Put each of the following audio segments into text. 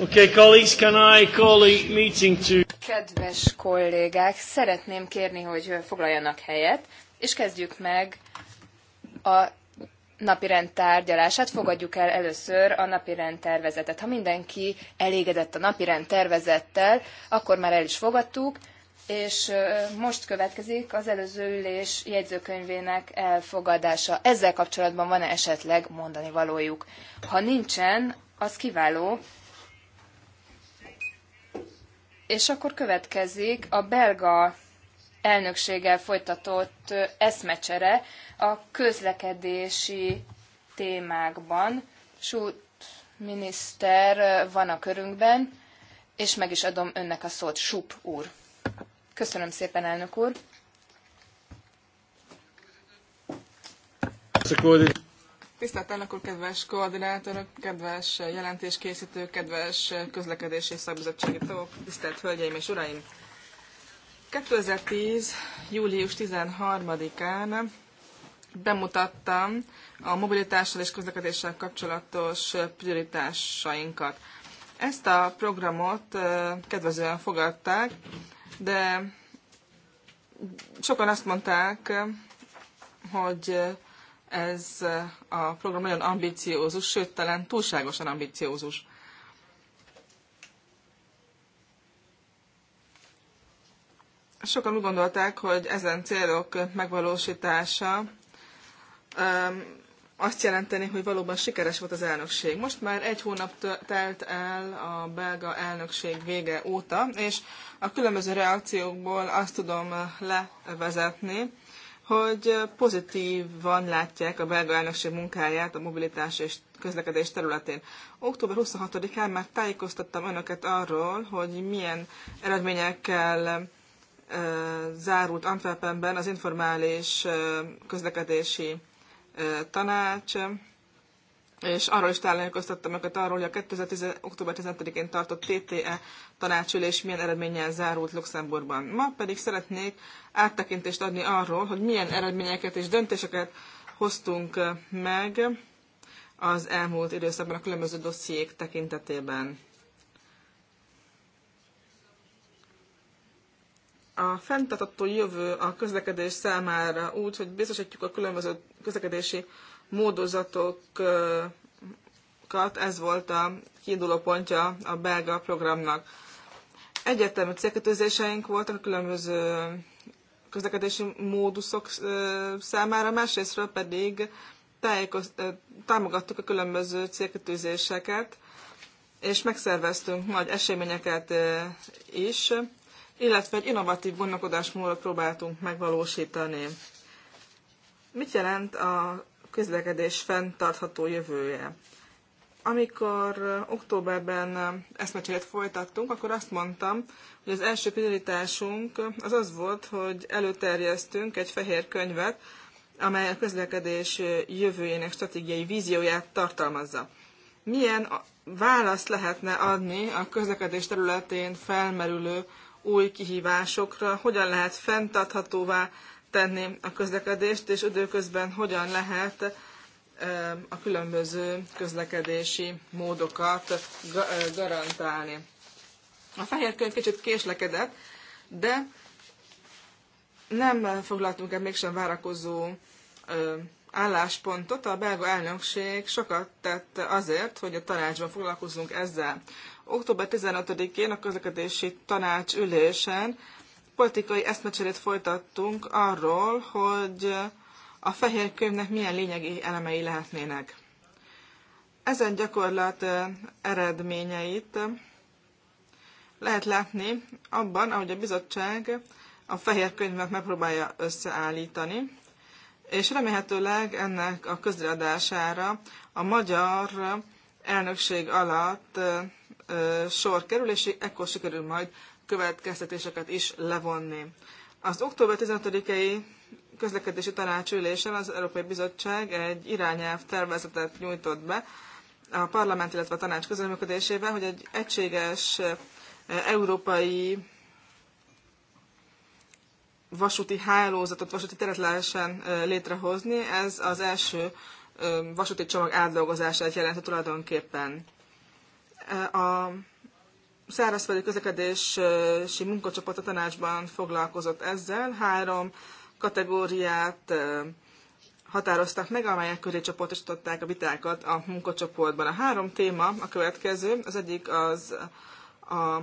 Okay, colleagues, can I call a meeting to... Kedves kollégák, szeretném kérni, hogy foglaljanak helyet, és kezdjük meg a napirend tárgyalását. Fogadjuk el először a napirend tervezetet. Ha mindenki elégedett a napirend tervezettel, akkor már el is fogadtuk, és most következik az előző ülés jegyzőkönyvének elfogadása. Ezzel kapcsolatban van-e esetleg mondani valójuk? Ha nincsen, az kiváló, és akkor következik a belga elnökséggel folytatott eszmecsere a közlekedési témákban. Sút miniszter van a körünkben, és meg is adom önnek a szót, Sup úr. Köszönöm szépen, elnök úr. Szóval, Tisztelt elnök úr, kedves koordinátorok, kedves jelentéskészítők, kedves közlekedési szakbizottsági tagok, tisztelt hölgyeim és uraim! 2010. július 13-án bemutattam a mobilitással és közlekedéssel kapcsolatos prioritásainkat. Ezt a programot kedvezően fogadták, de sokan azt mondták, hogy ez eh, a program nagyon ambiciózus, sőt, talán túlságosan ambiciózus. Sokan úgy gondolták, hogy ezen célok megvalósítása azt jelenteni, hogy valóban sikeres volt az elnökség. Most már egy hónap telt el a belga elnökség vége óta, és a különböző reakciókból azt tudom eh, levezetni, hogy pozitívan látják a belga elnökség munkáját a mobilitás és közlekedés területén. Október 26-án már tájékoztattam önöket arról, hogy milyen eredményekkel zárult Antwerpenben az informális közlekedési tanács és arról is tájékoztattam őket arról, hogy a 2010. október 15-én tartott TTE tanácsülés milyen eredménnyel zárult Luxemburgban. Ma pedig szeretnék áttekintést adni arról, hogy milyen eredményeket és döntéseket hoztunk meg az elmúlt időszakban a különböző dossziék tekintetében. A fenntartható jövő a közlekedés számára úgy, hogy biztosítjuk a különböző közlekedési módozatokat, ez volt a kiinduló pontja a belga programnak. Egyetemű célkötőzéseink voltak a különböző közlekedési móduszok számára, másrésztről pedig tájékoz, támogattuk a különböző célkötőzéseket, és megszerveztünk nagy eseményeket is, illetve egy innovatív gondolkodásmódot próbáltunk megvalósítani. Mit jelent a közlekedés fenntartható jövője. Amikor októberben eszmecserét folytattunk, akkor azt mondtam, hogy az első prioritásunk az az volt, hogy előterjesztünk egy fehér könyvet, amely a közlekedés jövőjének stratégiai vízióját tartalmazza. Milyen választ lehetne adni a közlekedés területén felmerülő új kihívásokra, hogyan lehet fenntarthatóvá tenni a közlekedést, és időközben hogyan lehet eh, a különböző közlekedési módokat eh, garantálni. A fehér könyv kicsit késlekedett, de nem foglaltunk el mégsem várakozó álláspontot. A belga elnökség sokat tett azért, hogy a tanácsban foglalkozzunk ezzel. Október 15-én a közlekedési tanács ülésen politikai eszmecserét folytattunk arról, hogy a fehér könyvnek milyen lényegi elemei lehetnének. Ezen gyakorlat eredményeit lehet látni abban, ahogy a bizottság a fehér könyvet megpróbálja összeállítani, és remélhetőleg ennek a közreadására a magyar elnökség alatt sor kerül, és ekkor sikerül majd következtetéseket is levonni. Az október 15-i közlekedési tanácsülésen az Európai Bizottság egy irányelv tervezetet nyújtott be a parlament, illetve a tanács közleműködésével, hogy egy egységes eh, európai vasúti hálózatot, vasúti teret lehessen eh, létrehozni. Ez az első eh, vasúti csomag átdolgozását jelenti tulajdonképpen. A szárazföldi közlekedési munkacsoport a tanácsban foglalkozott ezzel. Három kategóriát határoztak meg, amelyek köré csoportosították a vitákat a munkacsoportban. A három téma a következő. Az egyik az a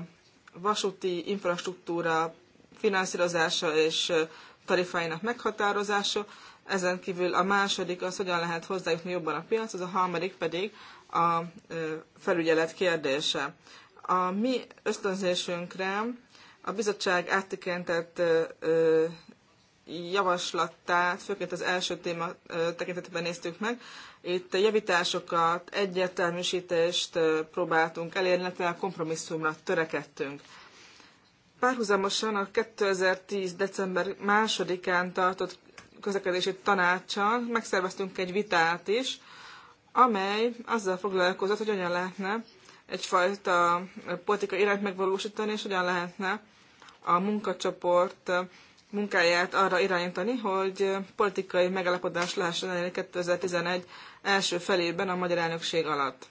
vasúti infrastruktúra finanszírozása és tarifáinak meghatározása. Ezen kívül a második az, hogyan lehet hozzájutni jobban a az a harmadik pedig a felügyelet kérdése. A mi ösztönzésünkre a bizottság áttekintett javaslatát, főként az első téma tekintetében néztük meg. Itt javításokat, egyértelműsítést próbáltunk elérni, illetve a kompromisszumra törekedtünk. Párhuzamosan a 2010. december 2-án tartott közlekedési tanácsal megszerveztünk egy vitát is, amely azzal foglalkozott, hogy hogyan lehetne egyfajta politikai irányt megvalósítani, és hogyan lehetne a munkacsoport munkáját arra irányítani, hogy politikai megalapodás lehessen elérni 2011 első felében a magyar elnökség alatt.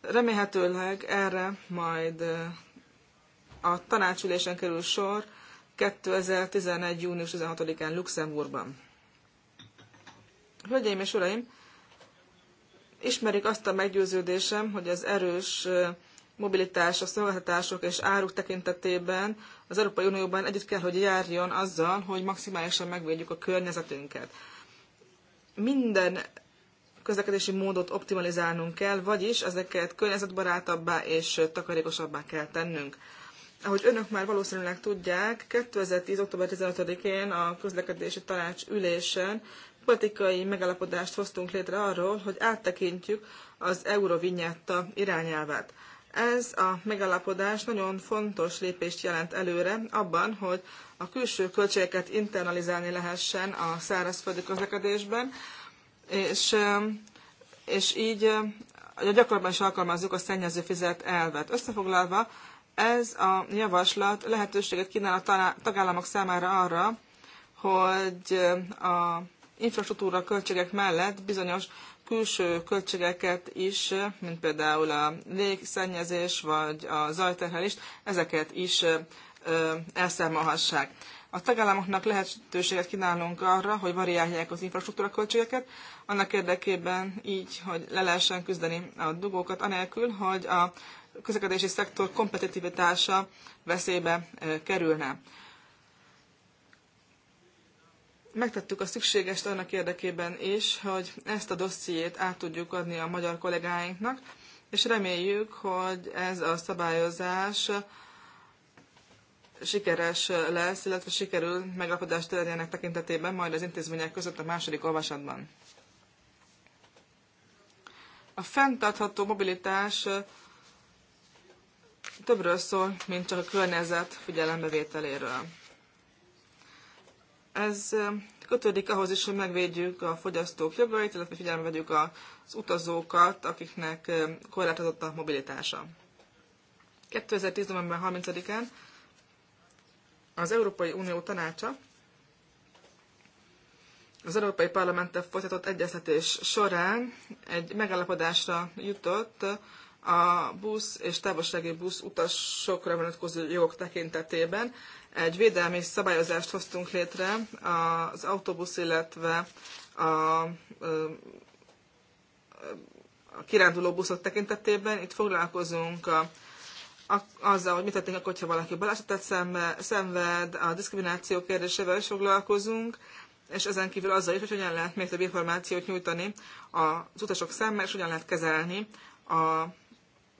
Remélhetőleg erre majd a tanácsülésen kerül sor 2011. június 16-án Luxemburgban. Hölgyeim és Uraim, ismerik azt a meggyőződésem, hogy az erős mobilitás a szolgáltatások és áruk tekintetében az Európai Unióban együtt kell, hogy járjon azzal, hogy maximálisan megvédjük a környezetünket. Minden közlekedési módot optimalizálnunk kell, vagyis ezeket környezetbarátabbá és takarékosabbá kell tennünk. Ahogy önök már valószínűleg tudják, 2010. október 15-én a közlekedési tanács ülésen politikai megállapodást hoztunk létre arról, hogy áttekintjük az Eurovinyetta irányelvet. Ez a megállapodás nagyon fontos lépést jelent előre abban, hogy a külső költségeket internalizálni lehessen a szárazföldi közlekedésben, és, um, és így a um, gyakorlatban is alkalmazzuk a szennyező fizet elvet. Összefoglalva, ez a javaslat lehetőséget kínál a tagállamok számára arra, hogy um, a infrastruktúra költségek mellett bizonyos külső költségeket is, mint például a légszennyezés vagy a zajterhelést, ezeket is elszámolhassák. A tagállamoknak lehetőséget kínálunk arra, hogy variálják az infrastruktúra költségeket, annak érdekében így, hogy le lehessen küzdeni a dugókat, anélkül, hogy a közlekedési szektor kompetitivitása veszélybe kerülne megtettük a szükségest annak érdekében is, hogy ezt a dossziét át tudjuk adni a magyar kollégáinknak, és reméljük, hogy ez a szabályozás sikeres lesz, illetve sikerül meglapodást terjedjenek tekintetében majd az intézmények között a második olvasatban. A fenntartható mobilitás többről szól, mint csak a környezet figyelembevételéről. Ez kötődik ahhoz is, hogy megvédjük a fogyasztók jogait, illetve figyelembe vegyük az utazókat, akiknek korlátozott a mobilitása. 2010. november 30-án az Európai Unió tanácsa az Európai Parlamenttel folytatott egyeztetés során egy megállapodásra jutott a busz és távolsági busz utasokra vonatkozó jogok tekintetében egy védelmi szabályozást hoztunk létre az autóbusz, illetve a, a, kiránduló buszok tekintetében. Itt foglalkozunk a, a, azzal, hogy mit tettünk akkor, ha valaki balesetet szenved, a diszkrimináció kérdésével is foglalkozunk, és ezen kívül azzal is, hogy hogyan lehet még több információt nyújtani az utasok szemmel és hogyan lehet kezelni a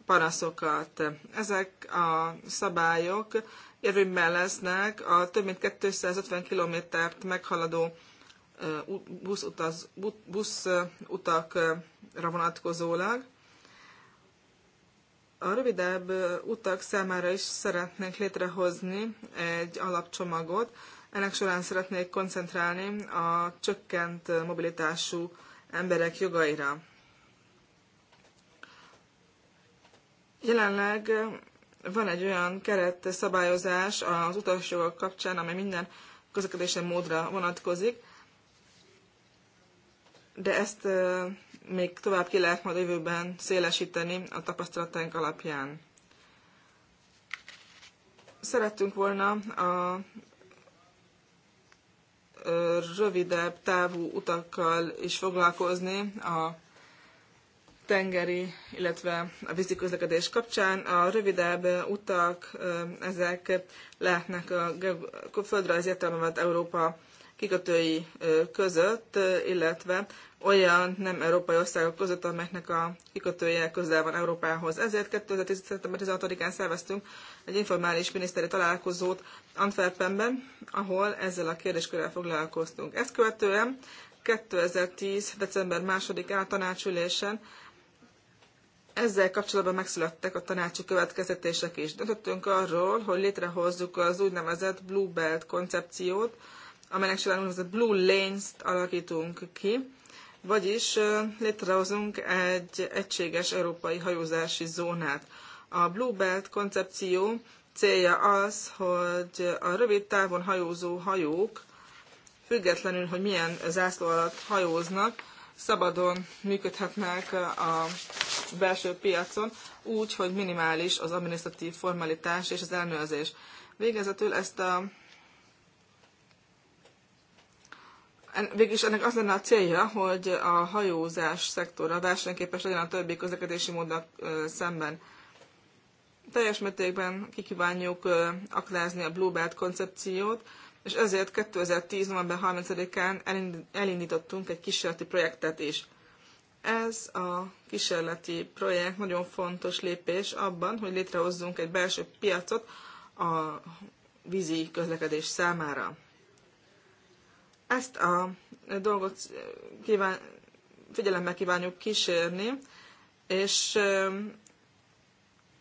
panaszokat. Ezek a szabályok érvényben lesznek a több mint 250 kilométert meghaladó buszutakra vonatkozólag. A rövidebb utak számára is szeretnénk létrehozni egy alapcsomagot. Ennek során szeretnék koncentrálni a csökkent mobilitású emberek jogaira. Jelenleg van egy olyan keret szabályozás az utasjogok kapcsán, amely minden közlekedési módra vonatkozik, de ezt még tovább ki lehet majd jövőben szélesíteni a tapasztalataink alapján. Szerettünk volna a rövidebb távú utakkal is foglalkozni a tengeri, illetve a vízi közlekedés kapcsán. A rövidebb utak, ezek lehetnek a földrajzi értelmevet Európa kikötői között, illetve olyan nem európai országok között, amelyeknek a kikötője közel van Európához. Ezért 2010. án szerveztünk egy informális miniszteri találkozót Antwerpenben, ahol ezzel a kérdéskörrel foglalkoztunk. Ezt követően 2010. december 2-án a tanácsülésen ezzel kapcsolatban megszülettek a tanácsi következtetések is. Döntöttünk arról, hogy létrehozzuk az úgynevezett Blue Belt koncepciót, amelynek során úgynevezett Blue Lanes-t alakítunk ki, vagyis létrehozunk egy egységes európai hajózási zónát. A Blue Belt koncepció célja az, hogy a rövid távon hajózó hajók, függetlenül, hogy milyen zászló alatt hajóznak, szabadon működhetnek a belső piacon, úgy, hogy minimális az administratív formalitás és az elnőrzés. Végezetül ezt a Végülis ennek az lenne a célja, hogy a hajózás szektora versenyképes legyen a többi közlekedési módnak szemben. Teljes mértékben kikívánjuk aklázni a Bluebird koncepciót, és ezért 2010. november 30-án elindítottunk egy kísérleti projektet is. Ez a kísérleti projekt nagyon fontos lépés abban, hogy létrehozzunk egy belső piacot a vízi közlekedés számára. Ezt a dolgot kíván, figyelemmel kívánjuk kísérni, és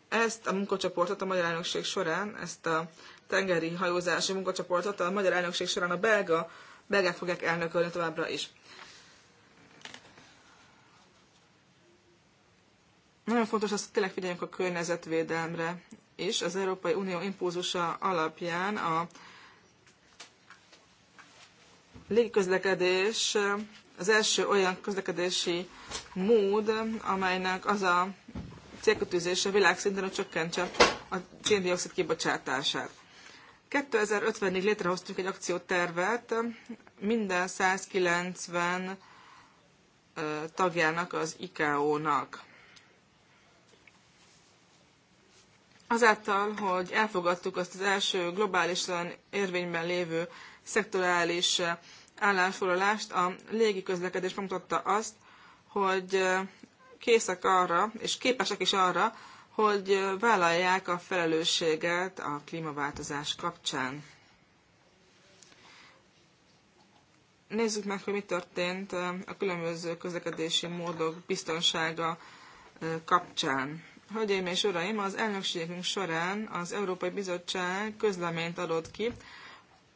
ezt a munkacsoportot a Magyar Elnökség során, ezt a tengeri hajózási munkacsoportot a magyar elnökség során a belga, belgák fogják elnökölni továbbra is. Nagyon fontos az, hogy tényleg figyeljünk a környezetvédelmre is. Az Európai Unió impulzusa alapján a légiközlekedés az első olyan közlekedési mód, amelynek az a célkötőzése világszinten, hogy csökkentse a széndiokszid kibocsátását. 2050-ig létrehoztunk egy akciótervet minden 190 tagjának az ICAO-nak. Azáltal, hogy elfogadtuk azt az első globálisan érvényben lévő szektorális állásfoglalást, a légi közlekedés mutatta azt, hogy készek arra, és képesek is arra, hogy vállalják a felelősséget a klímaváltozás kapcsán. Nézzük meg, hogy mi történt a különböző közlekedési módok biztonsága kapcsán. Hölgyeim és Uraim, az elnökségünk során az Európai Bizottság közleményt adott ki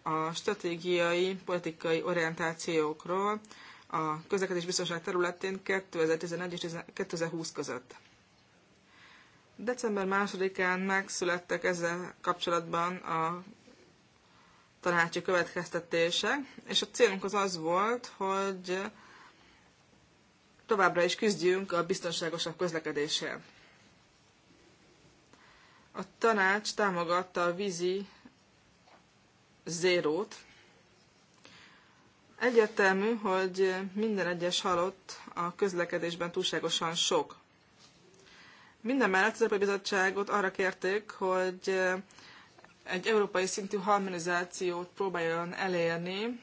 a stratégiai politikai orientációkról a közlekedés biztonság területén 2011 és 2020 között. December másodikán megszülettek ezzel kapcsolatban a tanácsi következtetések, és a célunk az az volt, hogy továbbra is küzdjünk a biztonságosabb közlekedésért. A tanács támogatta a vízi zérót. Egyértelmű, hogy minden egyes halott a közlekedésben túlságosan sok. Minden mellett az Európai Bizottságot arra kérték, hogy eh, egy európai szintű harmonizációt próbáljon elérni,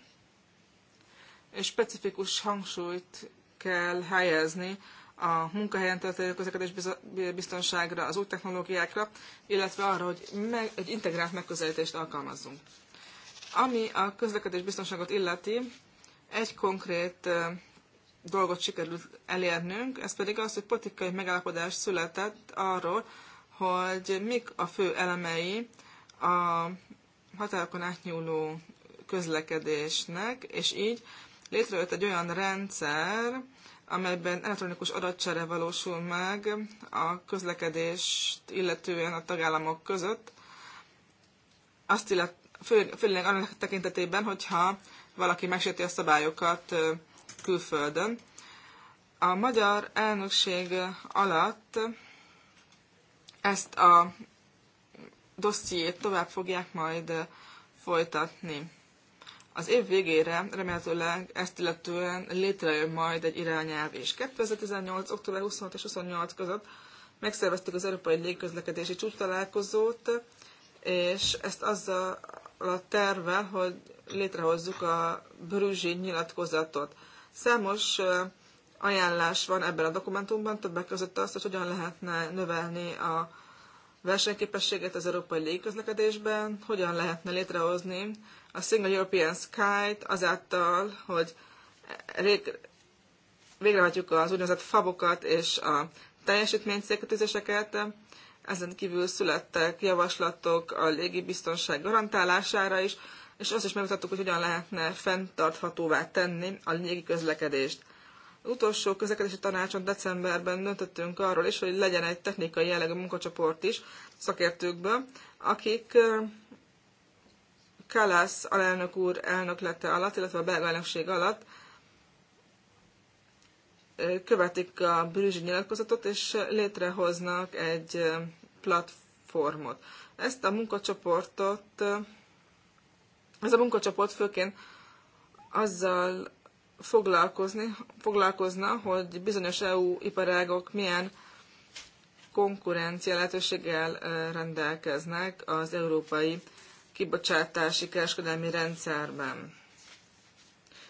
és specifikus hangsúlyt kell helyezni a munkahelyen történő közlekedés biztonságra, az új technológiákra, illetve arra, hogy meg, egy integrált megközelítést alkalmazzunk. Ami a közlekedés biztonságot illeti, egy konkrét eh, dolgot sikerült elérnünk, ez pedig az, hogy politikai megállapodás született arról, hogy mik a fő elemei a határokon átnyúló közlekedésnek, és így létrejött egy olyan rendszer, amelyben elektronikus adatcsere valósul meg a közlekedést illetően a tagállamok között, azt illet, fő, főleg annak tekintetében, hogyha valaki megsérti a szabályokat külföldön. A magyar elnökség alatt ezt a dossziét tovább fogják majd folytatni. Az év végére remélhetőleg ezt illetően létrejön majd egy irányelv és 2018. október 26 és 28 között megszerveztük az Európai Légközlekedési Csúcs találkozót, és ezt azzal a tervvel, hogy létrehozzuk a brüzsi nyilatkozatot. Számos ajánlás van ebben a dokumentumban, többek között azt, hogy hogyan lehetne növelni a versenyképességet az európai légközlekedésben, hogyan lehetne létrehozni a Single European Sky-t azáltal, hogy végrehajtjuk az úgynevezett fabokat és a teljesítmény Ezen kívül születtek javaslatok a légibiztonság garantálására is, és azt is megmutattuk, hogy hogyan lehetne fenntarthatóvá tenni a lényegi közlekedést. Az utolsó közlekedési tanácson decemberben döntöttünk arról is, hogy legyen egy technikai jellegű munkacsoport is szakértőkből, akik Kalász alelnök úr elnöklete alatt, illetve a belga elnökség alatt követik a brüzsi nyilatkozatot, és létrehoznak egy platformot. Ezt a munkacsoportot ez a munkacsoport főként azzal foglalkozni, foglalkozna, hogy bizonyos EU iparágok milyen konkurencia lehetőséggel rendelkeznek az európai kibocsátási kereskedelmi rendszerben.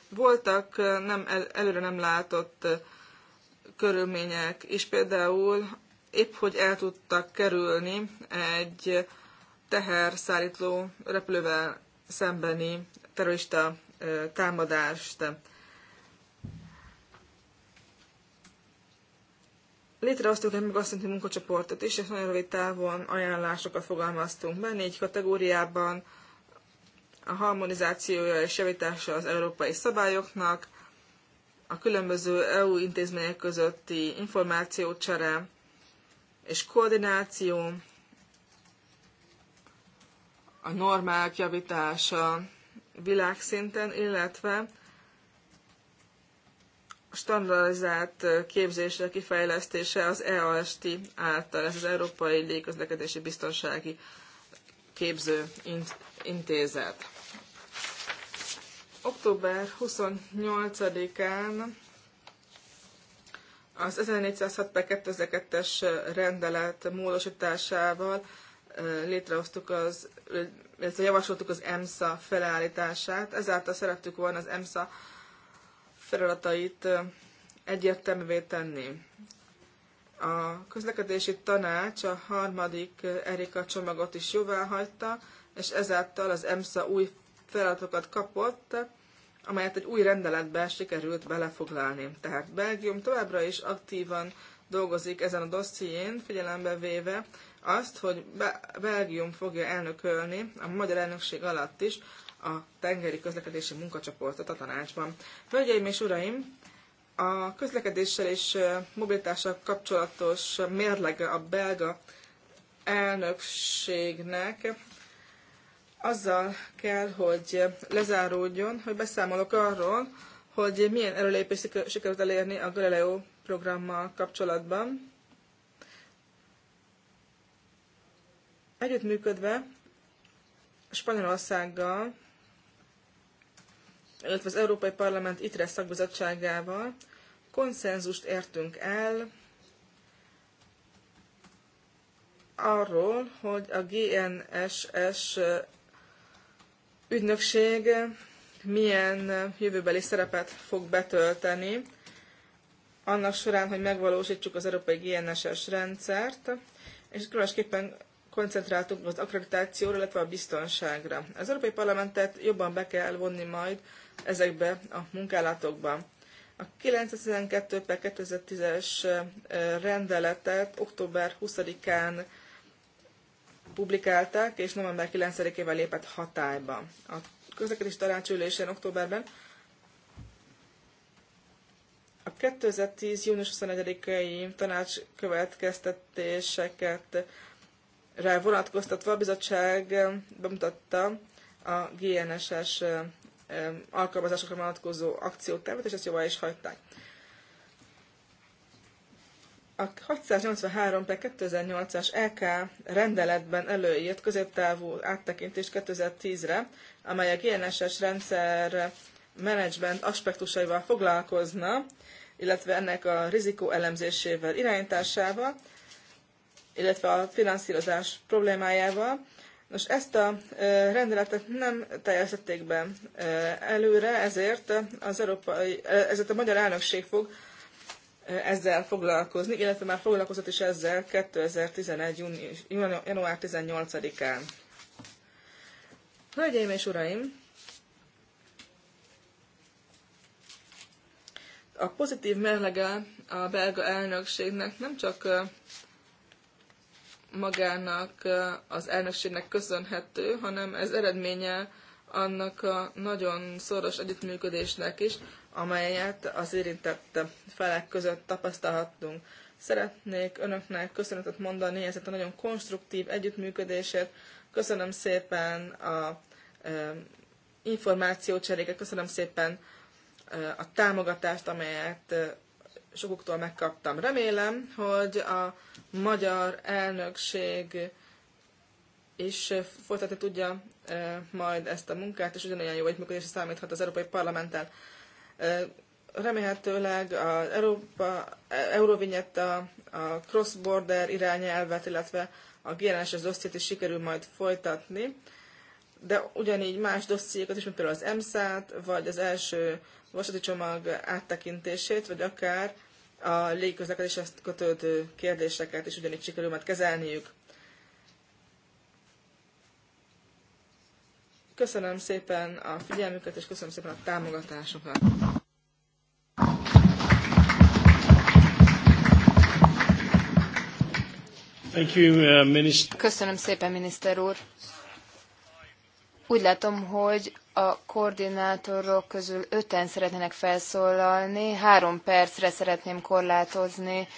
Voltak nem, el, előre nem látott körülmények és például épp hogy el tudtak kerülni egy teherszállító repülővel szembeni terrorista támadást. Létrehoztunk egy magasztinti munkacsoportot is, és nagyon rövid távon ajánlásokat fogalmaztunk be. négy kategóriában. A harmonizációja és javítása az európai szabályoknak, a különböző EU intézmények közötti információcsere és koordináció, a normák javítása világszinten, illetve standardizált képzésre kifejlesztése az EAST által, ez az Európai Légközlekedési Biztonsági Képző Intézet. Október 28-án az 1406 2002-es rendelet módosításával létrehoztuk az, illetve javasoltuk az EMSA felállítását. Ezáltal szerettük volna az EMSA feladatait egyértelművé tenni. A közlekedési tanács a harmadik Erika csomagot is jóvá hagyta, és ezáltal az EMSA új feladatokat kapott, amelyet egy új rendeletbe sikerült belefoglalni. Tehát Belgium továbbra is aktívan dolgozik ezen a dosszién, figyelembe véve azt, hogy Belgium fogja elnökölni a magyar elnökség alatt is a tengeri közlekedési munkacsoportot a tanácsban. Hölgyeim és uraim, a közlekedéssel és mobilitással kapcsolatos mérlege a belga elnökségnek azzal kell, hogy lezáródjon, hogy beszámolok arról, hogy milyen előlépést sikerült elérni a Galileo programmal kapcsolatban. Együttműködve Spanyolországgal, illetve az Európai Parlament ITRE szakbizottságával konszenzust értünk el arról, hogy a GNSS ügynökség milyen jövőbeli szerepet fog betölteni annak során, hogy megvalósítsuk az európai GNSS rendszert, és különösképpen koncentráltunk az akkreditációra, illetve a biztonságra. Az Európai Parlamentet jobban be kell vonni majd ezekbe a munkálatokba. A 912 per 2010-es rendeletet október 20-án publikálták, és november 9-ével lépett hatályba. A közlekedés tanácsülésen októberben a 2010. június 21-i tanács következtetéseket vonatkoztatva a bizottság eh, bemutatta a GNSS eh, eh, alkalmazásokra vonatkozó akciótervet, és ezt jóvá is hagyták. A 683 per 2008-as LK e rendeletben előírt középtávú áttekintést 2010-re, amely a GNSS rendszer menedzsment aspektusaival foglalkozna, illetve ennek a rizikó elemzésével, irányításával, illetve a finanszírozás problémájával. Nos, ezt a rendeletet nem teljesítették be előre, ezért, az európai, ezért a magyar elnökség fog ezzel foglalkozni, illetve már foglalkozott is ezzel 2011. Június, január 18-án. Hölgyeim és uraim! A pozitív mérlege a belga elnökségnek nem csak magának az elnökségnek köszönhető, hanem ez eredménye annak a nagyon szoros együttműködésnek is, amelyet az érintett felek között tapasztalhattunk. Szeretnék önöknek köszönetet mondani ezért a nagyon konstruktív együttműködésért. Köszönöm szépen a e, információcseréket, köszönöm szépen a támogatást, amelyet sokuktól megkaptam. Remélem, hogy a magyar elnökség és folytatni tudja majd ezt a munkát, és ugyanolyan jó együttműködésre számíthat az Európai Parlamenttel. Remélhetőleg az Európa, e, Eurovignetta, a cross-border irányelvet, illetve a GNS-es dossziét is sikerül majd folytatni, de ugyanígy más dossziékat is, mint például az EMSZ-t, vagy az első vasati csomag áttekintését, vagy akár a légközlekedéshez kötődő kérdéseket is ugyanígy sikerül majd kezelniük. Köszönöm szépen a figyelmüket, és köszönöm szépen a támogatásokat. Thank you, uh, Köszönöm szépen, miniszter úr. Úgy látom, hogy a koordinátorok közül öten szeretnének felszólalni. Három percre szeretném korlátozni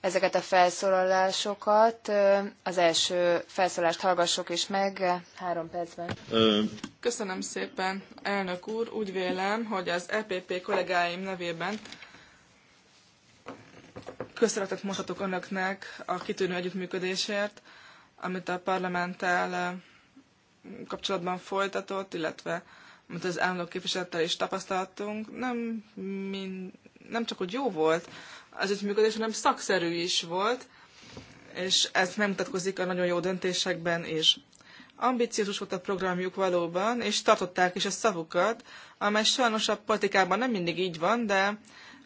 ezeket a felszólalásokat. Az első felszólást hallgassuk is meg három percben. Köszönöm szépen, elnök úr. Úgy vélem, hogy az EPP kollégáim nevében köszönetet mondhatok önöknek a kitűnő együttműködésért, amit a parlamenttel kapcsolatban folytatott, illetve amit az állandó képviselettel is tapasztaltunk, nem, mind, nem csak hogy jó volt az együttműködés, hanem szakszerű is volt, és ez megmutatkozik a nagyon jó döntésekben is. Ambiciózus volt a programjuk valóban, és tartották is a szavukat, amely sajnos a politikában nem mindig így van, de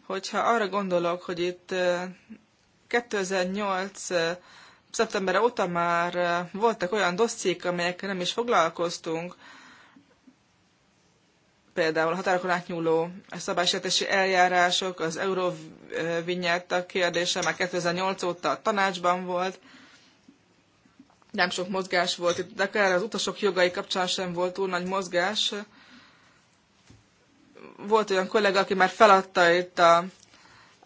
hogyha arra gondolok, hogy itt 2008 eh, szeptember óta már voltak olyan dossziék, amelyekkel nem is foglalkoztunk, például a határokon átnyúló szabálysértési eljárások, az euróvinyetta kérdése már 2008 óta a tanácsban volt, nem sok mozgás volt itt, de akár az utasok jogai kapcsán sem volt túl nagy mozgás. Volt olyan kollega, aki már feladta itt a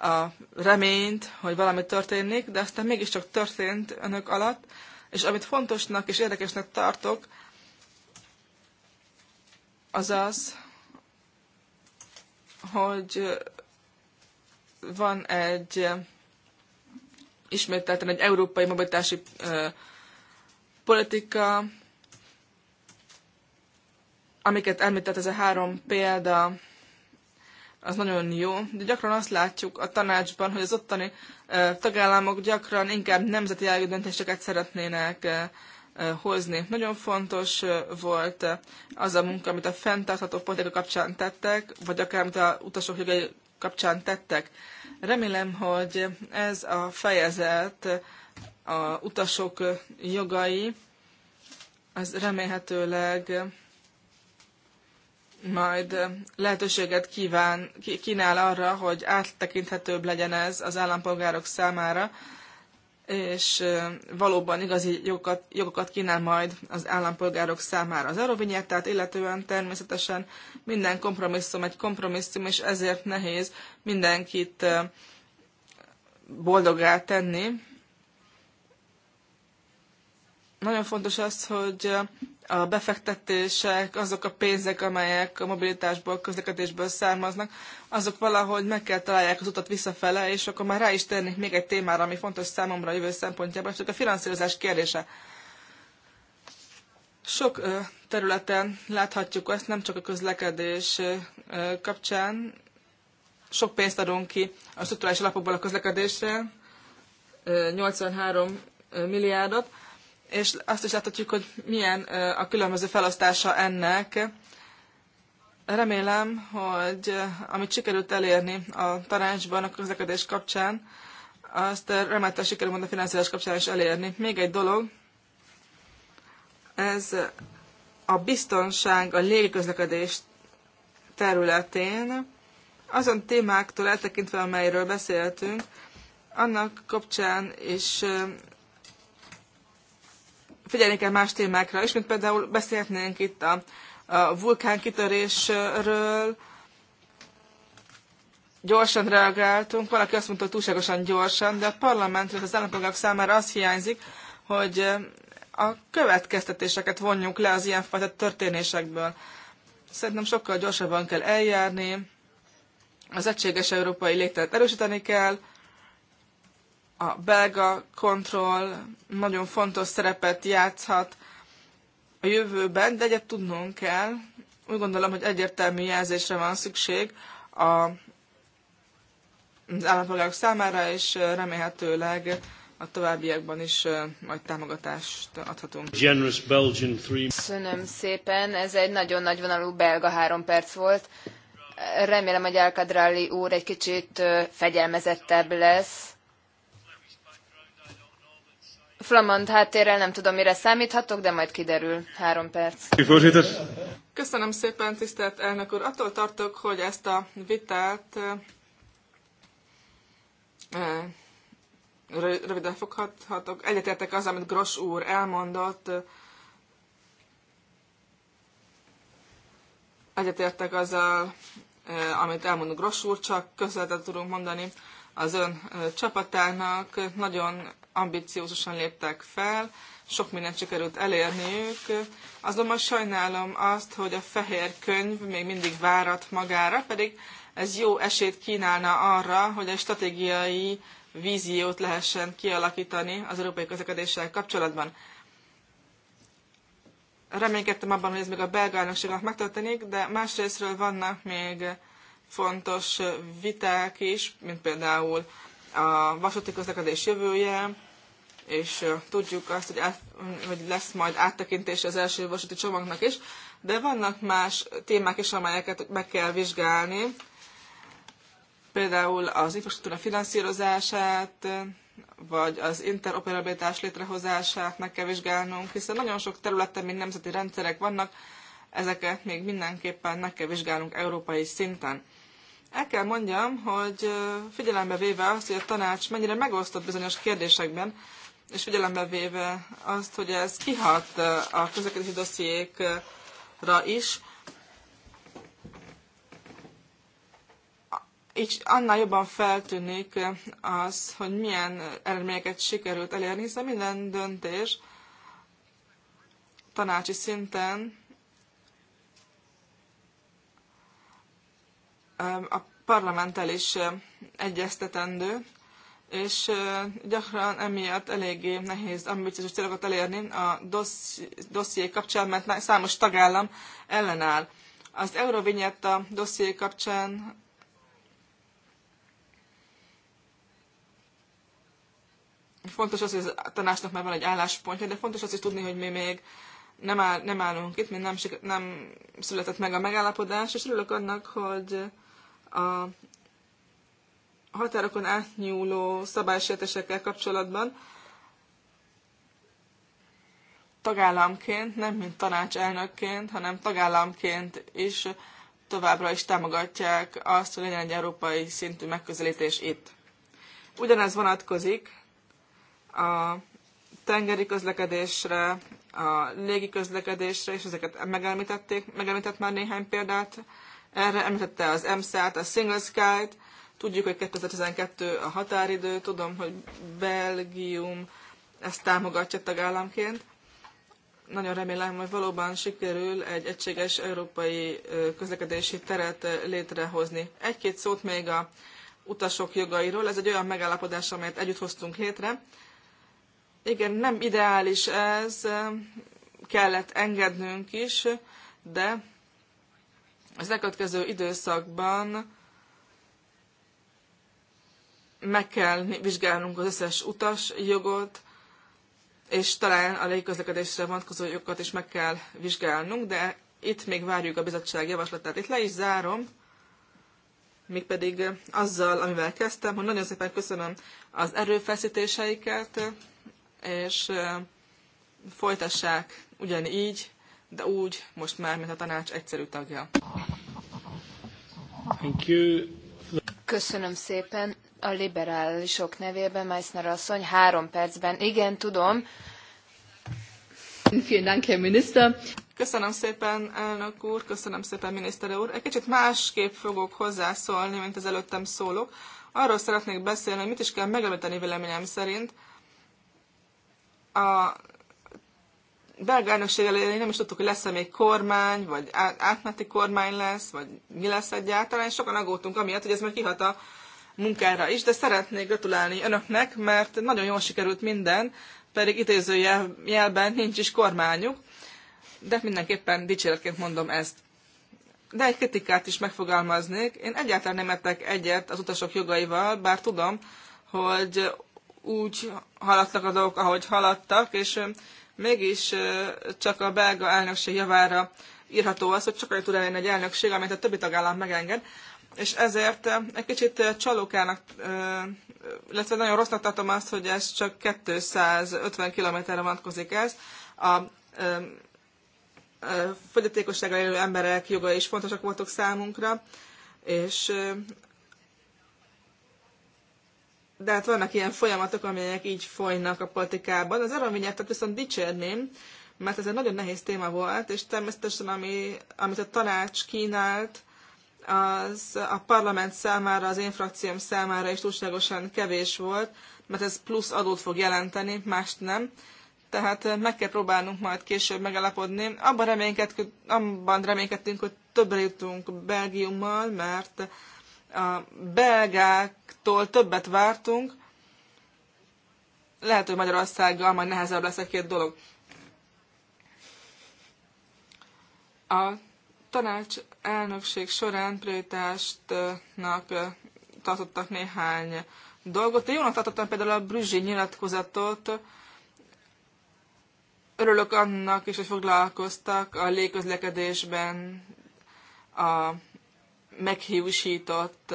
a reményt, hogy valami történik, de aztán mégiscsak történt önök alatt, és amit fontosnak és érdekesnek tartok, az az, hogy van egy ismételten egy európai mobilitási politika, amiket említett ez a három példa, az nagyon jó, de gyakran azt látjuk a tanácsban, hogy az ottani tagállamok gyakran inkább nemzeti jellegű döntéseket szeretnének hozni. Nagyon fontos volt az a munka, amit a fenntartható politika kapcsán tettek, vagy akár amit a utasok jogai kapcsán tettek. Remélem, hogy ez a fejezet a utasok jogai, az remélhetőleg majd lehetőséget kíván, kínál arra, hogy áttekinthetőbb legyen ez az állampolgárok számára, és valóban igazi jogokat, jogokat kínál majd az állampolgárok számára. Az euróvinyettát illetően természetesen minden kompromisszum egy kompromisszum, és ezért nehéz mindenkit boldogá tenni. Nagyon fontos az, hogy a befektetések, azok a pénzek, amelyek a mobilitásból, közlekedésből származnak, azok valahogy meg kell találják az utat visszafele, és akkor már rá is térnék még egy témára, ami fontos számomra a jövő szempontjából, csak a finanszírozás kérdése. Sok területen láthatjuk azt, nem csak a közlekedés kapcsán, sok pénzt adunk ki a struktúrális alapokból a közlekedésre, 83 milliárdot, és azt is láthatjuk, hogy milyen a különböző felosztása ennek. Remélem, hogy amit sikerült elérni a tanácsban a közlekedés kapcsán, azt remélhetően sikerül majd a finanszírozás kapcsán is elérni. Még egy dolog, ez a biztonság a légiközlekedés területén, azon témáktól eltekintve, amelyről beszéltünk, annak kapcsán is figyelni kell más témákra is, mint például beszélhetnénk itt a, a vulkánkitörésről, gyorsan reagáltunk, valaki azt mondta, hogy túlságosan gyorsan, de a parlamentről az állampolgárok számára az hiányzik, hogy a következtetéseket vonjuk le az ilyenfajta történésekből. Szerintem sokkal gyorsabban kell eljárni, az egységes európai légteret erősíteni kell, a belga kontroll nagyon fontos szerepet játszhat a jövőben, de egyet tudnunk kell. Úgy gondolom, hogy egyértelmű jelzésre van szükség a, az állampolgárok számára, és remélhetőleg a továbbiakban is majd támogatást adhatunk. Köszönöm szépen, ez egy nagyon nagyvonalú belga három perc volt. Remélem, hogy Alcadrali úr egy kicsit fegyelmezettebb lesz Flamand háttérrel nem tudom, mire számíthatok, de majd kiderül. Három perc. Köszönöm szépen, tisztelt elnök úr. Attól tartok, hogy ezt a vitát röviden foghatok. Egyetértek az, amit Gros úr elmondott. Egyetértek azzal, amit elmondott Gros úr, csak közvetet tudunk mondani az ön csapatának, nagyon ambiciózusan léptek fel, sok mindent sikerült elérniük, azonban sajnálom azt, hogy a fehér könyv még mindig várat magára, pedig ez jó esélyt kínálna arra, hogy egy stratégiai víziót lehessen kialakítani az európai közlekedéssel kapcsolatban. Reménykedtem abban, hogy ez még a belga elnökségnek megtörténik, de másrésztről vannak még fontos viták is, mint például a vasúti közlekedés jövője, és tudjuk azt, hogy, át, hogy lesz majd áttekintés az első vasúti csomagnak is, de vannak más témák is, amelyeket meg kell vizsgálni, például az infrastruktúra finanszírozását, vagy az interoperabilitás létrehozását meg kell vizsgálnunk, hiszen nagyon sok területen még nemzeti rendszerek vannak, ezeket még mindenképpen meg kell vizsgálnunk európai szinten. El kell mondjam, hogy figyelembe véve azt, hogy a tanács mennyire megosztott bizonyos kérdésekben, és figyelembe véve azt, hogy ez kihat a közlekedési dossziékra is, így annál jobban feltűnik az, hogy milyen eredményeket sikerült elérni, hiszen minden döntés tanácsi szinten a parlamenttel is egyeztetendő, és gyakran emiatt eléggé nehéz ambiciózus célokat elérni a dossz, kapcsán, mert számos tagállam ellenáll. Az a dosszié kapcsán fontos az, hogy a tanácsnak már van egy álláspontja, de fontos az is tudni, hogy mi még nem, áll, nem állunk itt, mi nem, nem született meg a megállapodás, és örülök annak, hogy a határokon átnyúló szabálysértésekkel kapcsolatban tagállamként, nem mint tanácselnökként, hanem tagállamként is továbbra is támogatják azt, hogy legyen egy európai szintű megközelítés itt. Ugyanez vonatkozik a tengeri közlekedésre, a légi közlekedésre, és ezeket megelmítették, megelmített már néhány példát erre említette az EMSZ-t, a Single Sky-t, tudjuk, hogy 2012 a határidő, tudom, hogy Belgium ezt támogatja tagállamként. Nagyon remélem, hogy valóban sikerül egy egységes európai közlekedési teret létrehozni. Egy-két szót még a utasok jogairól. Ez egy olyan megállapodás, amelyet együtt hoztunk létre. Igen, nem ideális ez, kellett engednünk is, de az elkövetkező időszakban meg kell vizsgálnunk az összes utas jogot, és talán a légközlekedésre vonatkozó jogokat is meg kell vizsgálnunk, de itt még várjuk a bizottság javaslatát. Itt le is zárom, mégpedig azzal, amivel kezdtem, hogy nagyon szépen köszönöm az erőfeszítéseiket, és folytassák ugyanígy de úgy most már, mint a tanács egyszerű tagja. Thank you. Köszönöm szépen. A liberálisok nevében Meissner asszony három percben. Igen, tudom. Vielen Dank, Herr Minister. Köszönöm szépen, elnök úr, köszönöm szépen, miniszter úr. Egy kicsit másképp fogok hozzászólni, mint az előttem szólok. Arról szeretnék beszélni, hogy mit is kell megemlíteni véleményem szerint a belga elnökség elején nem is tudtuk, hogy lesz-e még kormány, vagy átmeneti kormány lesz, vagy mi lesz egyáltalán, és sokan aggódtunk amiatt, hogy ez majd kihat a munkára is, de szeretnék gratulálni önöknek, mert nagyon jól sikerült minden, pedig idézőjelben nincs is kormányuk, de mindenképpen dicséretként mondom ezt. De egy kritikát is megfogalmaznék. Én egyáltalán nem értek egyet az utasok jogaival, bár tudom, hogy úgy haladtak a dolgok, ahogy haladtak, és mégis csak a belga elnökség javára írható az, hogy csak tud elérni egy elnökség, amelyet a többi tagállam megenged, és ezért egy kicsit csalókának, illetve nagyon rossznak tartom azt, hogy ez csak 250 kilométerre vonatkozik ez. A fogyatékossággal élő emberek jogai is fontosak voltak számunkra, és de hát vannak ilyen folyamatok, amelyek így folynak a politikában. Az aranyvinyettet viszont dicsérném, mert ez egy nagyon nehéz téma volt, és természetesen ami, amit a tanács kínált, az a parlament számára, az én frakcióm számára is túlságosan kevés volt, mert ez plusz adót fog jelenteni, mást nem. Tehát eh, meg kell próbálnunk majd később megalapodni. Abban reménykedtünk, abban reménykedtünk hogy többre jutunk Belgiummal, mert a belgáktól többet vártunk, lehet, hogy Magyarországgal majd nehezebb lesz egy-két dolog. A tanács elnökség során prioritástnak tartottak néhány dolgot. Én jónak tartottam például a Brüzsi nyilatkozatot. Örülök annak is, hogy foglalkoztak a légközlekedésben a meghiúsított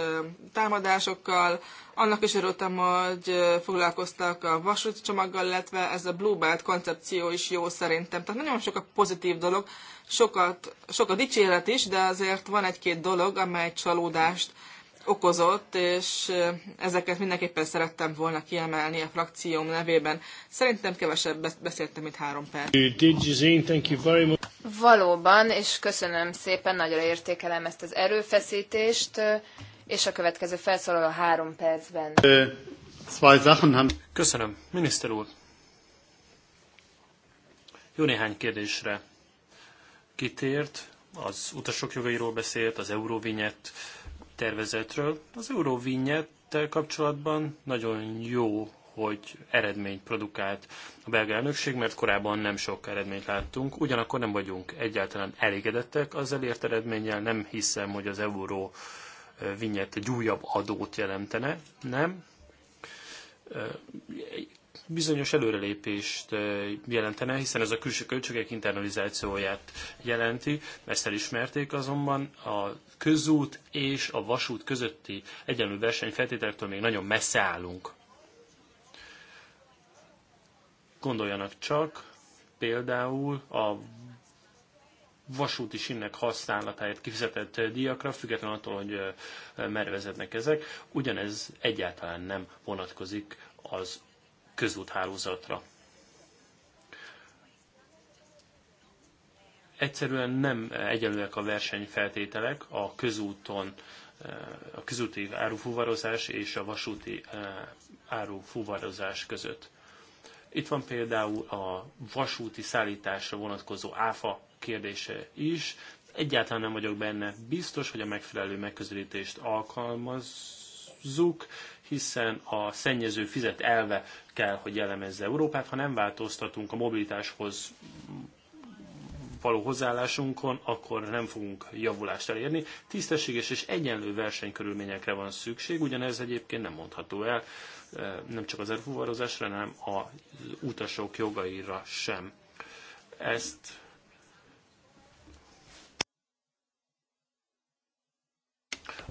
támadásokkal. Annak is örültem, hogy foglalkoztak a vasúti csomaggal, illetve ez a Blue Belt koncepció is jó szerintem. Tehát nagyon sok a pozitív dolog, sokat, sok a dicséret is, de azért van egy-két dolog, amely csalódást okozott, és ezeket mindenképpen szerettem volna kiemelni a frakcióm nevében. Szerintem kevesebb beszéltem, mint három perc. Valóban, és köszönöm szépen, nagyon értékelem ezt az erőfeszítést, és a következő felszólaló három percben. Köszönöm, miniszter úr. Jó néhány kérdésre kitért, az utasok jogairól beszélt, az euróvinyet tervezetről. Az Eurovinnyettel kapcsolatban nagyon jó, hogy eredményt produkált a belga elnökség, mert korábban nem sok eredményt láttunk, ugyanakkor nem vagyunk egyáltalán elégedettek az elért eredménnyel, nem hiszem, hogy az euró vinyett egy újabb adót jelentene, nem bizonyos előrelépést eh, jelentene, hiszen ez a külső költségek internalizációját jelenti, ezt elismerték azonban a közút és a vasút közötti egyenlő versenyfeltételektől még nagyon messze állunk. Gondoljanak csak például a vasúti sinnek használatáért kifizetett díjakra, függetlenül attól, hogy eh, mervezetnek ezek. Ugyanez egyáltalán nem vonatkozik az közúthálózatra. Egyszerűen nem egyenlőek a versenyfeltételek a közúton, eh, a közúti árufuvarozás és a vasúti eh, árufuvarozás között. Itt van például a vasúti szállításra vonatkozó áfa kérdése is. Egyáltalán nem vagyok benne biztos, hogy a megfelelő megközelítést alkalmazzuk hiszen a szennyező fizet elve kell, hogy jellemezze Európát. Ha nem változtatunk a mobilitáshoz való hozzáállásunkon, akkor nem fogunk javulást elérni. Tisztességes és egyenlő versenykörülményekre van szükség, ugyanez egyébként nem mondható el eh, nem csak az erfúvarozásra, hanem a utasok jogaira sem. Ezt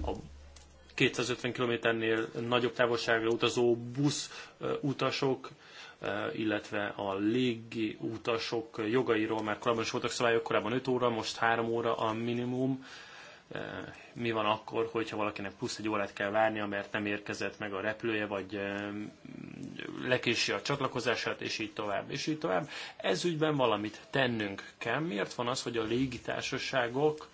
a 250 km-nél nagyobb távolságra utazó busz utasok, illetve a légi utasok jogairól már korábban is voltak szabályok, korábban 5 óra, most 3 óra a minimum. Mi van akkor, hogyha valakinek plusz egy órát kell várnia, mert nem érkezett meg a repülője, vagy lekési a csatlakozását, és így tovább, és így tovább. Ez ügyben valamit tennünk kell. Miért van az, hogy a légitársaságok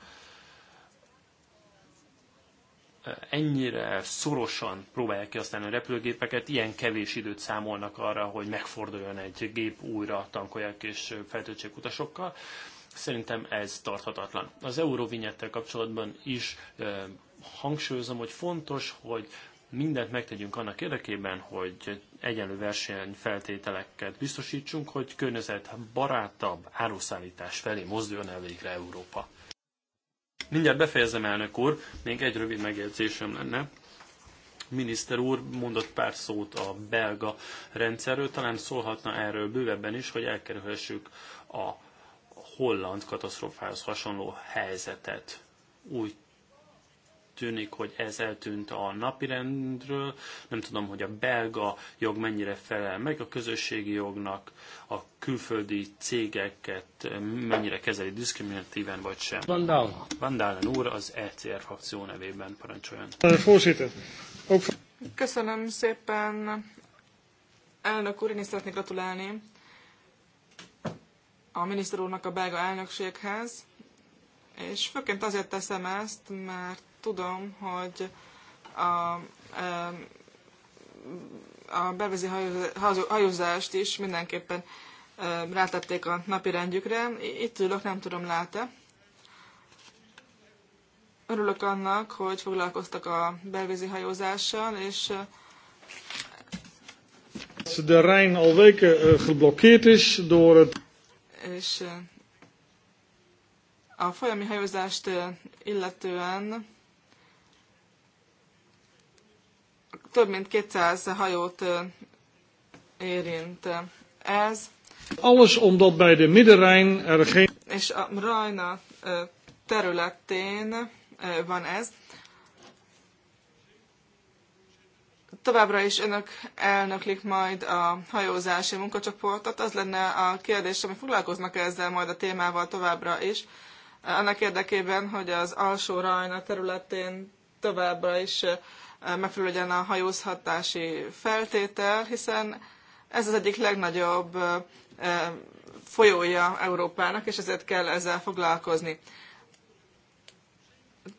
ennyire szorosan próbálják aztán a repülőgépeket, ilyen kevés időt számolnak arra, hogy megforduljon egy gép újra tankolják és feltöltsék utasokkal. Szerintem ez tarthatatlan. Az Eurovinyettel kapcsolatban is e, hangsúlyozom, hogy fontos, hogy mindent megtegyünk annak érdekében, hogy egyenlő versenyfeltételeket biztosítsunk, hogy környezetbarátabb áruszállítás felé mozduljon el végre Európa. Mindjárt befejezem, elnök úr, még egy rövid megjegyzésem lenne. Miniszter úr mondott pár szót a belga rendszerről, talán szólhatna erről bővebben is, hogy elkerülhessük a holland katasztrófához hasonló helyzetet. Úgy tűnik, hogy ez eltűnt a napirendről. Nem tudom, hogy a belga jog mennyire felel meg a közösségi jognak, a külföldi cégeket mennyire kezeli diszkriminatíven vagy sem. Van Dálen Van Dalen úr az ECR frakció nevében parancsoljon. Köszönöm szépen. Elnök úr, én is szeretnék gratulálni a miniszter úrnak a belga elnökséghez, és főként azért teszem ezt, mert tudom, hogy a, a belvízi hajózást is mindenképpen rátették a napi rendjükre. Itt ülök, nem tudom, lát-e. Örülök annak, hogy foglalkoztak a belvízi hajózással, és de Rijn al weken eh, geblokkeerd is door het... És a folyami hajózást illetően több mint 200 hajót érint ez. Alles omdat bij de Middenrijn er geen... És a Rajna területén van ez. Továbbra is önök elnöklik majd a hajózási munkacsoportot. Az lenne a kérdés, ami foglalkoznak ezzel majd a témával továbbra is, annak érdekében, hogy az alsó rajna területén továbbra is megfelelő legyen a hajózhatási feltétel, hiszen ez az egyik legnagyobb folyója Európának, és ezért kell ezzel foglalkozni.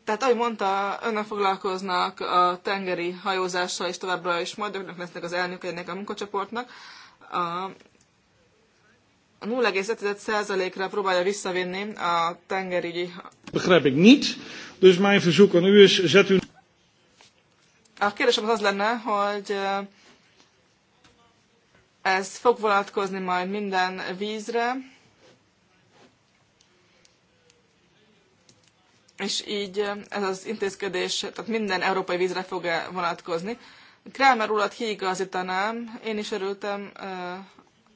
Tehát, ahogy mondta, önök foglalkoznak a tengeri hajózással és továbbra is, majd önök lesznek az elnök ennek a munkacsoportnak. A 0,5%-ra próbálja visszavinni a tengerügyi... Begrijp ik niet, dus mijn verzoek aan u is, zet u... A kérdésem az az lenne, hogy ez fog vonatkozni majd minden vízre, és így ez az intézkedés, tehát minden európai vízre fog -e vonatkozni. Kramer urat kiigazítanám, én is örültem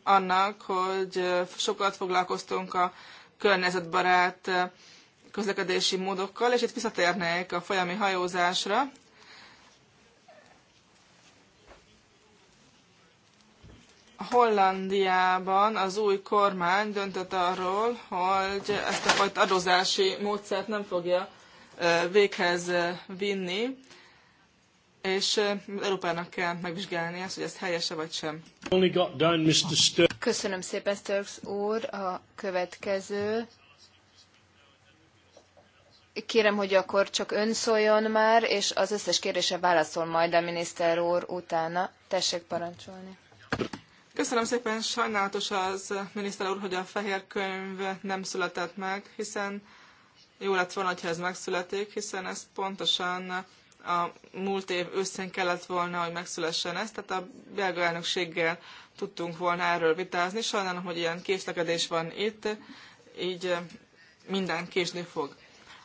annak, hogy sokat foglalkoztunk a környezetbarát közlekedési módokkal, és itt visszatérnék a folyami hajózásra. Hollandiában az új kormány döntött arról, hogy ezt a fajta adózási módszert nem fogja véghez vinni, és Európának kell megvizsgálni ezt, hogy ez helyese vagy sem. Köszönöm szépen, Sturks úr. A következő. Kérem, hogy akkor csak ön szóljon már, és az összes kérdése válaszol majd a miniszter úr utána. Tessék parancsolni. Köszönöm szépen, sajnálatos az miniszter úr, hogy a fehér könyv nem született meg, hiszen jó lett volna, ha ez megszületik, hiszen ez pontosan a múlt év őszén kellett volna, hogy megszülessen ezt, tehát a belga elnökséggel tudtunk volna erről vitázni. Sajnálom, hogy ilyen késlekedés van itt, így minden késni fog.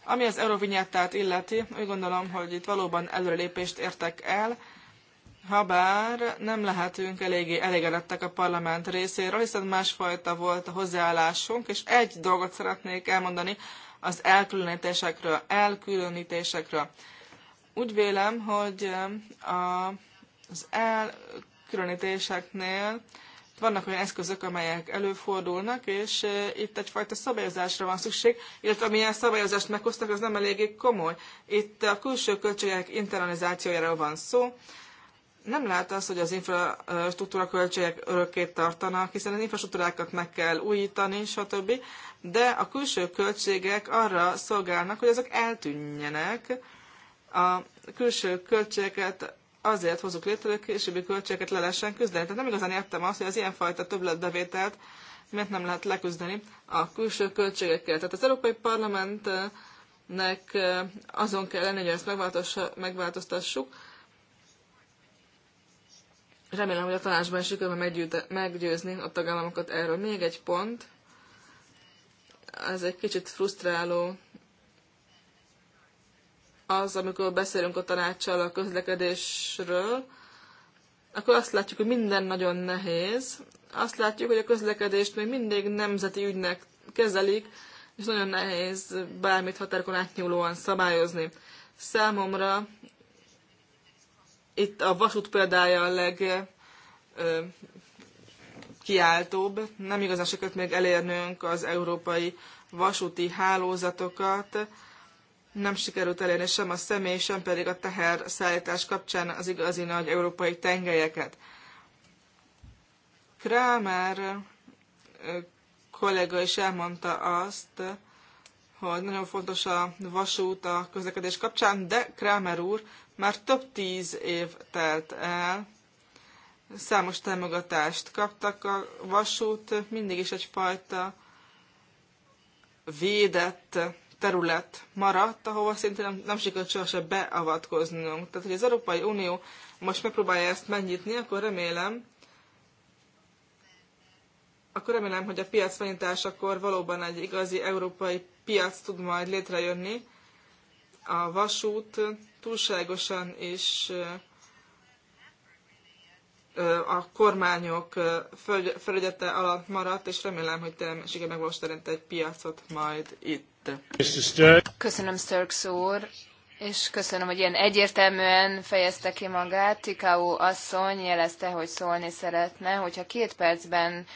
Ami az Eurovinyettát illeti, úgy gondolom, hogy itt valóban előrelépést értek el, Habár nem lehetünk eléggé elégedettek a parlament részéről, hiszen másfajta volt a hozzáállásunk, és egy dolgot szeretnék elmondani az elkülönítésekről. elkülönítésekről. Úgy vélem, hogy a, az elkülönítéseknél vannak olyan eszközök, amelyek előfordulnak, és itt egyfajta szabályozásra van szükség, illetve amilyen szabályozást meghoztak, az nem eléggé komoly. Itt a külső költségek internalizációjáról van szó, nem lehet az, hogy az infrastruktúra költségek örökké tartanak, hiszen az infrastruktúrákat meg kell újítani, stb. De a külső költségek arra szolgálnak, hogy azok eltűnjenek. A külső költségeket azért hozunk létre, hogy a későbbi költségeket le lehessen küzdeni. Tehát nem igazán értem azt, hogy az ilyenfajta többletbevételt miért nem lehet leküzdeni a külső költségekkel. Tehát az Európai Parlamentnek eh, azon kell lenni, hogy ezt megváltoztassuk, Remélem, hogy a tanácsban is sikerül meggyőzni a tagállamokat erről. Még egy pont, ez egy kicsit frusztráló az, amikor beszélünk a tanácssal a közlekedésről, akkor azt látjuk, hogy minden nagyon nehéz. Azt látjuk, hogy a közlekedést még mindig nemzeti ügynek kezelik, és nagyon nehéz bármit határokon átnyúlóan szabályozni. Számomra itt a vasút példája a leg ö, kiáltóbb. Nem igazán sikerült még elérnünk az európai vasúti hálózatokat. Nem sikerült elérni sem a személy, sem pedig a teher szállítás kapcsán az igazi nagy európai tengelyeket. Kramer kollega is elmondta azt, hogy nagyon fontos a vasút a közlekedés kapcsán, de Kramer úr már több tíz év telt el, számos támogatást kaptak a vasút, mindig is egyfajta védett terület maradt, ahova szintén nem, nem sikerült sohasem beavatkoznunk. Tehát, hogy az Európai Unió most megpróbálja ezt megnyitni, akkor remélem, akkor remélem, hogy a piac akkor valóban egy igazi európai piac tud majd létrejönni, a vasút túlságosan is a kormányok felügyete alatt maradt, és remélem, hogy te sikerül megvalósítani egy piacot majd itt. Köszönöm, Sturk úr, és köszönöm, hogy ilyen egyértelműen fejezte ki magát. Tikau asszony jelezte, hogy szólni szeretne, hogyha két percben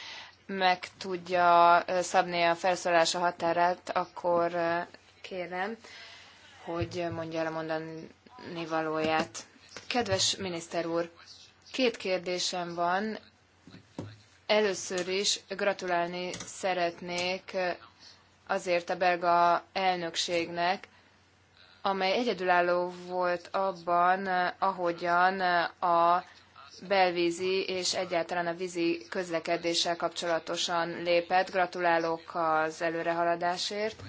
meg tudja szabni a felszólása határát, akkor kérem hogy mondja el a mondani valóját. Kedves miniszter úr, két kérdésem van. Először is gratulálni szeretnék azért a belga elnökségnek, amely egyedülálló volt abban, ahogyan a belvízi és egyáltalán a vízi közlekedéssel kapcsolatosan lépett. Gratulálok az előrehaladásért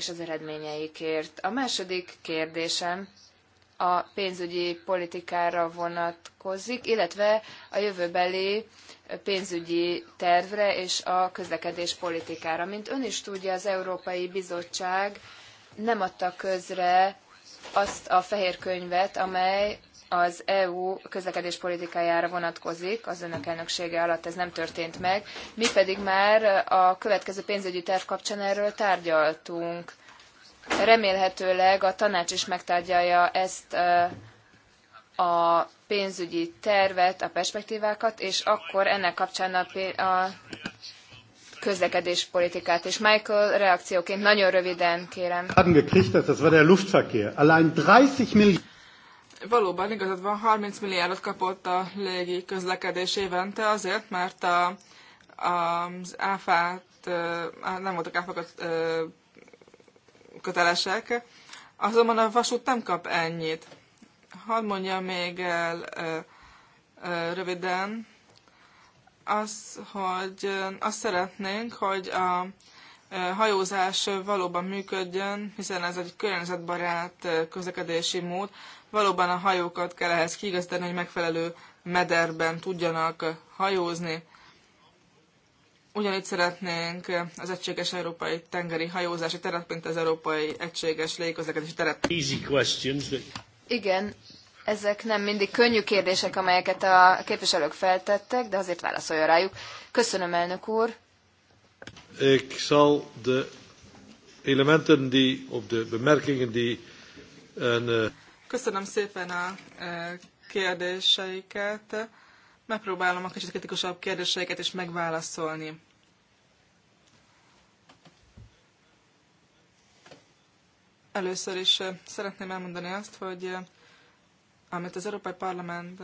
és az eredményeikért. A második kérdésem a pénzügyi politikára vonatkozik, illetve a jövőbeli pénzügyi tervre és a közlekedés politikára. Mint ön is tudja, az Európai Bizottság nem adta közre azt a fehér könyvet, amely az EU közlekedéspolitikájára vonatkozik, az önök elnöksége alatt ez nem történt meg. Mi pedig már a következő pénzügyi terv kapcsán erről tárgyaltunk. Remélhetőleg a tanács is megtárgyalja ezt a pénzügyi tervet, a perspektívákat, és akkor ennek kapcsán a, a közlekedéspolitikát. És Michael reakcióként nagyon röviden kérem. Haben gekriegt, das war der Luftverkehr. Allein 30 millió valóban igazad van, 30 milliárdot kapott a légi közlekedés évente azért, mert a, a, az áfát, nem voltak áfakat kötelesek, azonban a vasút nem kap ennyit. Hadd mondja még el röviden, az, hogy azt szeretnénk, hogy a hajózás valóban működjön, hiszen ez egy környezetbarát közlekedési mód, Valóban a hajókat kell ehhez kiigazítani, hogy megfelelő mederben tudjanak hajózni. Ugyanígy szeretnénk az egységes európai tengeri hajózási teret, mint az európai egységes légiközlekedési teret. Easy questions. Igen, ezek nem mindig könnyű kérdések, amelyeket a képviselők feltettek, de azért válaszoljon rájuk. Köszönöm, elnök úr. Ik zal de elementen die, of de bemerkingen die een uh... Köszönöm szépen a e, kérdéseiket. Megpróbálom a kicsit kritikusabb kérdéseiket is megválaszolni. Először is e, szeretném elmondani azt, hogy e, amit az Európai Parlament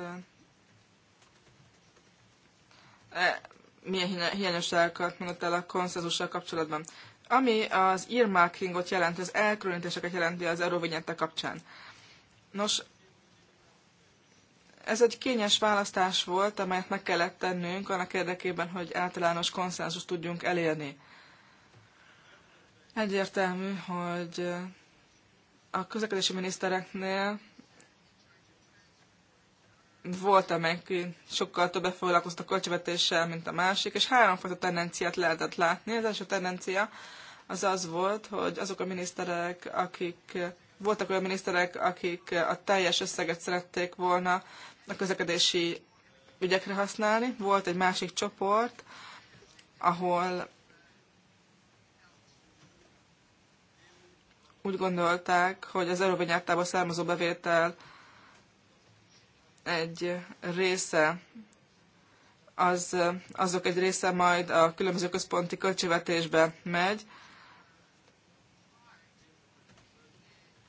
milyen hiányosságokat mondott el a konszenzussal kapcsolatban. Ami az earmarkingot jelenti, az elkülönítéseket jelenti az euróvinyette kapcsán. Nos, ez egy kényes választás volt, amelyet meg kellett tennünk annak érdekében, hogy általános konszenzus tudjunk elérni. Egyértelmű, hogy a közlekedési minisztereknél volt, amelyik sokkal többet foglalkozott a költségvetéssel, mint a másik, és háromfajta tendenciát lehetett látni. Az első tendencia az az volt, hogy azok a miniszterek, akik voltak olyan miniszterek, akik a teljes összeget szerették volna a közlekedési ügyekre használni. Volt egy másik csoport, ahol úgy gondolták, hogy az Nyártából származó bevétel egy része, az, azok egy része majd a különböző központi költségvetésbe megy,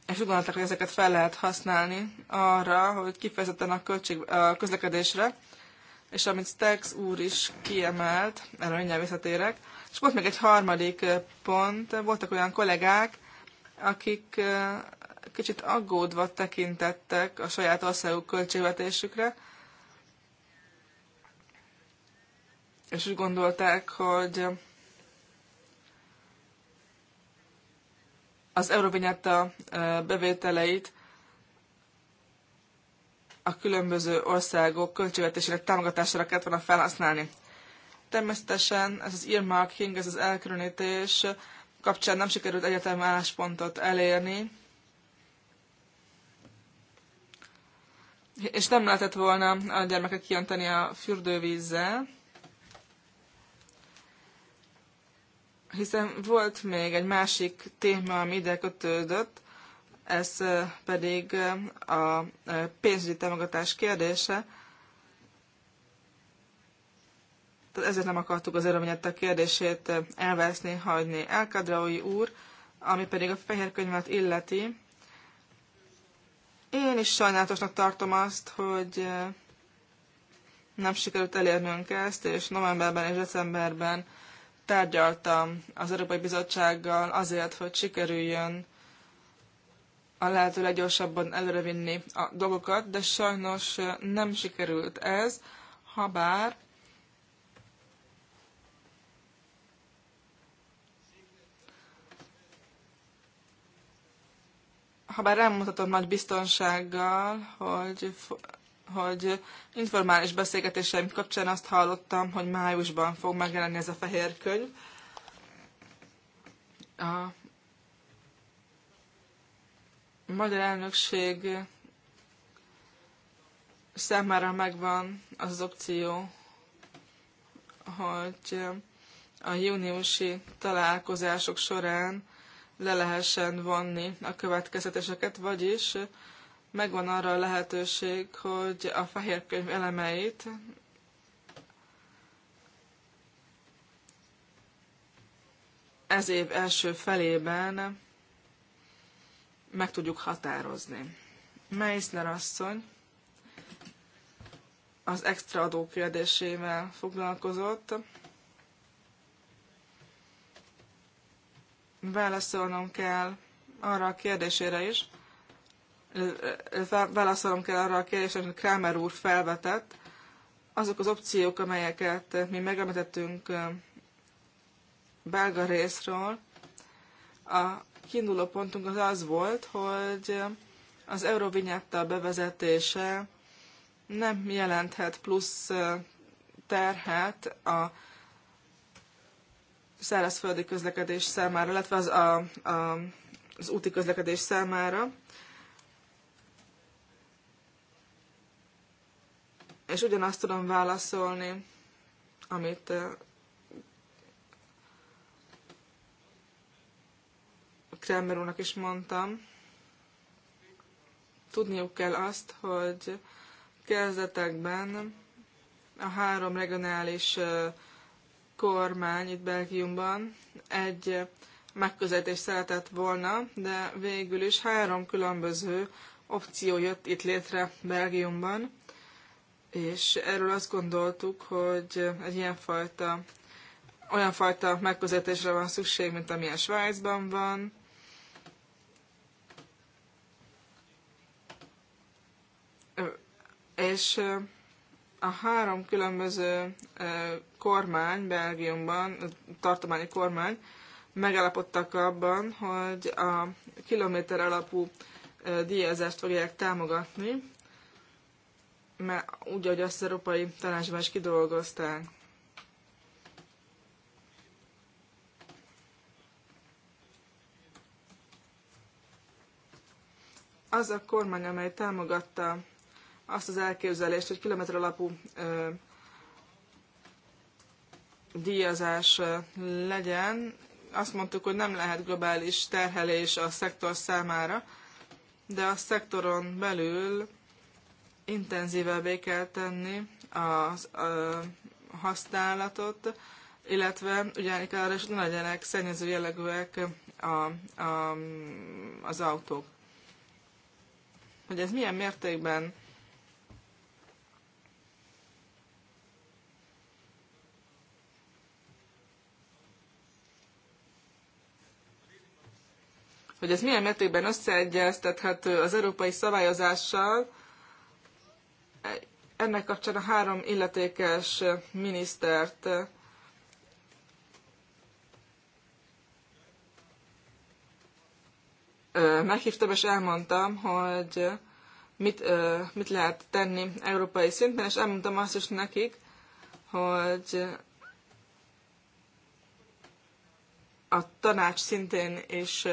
és úgy gondolták, hogy ezeket fel lehet használni arra, hogy kifejezetten a, költség, a közlekedésre, és amit Stex úr is kiemelt, erre mindjárt visszatérek, és volt még egy harmadik eh, pont, voltak olyan kollégák, akik eh, kicsit aggódva tekintettek a saját országuk költségvetésükre, és úgy gondolták, hogy az Eurovinyetta bevételeit a különböző országok költségvetésének támogatására kellett volna felhasználni. Természetesen ez az earmarking, ez az elkülönítés kapcsán nem sikerült egyetem álláspontot elérni, és nem lehetett volna a gyermekek kijönteni a fürdővízzel, Hiszen volt még egy másik téma, ami ide kötődött, ez pedig a pénzügyi támogatás kérdése. Tehát ezért nem akartuk az a kérdését elveszni, hagyni. Elkadraui úr, ami pedig a fehér könyvet illeti, én is sajnálatosnak tartom azt, hogy nem sikerült elérnünk ezt, és novemberben és decemberben tárgyaltam az Európai Bizottsággal azért, hogy sikerüljön a lehető leggyorsabban előrevinni a dolgokat, de sajnos nem sikerült ez, ha bár habár elmondhatom nagy biztonsággal, hogy hogy informális beszélgetéseim kapcsán azt hallottam, hogy májusban fog megjelenni ez a fehér könyv. A magyar elnökség számára megvan az, az opció, hogy a júniusi találkozások során le lehessen vonni a következeteseket, vagyis megvan arra a lehetőség, hogy a fehér könyv elemeit ez év első felében meg tudjuk határozni. Meisner asszony az extra adó kérdésével foglalkozott. Válaszolnom kell arra a kérdésére is, válaszolom kell arra a kérdésre, amit Kramer úr felvetett. Azok az opciók, amelyeket mi megemlítettünk belga részről, a kiinduló pontunk az az volt, hogy az Eurovinyetta bevezetése nem jelenthet plusz terhet a szárazföldi közlekedés számára, illetve az, a, a, az úti közlekedés számára. és ugyanazt tudom válaszolni, amit Kramer úrnak is mondtam. Tudniuk kell azt, hogy kezdetekben a három regionális kormány itt Belgiumban egy megközelítést szeretett volna, de végül is három különböző opció jött itt létre Belgiumban és erről azt gondoltuk, hogy egy ilyen fajta, olyan fajta megközelítésre van szükség, mint amilyen Svájcban van, és a három különböző kormány Belgiumban, tartományi kormány, megállapodtak abban, hogy a kilométer alapú díjazást fogják támogatni, mert úgy, ahogy azt az Európai Tanácsban is kidolgozták. Az a kormány, amely támogatta azt az elképzelést, hogy kilométer alapú ö, díjazás legyen, azt mondtuk, hogy nem lehet globális terhelés a szektor számára, de a szektoron belül intenzívebbé kell tenni az a használatot, illetve ugyanik arra is ne legyenek szennyező jellegűek a, a, az autók. Hogy ez milyen mértékben hogy ez milyen mértékben összeegyeztethető az európai szabályozással, ennek kapcsán a három illetékes minisztert meghívtam, és elmondtam, hogy mit, mit lehet tenni európai szinten, és elmondtam azt is nekik, hogy a tanács szintén is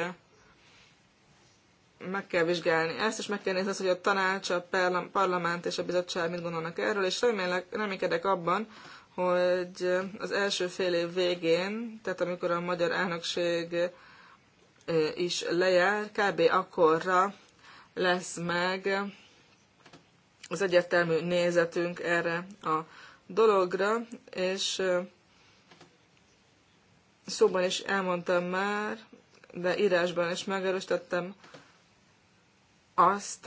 meg kell vizsgálni ezt, és meg kell nézni azt, hogy a tanács, a parlament és a bizottság mit gondolnak erről, és remélek, reménykedek abban, hogy az első fél év végén, tehát amikor a magyar elnökség is lejár, kb. akkorra lesz meg az egyértelmű nézetünk erre a dologra, és szóban is elmondtam már, de írásban is megerősítettem azt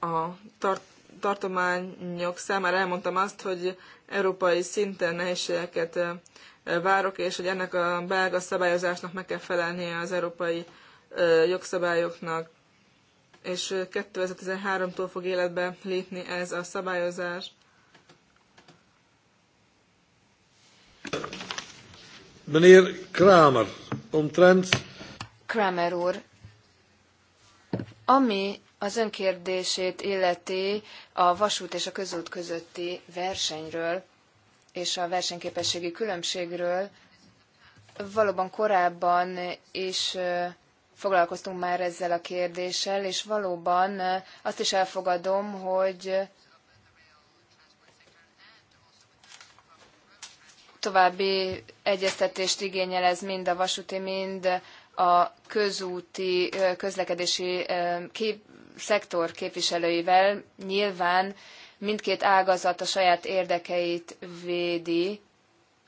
a tart tartományok számára elmondtam azt, hogy európai szinten nehézségeket várok, és hogy ennek a belga szabályozásnak meg kell felelnie az európai jogszabályoknak, és 2013-tól fog életbe lépni ez a szabályozás. Meneer Kramer omtrent... Kramer úr, ami az önkérdését illeti a vasút és a közút közötti versenyről és a versenyképességi különbségről, valóban korábban is foglalkoztunk már ezzel a kérdéssel, és valóban azt is elfogadom, hogy további egyeztetést igényel ez mind a vasúti, mind a közúti közlekedési kép, szektor képviselőivel. Nyilván mindkét ágazat a saját érdekeit védi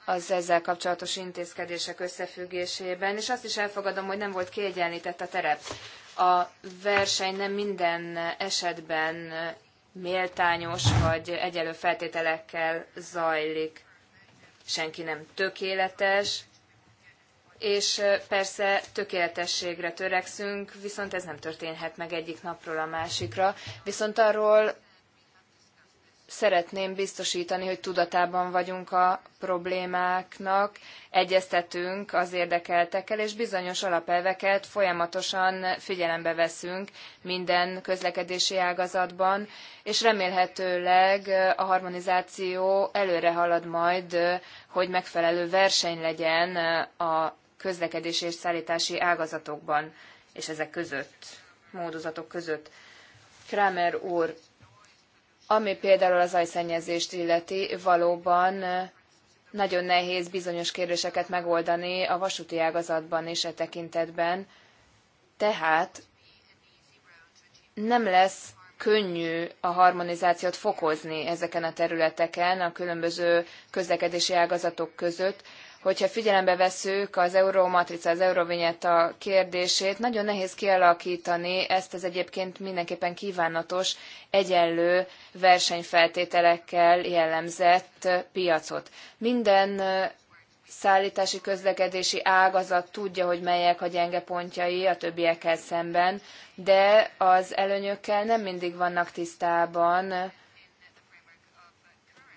az ezzel kapcsolatos intézkedések összefüggésében, és azt is elfogadom, hogy nem volt kiegyenlített a terep. A verseny nem minden esetben méltányos vagy egyelő feltételekkel zajlik senki nem tökéletes, és persze tökéletességre törekszünk, viszont ez nem történhet meg egyik napról a másikra. Viszont arról szeretném biztosítani, hogy tudatában vagyunk a problémáknak, egyeztetünk az érdekeltekkel, és bizonyos alapelveket folyamatosan figyelembe veszünk minden közlekedési ágazatban, és remélhetőleg a harmonizáció előre halad majd, hogy megfelelő verseny legyen a közlekedési és szállítási ágazatokban, és ezek között, módozatok között. Kramer úr ami például az ajszennyezést illeti, valóban nagyon nehéz bizonyos kérdéseket megoldani a vasúti ágazatban és e tekintetben. Tehát nem lesz könnyű a harmonizációt fokozni ezeken a területeken, a különböző közlekedési ágazatok között, hogyha figyelembe veszük az eurómatrica, az euróvinyetta kérdését, nagyon nehéz kialakítani ezt az egyébként mindenképpen kívánatos, egyenlő versenyfeltételekkel jellemzett piacot. Minden szállítási közlekedési ágazat tudja, hogy melyek a gyenge pontjai a többiekkel szemben, de az előnyökkel nem mindig vannak tisztában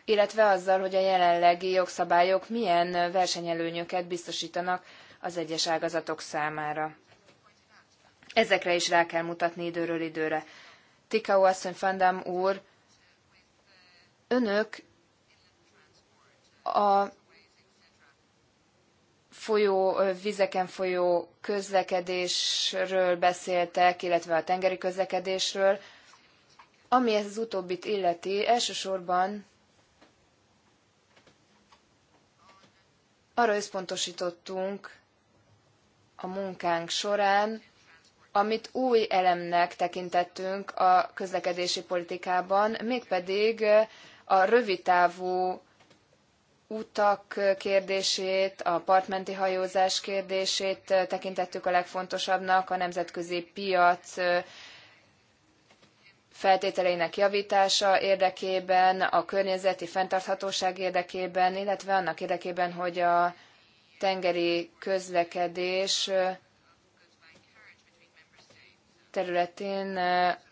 illetve azzal, hogy a jelenlegi jogszabályok milyen versenyelőnyöket biztosítanak az egyes ágazatok számára. Ezekre is rá kell mutatni időről időre. Tikau asszony, Fandám úr, önök a folyó, vizeken folyó közlekedésről beszéltek, illetve a tengeri közlekedésről. Ami ezt az utóbbit illeti, elsősorban arra összpontosítottunk a munkánk során, amit új elemnek tekintettünk a közlekedési politikában, mégpedig a rövidtávú utak kérdését, a partmenti hajózás kérdését tekintettük a legfontosabbnak, a nemzetközi piac feltételeinek javítása érdekében, a környezeti fenntarthatóság érdekében, illetve annak érdekében, hogy a tengeri közlekedés területén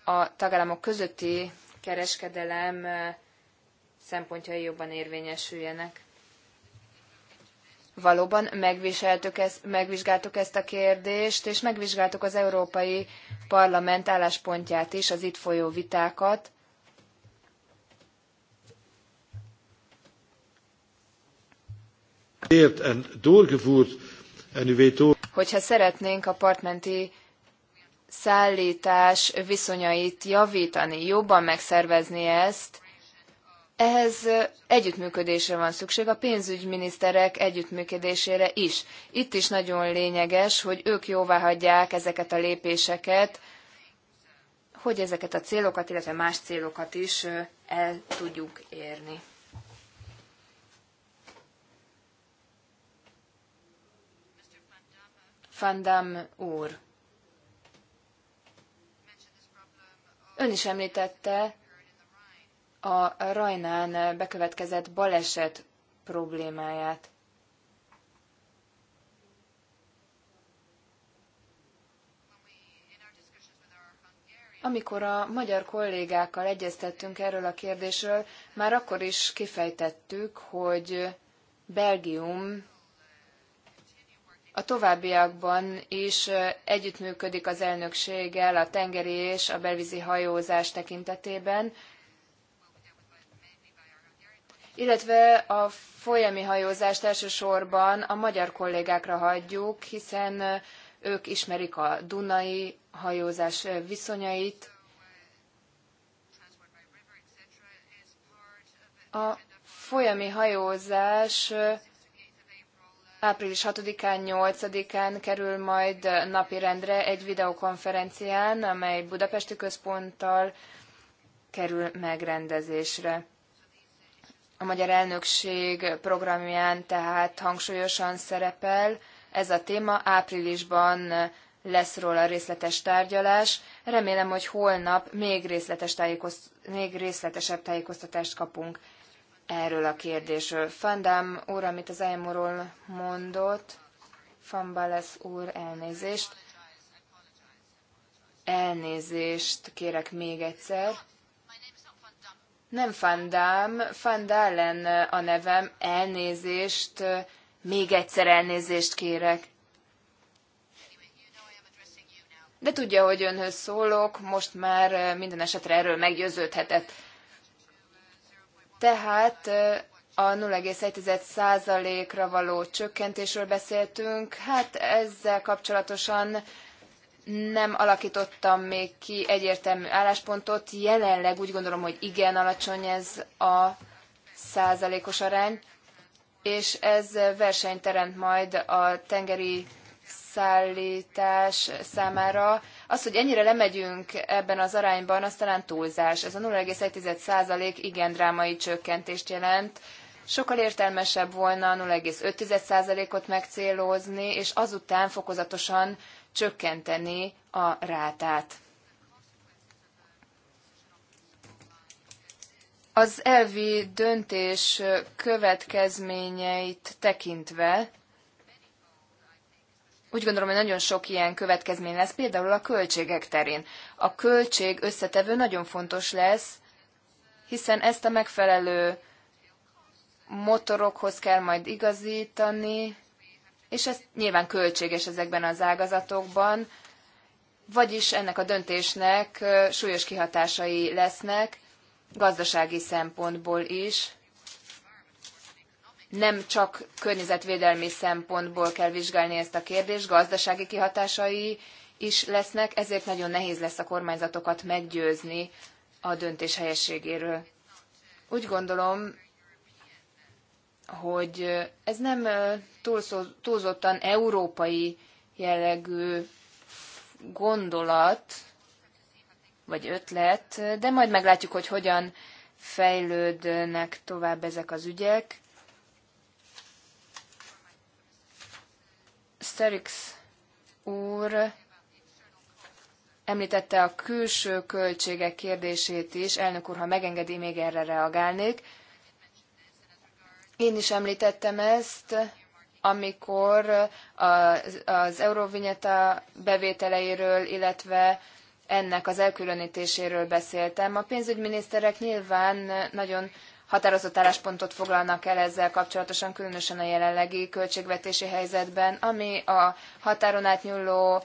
a tagállamok közötti kereskedelem szempontjai jobban érvényesüljenek valóban ezt, megvizsgáltuk ezt a kérdést, és megvizsgáltuk az Európai Parlament álláspontját is, az itt folyó vitákat. Hogyha szeretnénk a partmenti szállítás viszonyait javítani, jobban megszervezni ezt, ehhez együttműködésre van szükség, a pénzügyminiszterek együttműködésére is. Itt is nagyon lényeges, hogy ők jóváhagyják ezeket a lépéseket, hogy ezeket a célokat, illetve más célokat is el tudjuk érni. Fandam úr. Ön is említette a Rajnán bekövetkezett baleset problémáját. Amikor a magyar kollégákkal egyeztettünk erről a kérdésről, már akkor is kifejtettük, hogy Belgium a továbbiakban is együttműködik az elnökséggel a tengeri és a belvízi hajózás tekintetében, illetve a folyami hajózást elsősorban a magyar kollégákra hagyjuk, hiszen ők ismerik a Dunai hajózás viszonyait. A folyami hajózás április 6-án, 8-án kerül majd napirendre egy videokonferencián, amely Budapesti Központtal kerül megrendezésre a magyar elnökség programján tehát hangsúlyosan szerepel ez a téma. Áprilisban lesz róla részletes tárgyalás. Remélem, hogy holnap még, részletes tájékoz... még részletesebb tájékoztatást kapunk erről a kérdésről. Fandám úr, amit az IMO-ról mondott, fambales úr, elnézést. Elnézést kérek még egyszer. Nem Fandám, Fandálen a nevem, elnézést, még egyszer elnézést kérek. De tudja, hogy önhöz szólok, most már minden esetre erről meggyőződhetett. Tehát a 0,1%-ra való csökkentésről beszéltünk. Hát ezzel kapcsolatosan nem alakítottam még ki egyértelmű álláspontot. Jelenleg úgy gondolom, hogy igen alacsony ez a százalékos arány, és ez versenyt teremt majd a tengeri szállítás számára. Az, hogy ennyire lemegyünk ebben az arányban, az talán túlzás. Ez a 0,1% igen drámai csökkentést jelent. Sokkal értelmesebb volna 05 százalékot megcélozni, és azután fokozatosan csökkenteni a rátát. Az elvi döntés következményeit tekintve úgy gondolom, hogy nagyon sok ilyen következmény lesz, például a költségek terén. A költség összetevő nagyon fontos lesz, hiszen ezt a megfelelő motorokhoz kell majd igazítani, és ez nyilván költséges ezekben az ágazatokban, vagyis ennek a döntésnek súlyos kihatásai lesznek gazdasági szempontból is. Nem csak környezetvédelmi szempontból kell vizsgálni ezt a kérdést, gazdasági kihatásai is lesznek, ezért nagyon nehéz lesz a kormányzatokat meggyőzni a döntés helyességéről. Úgy gondolom, hogy ez nem túlzottan európai jellegű gondolat, vagy ötlet, de majd meglátjuk, hogy hogyan fejlődnek tovább ezek az ügyek. Sterix úr említette a külső költségek kérdését is. Elnök úr, ha megengedi, még erre reagálnék. Én is említettem ezt, amikor az, az Euróvinyeta bevételeiről, illetve ennek az elkülönítéséről beszéltem. A pénzügyminiszterek nyilván nagyon határozott álláspontot foglalnak el ezzel kapcsolatosan, különösen a jelenlegi költségvetési helyzetben, ami a határon átnyúló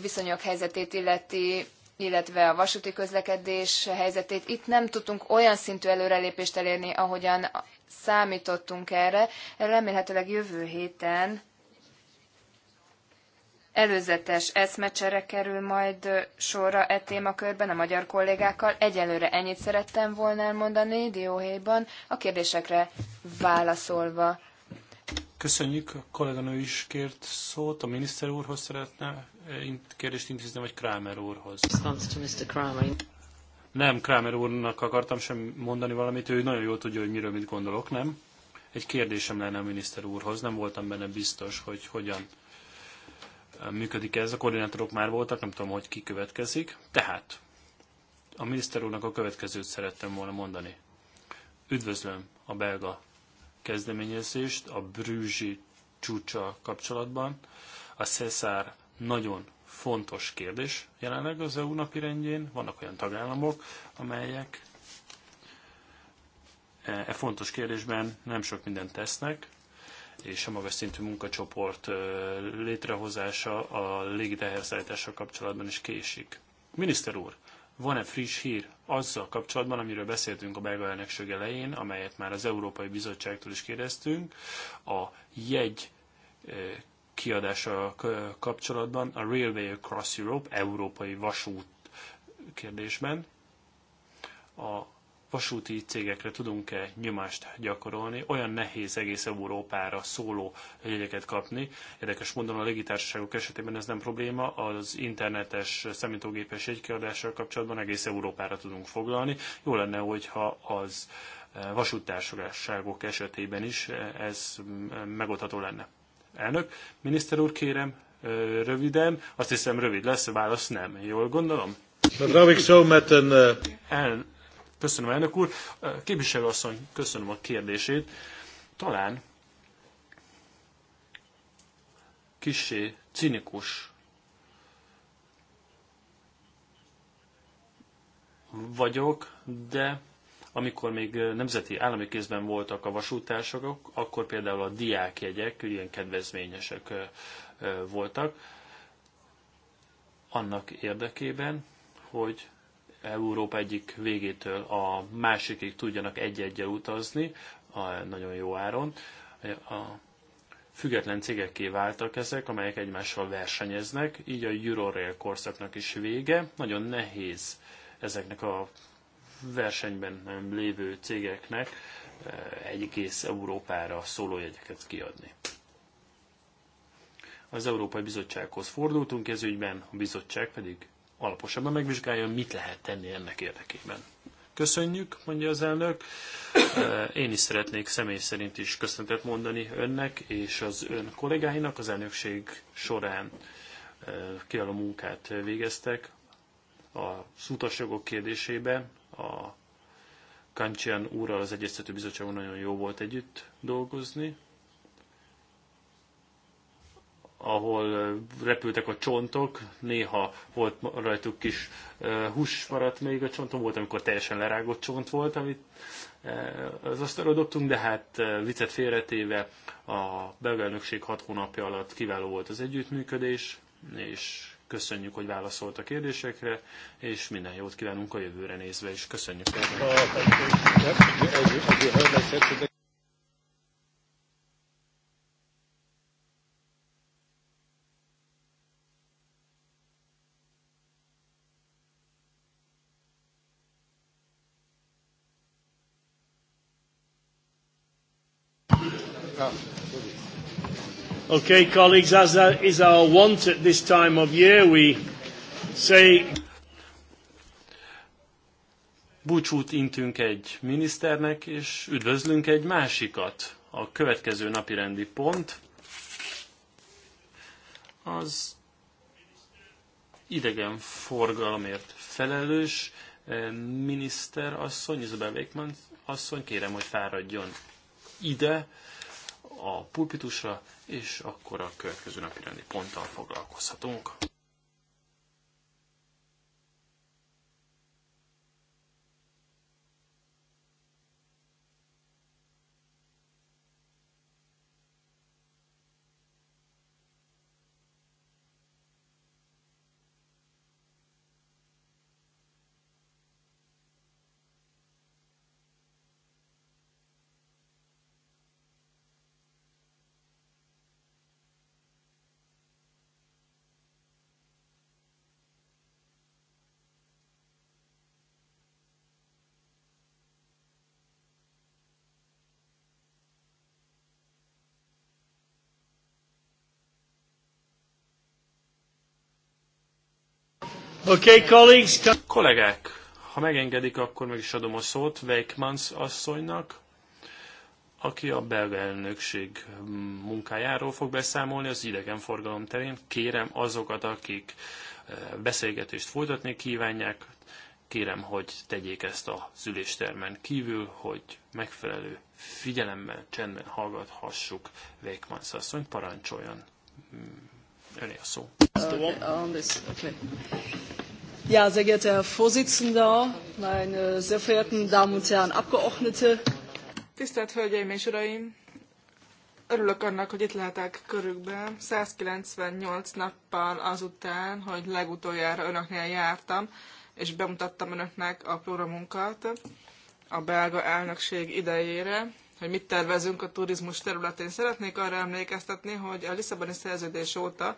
viszonyok helyzetét illeti, illetve a vasúti közlekedés helyzetét. Itt nem tudtunk olyan szintű előrelépést elérni, ahogyan számítottunk erre. Remélhetőleg jövő héten előzetes eszmecsere kerül majd sorra e témakörben a magyar kollégákkal. Egyelőre ennyit szerettem volna elmondani dióhéjban, a kérdésekre válaszolva. Köszönjük, a kolléganő is kért szót, a miniszter úrhoz szeretne eh, kérdést intézni, vagy Kramer úrhoz. Nem, Kramer úrnak akartam sem mondani valamit, ő nagyon jól tudja, hogy miről mit gondolok, nem? Egy kérdésem lenne a miniszter úrhoz, nem voltam benne biztos, hogy hogyan működik ez. A koordinátorok már voltak, nem tudom, hogy ki következik. Tehát a miniszter úrnak a következőt szerettem volna mondani. Üdvözlöm a belga kezdeményezést a brűzsi csúcsa kapcsolatban. A Cesar nagyon fontos kérdés jelenleg az EU napi rendjén. Vannak olyan tagállamok, amelyek e, e fontos kérdésben nem sok mindent tesznek, és a magas szintű munkacsoport e, létrehozása a légiteherszállítással kapcsolatban is késik. Miniszter úr, van-e friss hír azzal kapcsolatban, amiről beszéltünk a belga elnökség elején, amelyet már az Európai Bizottságtól is kérdeztünk, a jegy e, kiadása kapcsolatban a Railway Across Europe, európai vasút kérdésben. A vasúti cégekre tudunk-e nyomást gyakorolni, olyan nehéz egész Európára szóló jegyeket kapni. Érdekes módon a légitársaságok esetében ez nem probléma, az internetes számítógépes jegykiadással kapcsolatban egész Európára tudunk foglalni. Jó lenne, hogyha az eh, vasúttársaságok esetében is eh, ez mm, megoldható lenne. Elnök, miniszter úr, kérem, röviden, azt hiszem rövid lesz, a válasz nem. Jól gondolom? El, köszönöm, elnök úr. Képviselőasszony, köszönöm a kérdését. Talán kisé cinikus vagyok, de amikor még nemzeti állami kézben voltak a vasútársak, akkor például a diákjegyek ilyen kedvezményesek voltak annak érdekében, hogy Európa egyik végétől a másikig tudjanak egy-egyel utazni, a nagyon jó áron. A független cégekké váltak ezek, amelyek egymással versenyeznek, így a Eurorail korszaknak is vége. Nagyon nehéz ezeknek a versenyben lévő cégeknek eh, egy egész Európára szóló jegyeket kiadni. Az Európai Bizottsághoz fordultunk ez ügyben, a bizottság pedig alaposabban megvizsgálja, mit lehet tenni ennek érdekében. Köszönjük, mondja az elnök. Eh, én is szeretnék személy szerint is köszöntet mondani önnek és az ön kollégáinak az elnökség során eh, kiváló munkát végeztek a utasjogok kérdésében. A Kancsian úrral az Egyeztető Bizottságon nagyon jó volt együtt dolgozni, ahol repültek a csontok, néha volt rajtuk kis hús maradt még a csonton, volt, amikor teljesen lerágott csont volt, amit az asztalra dobtunk, de hát viccet félretéve a belga hat hónapja alatt kiváló volt az együttműködés, és Köszönjük, hogy válaszolt a kérdésekre, és minden jót kívánunk a jövőre nézve is. Köszönjük szépen! Okay, colleagues, as is our want at this time of year, we say... Búcsút intünk egy miniszternek, és üdvözlünk egy másikat. A következő napi rendi pont az idegen forgalomért felelős eh, miniszter asszony, Isabel Wakeman asszony, kérem, hogy fáradjon ide, a pulpitusra, és akkor a következő napi rendi ponttal foglalkozhatunk. Okay, colleagues. Kollégák, ha megengedik, akkor meg is adom a szót Weikmans asszonynak, aki a belga elnökség munkájáról fog beszámolni az idegenforgalom terén. Kérem azokat, akik eh, beszélgetést folytatni kívánják, kérem, hogy tegyék ezt a üléstermen kívül, hogy megfelelő figyelemmel, csendben hallgathassuk Weikmans asszonyt, parancsoljon Öné a szó. Ja, sehr geehrter Herr Vorsitzender, meine sehr verehrten Damen und Herren Abgeordnete. Tisztelt Hölgyeim és Uraim! Örülök annak, hogy itt lehetek körükben. 198 nappal azután, hogy legutoljára önöknél jártam, és bemutattam önöknek a programunkat a belga elnökség idejére hogy mit tervezünk a turizmus területén. Szeretnék arra emlékeztetni, hogy a Lisszaboni szerződés óta,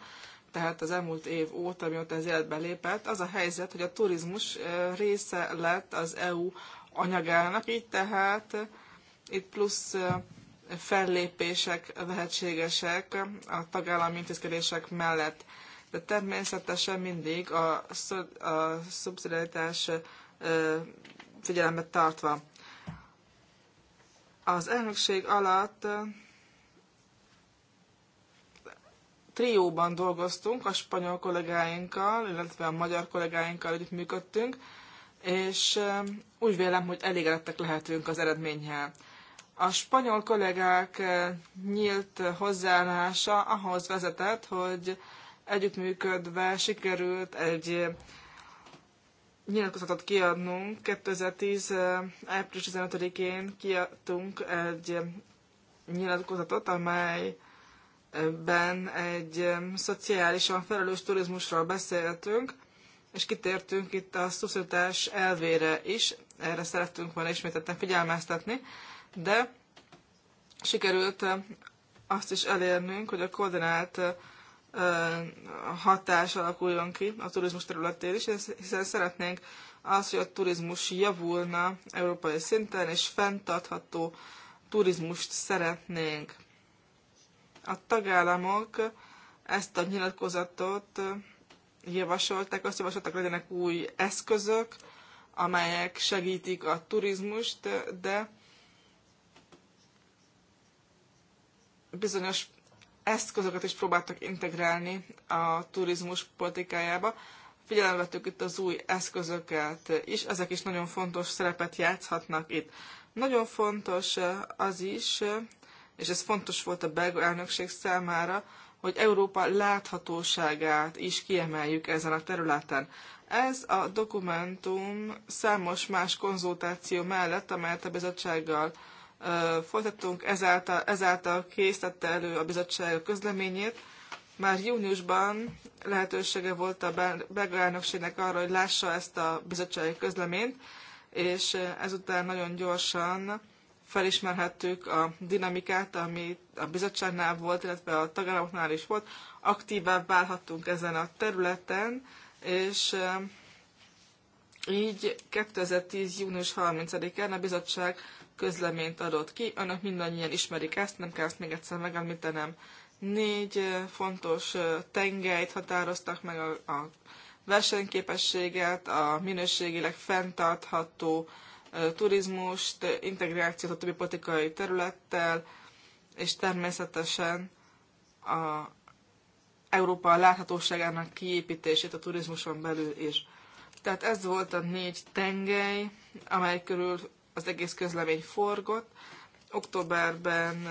tehát az elmúlt év óta, mióta ez életbe lépett, az a helyzet, hogy a turizmus része lett az EU anyagának, így tehát itt plusz fellépések lehetségesek a tagállami intézkedések mellett. De természetesen mindig a, a szubszidiaritás figyelembe tartva. Az elnökség alatt trióban dolgoztunk, a spanyol kollégáinkkal, illetve a magyar kollégáinkkal együtt működtünk, és úgy vélem, hogy elégedettek lehetünk az eredménnyel. A spanyol kollégák nyílt hozzáállása ahhoz vezetett, hogy együttműködve sikerült egy nyilatkozatot kiadnunk. 2010. április 15-én kiadtunk egy nyilatkozatot, amelyben egy szociálisan felelős turizmusról beszéltünk, és kitértünk itt a szuszítás elvére is, erre szerettünk volna ismételten figyelmeztetni, de sikerült azt is elérnünk, hogy a koordinált hatás alakuljon ki a turizmus területén is, hiszen szeretnénk azt, hogy a turizmus javulna európai szinten, és fenntartható turizmust szeretnénk. A tagállamok ezt a nyilatkozatot javasolták, azt javasoltak, legyenek új eszközök, amelyek segítik a turizmust, de bizonyos eszközöket is próbáltak integrálni a turizmus politikájába. Figyelembe vettük itt az új eszközöket is, ezek is nagyon fontos szerepet játszhatnak itt. Nagyon fontos az is, és ez fontos volt a belga elnökség számára, hogy Európa láthatóságát is kiemeljük ezen a területen. Ez a dokumentum számos más konzultáció mellett, amelyet a bizottsággal folytattunk, ezáltal, ezáltal készítette elő a bizottság közleményét. Már júniusban lehetősége volt a belga elnökségnek arra, hogy lássa ezt a bizottsági közleményt, és ezután nagyon gyorsan felismerhettük a dinamikát, ami a bizottságnál volt, illetve a tagállamoknál is volt. Aktívá válhattunk ezen a területen, és így 2010. június 30-án a bizottság közleményt adott ki. Önök mindannyian ismerik ezt, nem kell ezt még egyszer megemlítenem. Négy fontos tengelyt határoztak meg a, a versenyképességet, a minőségileg fenntartható turizmust, integrációt a többi politikai területtel, és természetesen a Európa láthatóságának kiépítését a turizmuson belül is. Tehát ez volt a négy tengely, amely körül az egész közlemény forgott. Októberben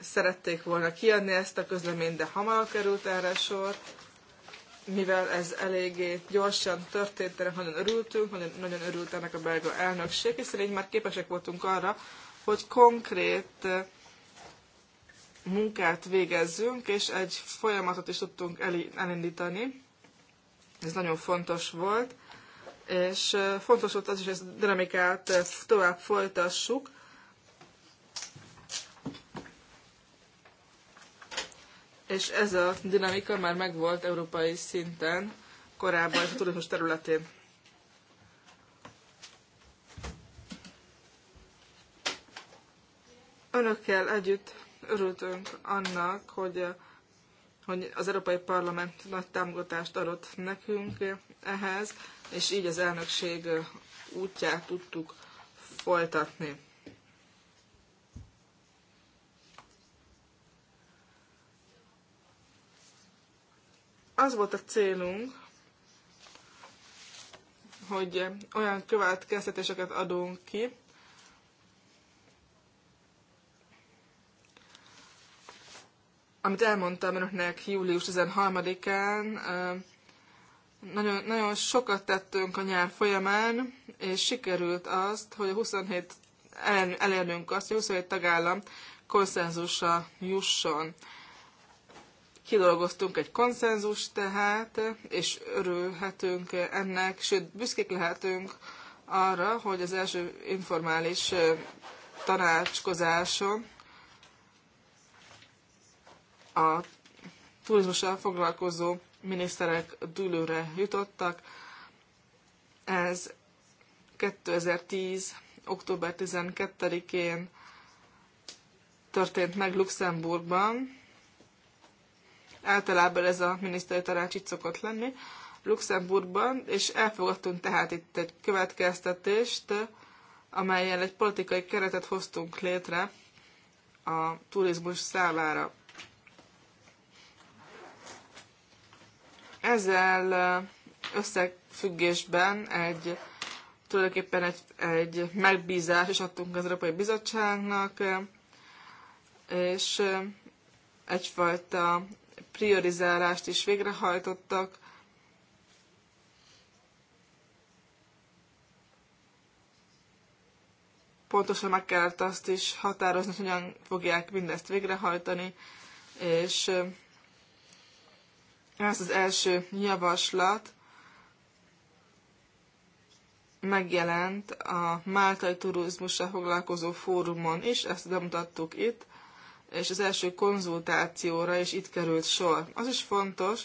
szerették volna kiadni ezt a közleményt, de hamar került erre sor. Mivel ez eléggé gyorsan történt, de nagyon örültünk, nagyon, nagyon örült ennek a belga elnökség, hiszen így már képesek voltunk arra, hogy konkrét munkát végezzünk, és egy folyamatot is tudtunk elindítani. Ez nagyon fontos volt és fontos volt az is, hogy ezt a dinamikát tovább folytassuk. És ez a dinamika már megvolt európai szinten korábban a turizmus területén. Önökkel együtt örültünk annak, hogy a hogy az Európai Parlament nagy támogatást adott nekünk ehhez, és így az elnökség útját tudtuk folytatni. Az volt a célunk, hogy olyan következtetéseket adunk ki, amit elmondtam önöknek július 13-án, nagyon, nagyon sokat tettünk a nyár folyamán, és sikerült azt, hogy a 27 elérnünk azt, hogy 27 tagállam konszenzusra jusson. Kidolgoztunk egy konszenzus tehát, és örülhetünk ennek, sőt, büszkék lehetünk arra, hogy az első informális tanácskozáson a turizmussal foglalkozó miniszterek dűlőre jutottak. Ez 2010. október 12-én történt meg Luxemburgban. Általában ez a miniszteri tanács itt szokott lenni Luxemburgban, és elfogadtunk tehát itt egy következtetést, amelyen egy politikai keretet hoztunk létre a turizmus számára. Ezzel összefüggésben egy tulajdonképpen egy, egy megbízás is adtunk az Európai Bizottságnak, és egyfajta priorizálást is végrehajtottak. Pontosan meg kellett azt is határozni, hogy hogyan fogják mindezt végrehajtani, és ez az első javaslat megjelent a Máltai turizmussal foglalkozó fórumon is, ezt bemutattuk itt, és az első konzultációra is itt került sor. Az is fontos,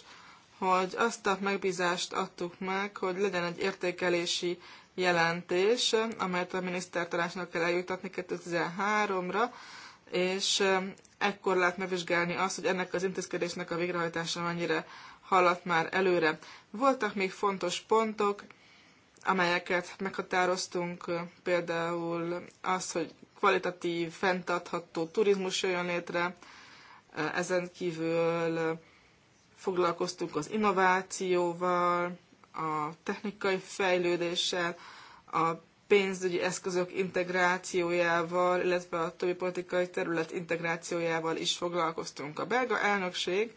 hogy azt a megbízást adtuk meg, hogy legyen egy értékelési jelentés, amelyet a minisztertanácsnak kell eljutatni 2013-ra, és ekkor lehet megvizsgálni azt, hogy ennek az intézkedésnek a végrehajtása mennyire haladt már előre. Voltak még fontos pontok, amelyeket meghatároztunk, például az, hogy kvalitatív, fenntartható turizmus jön létre, ezen kívül foglalkoztunk az innovációval, a technikai fejlődéssel, a pénzügyi eszközök integrációjával, illetve a többi politikai terület integrációjával is foglalkoztunk. A belga elnökség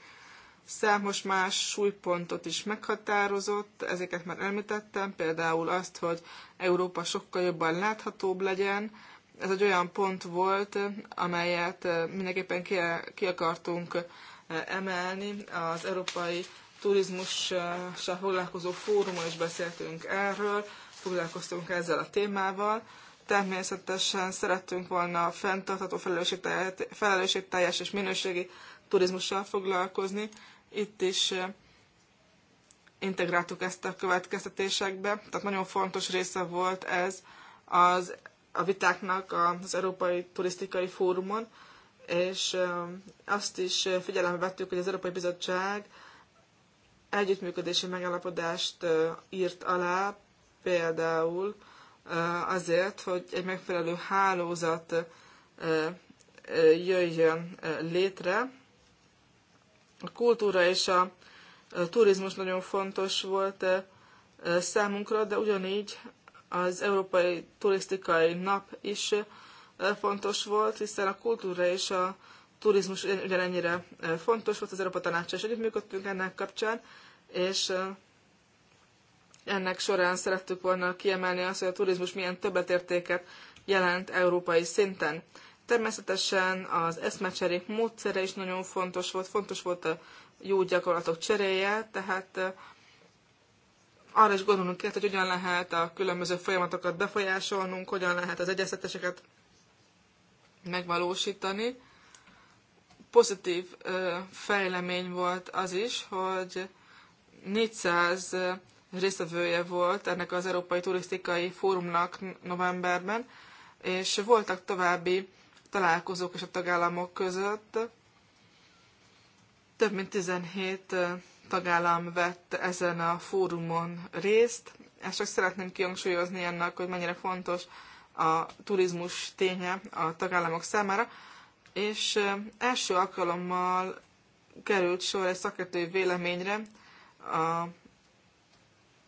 számos más súlypontot is meghatározott, ezeket már említettem, például azt, hogy Európa sokkal jobban láthatóbb legyen. Ez egy olyan pont volt, amelyet mindenképpen ki, ki akartunk emelni. Az Európai Turizmussal foglalkozó fórumon is beszéltünk erről, foglalkoztunk ezzel a témával. Természetesen szerettünk volna fenntartható felelősségteljes és minőségi turizmussal foglalkozni. Itt is eh, integráltuk ezt a következtetésekbe, tehát nagyon fontos része volt ez az, a vitáknak az Európai Turisztikai Fórumon, és eh, azt is figyelembe vettük, hogy az Európai Bizottság együttműködési megállapodást eh, írt alá például azért, hogy egy megfelelő hálózat jöjjön létre. A kultúra és a turizmus nagyon fontos volt számunkra, de ugyanígy az Európai Turisztikai Nap is fontos volt, hiszen a kultúra és a turizmus ugyanennyire fontos volt, az Európa Tanácsa is együttműködtünk ennek kapcsán, és ennek során szerettük volna kiemelni azt, hogy a turizmus milyen többetértéket jelent európai szinten. Természetesen az eszmecserék módszere is nagyon fontos volt, fontos volt a jó gyakorlatok cseréje, tehát arra is gondolunk, kell, hogy hogyan lehet a különböző folyamatokat befolyásolnunk, hogyan lehet az egyeztetéseket megvalósítani. Pozitív fejlemény volt az is, hogy 400 résztvevője volt ennek az Európai Turisztikai Fórumnak novemberben, és voltak további találkozók és a tagállamok között. Több mint 17 tagállam vett ezen a fórumon részt. Ezt csak szeretném kihangsúlyozni annak, hogy mennyire fontos a turizmus ténye a tagállamok számára, és első alkalommal került sor egy szakértői véleményre a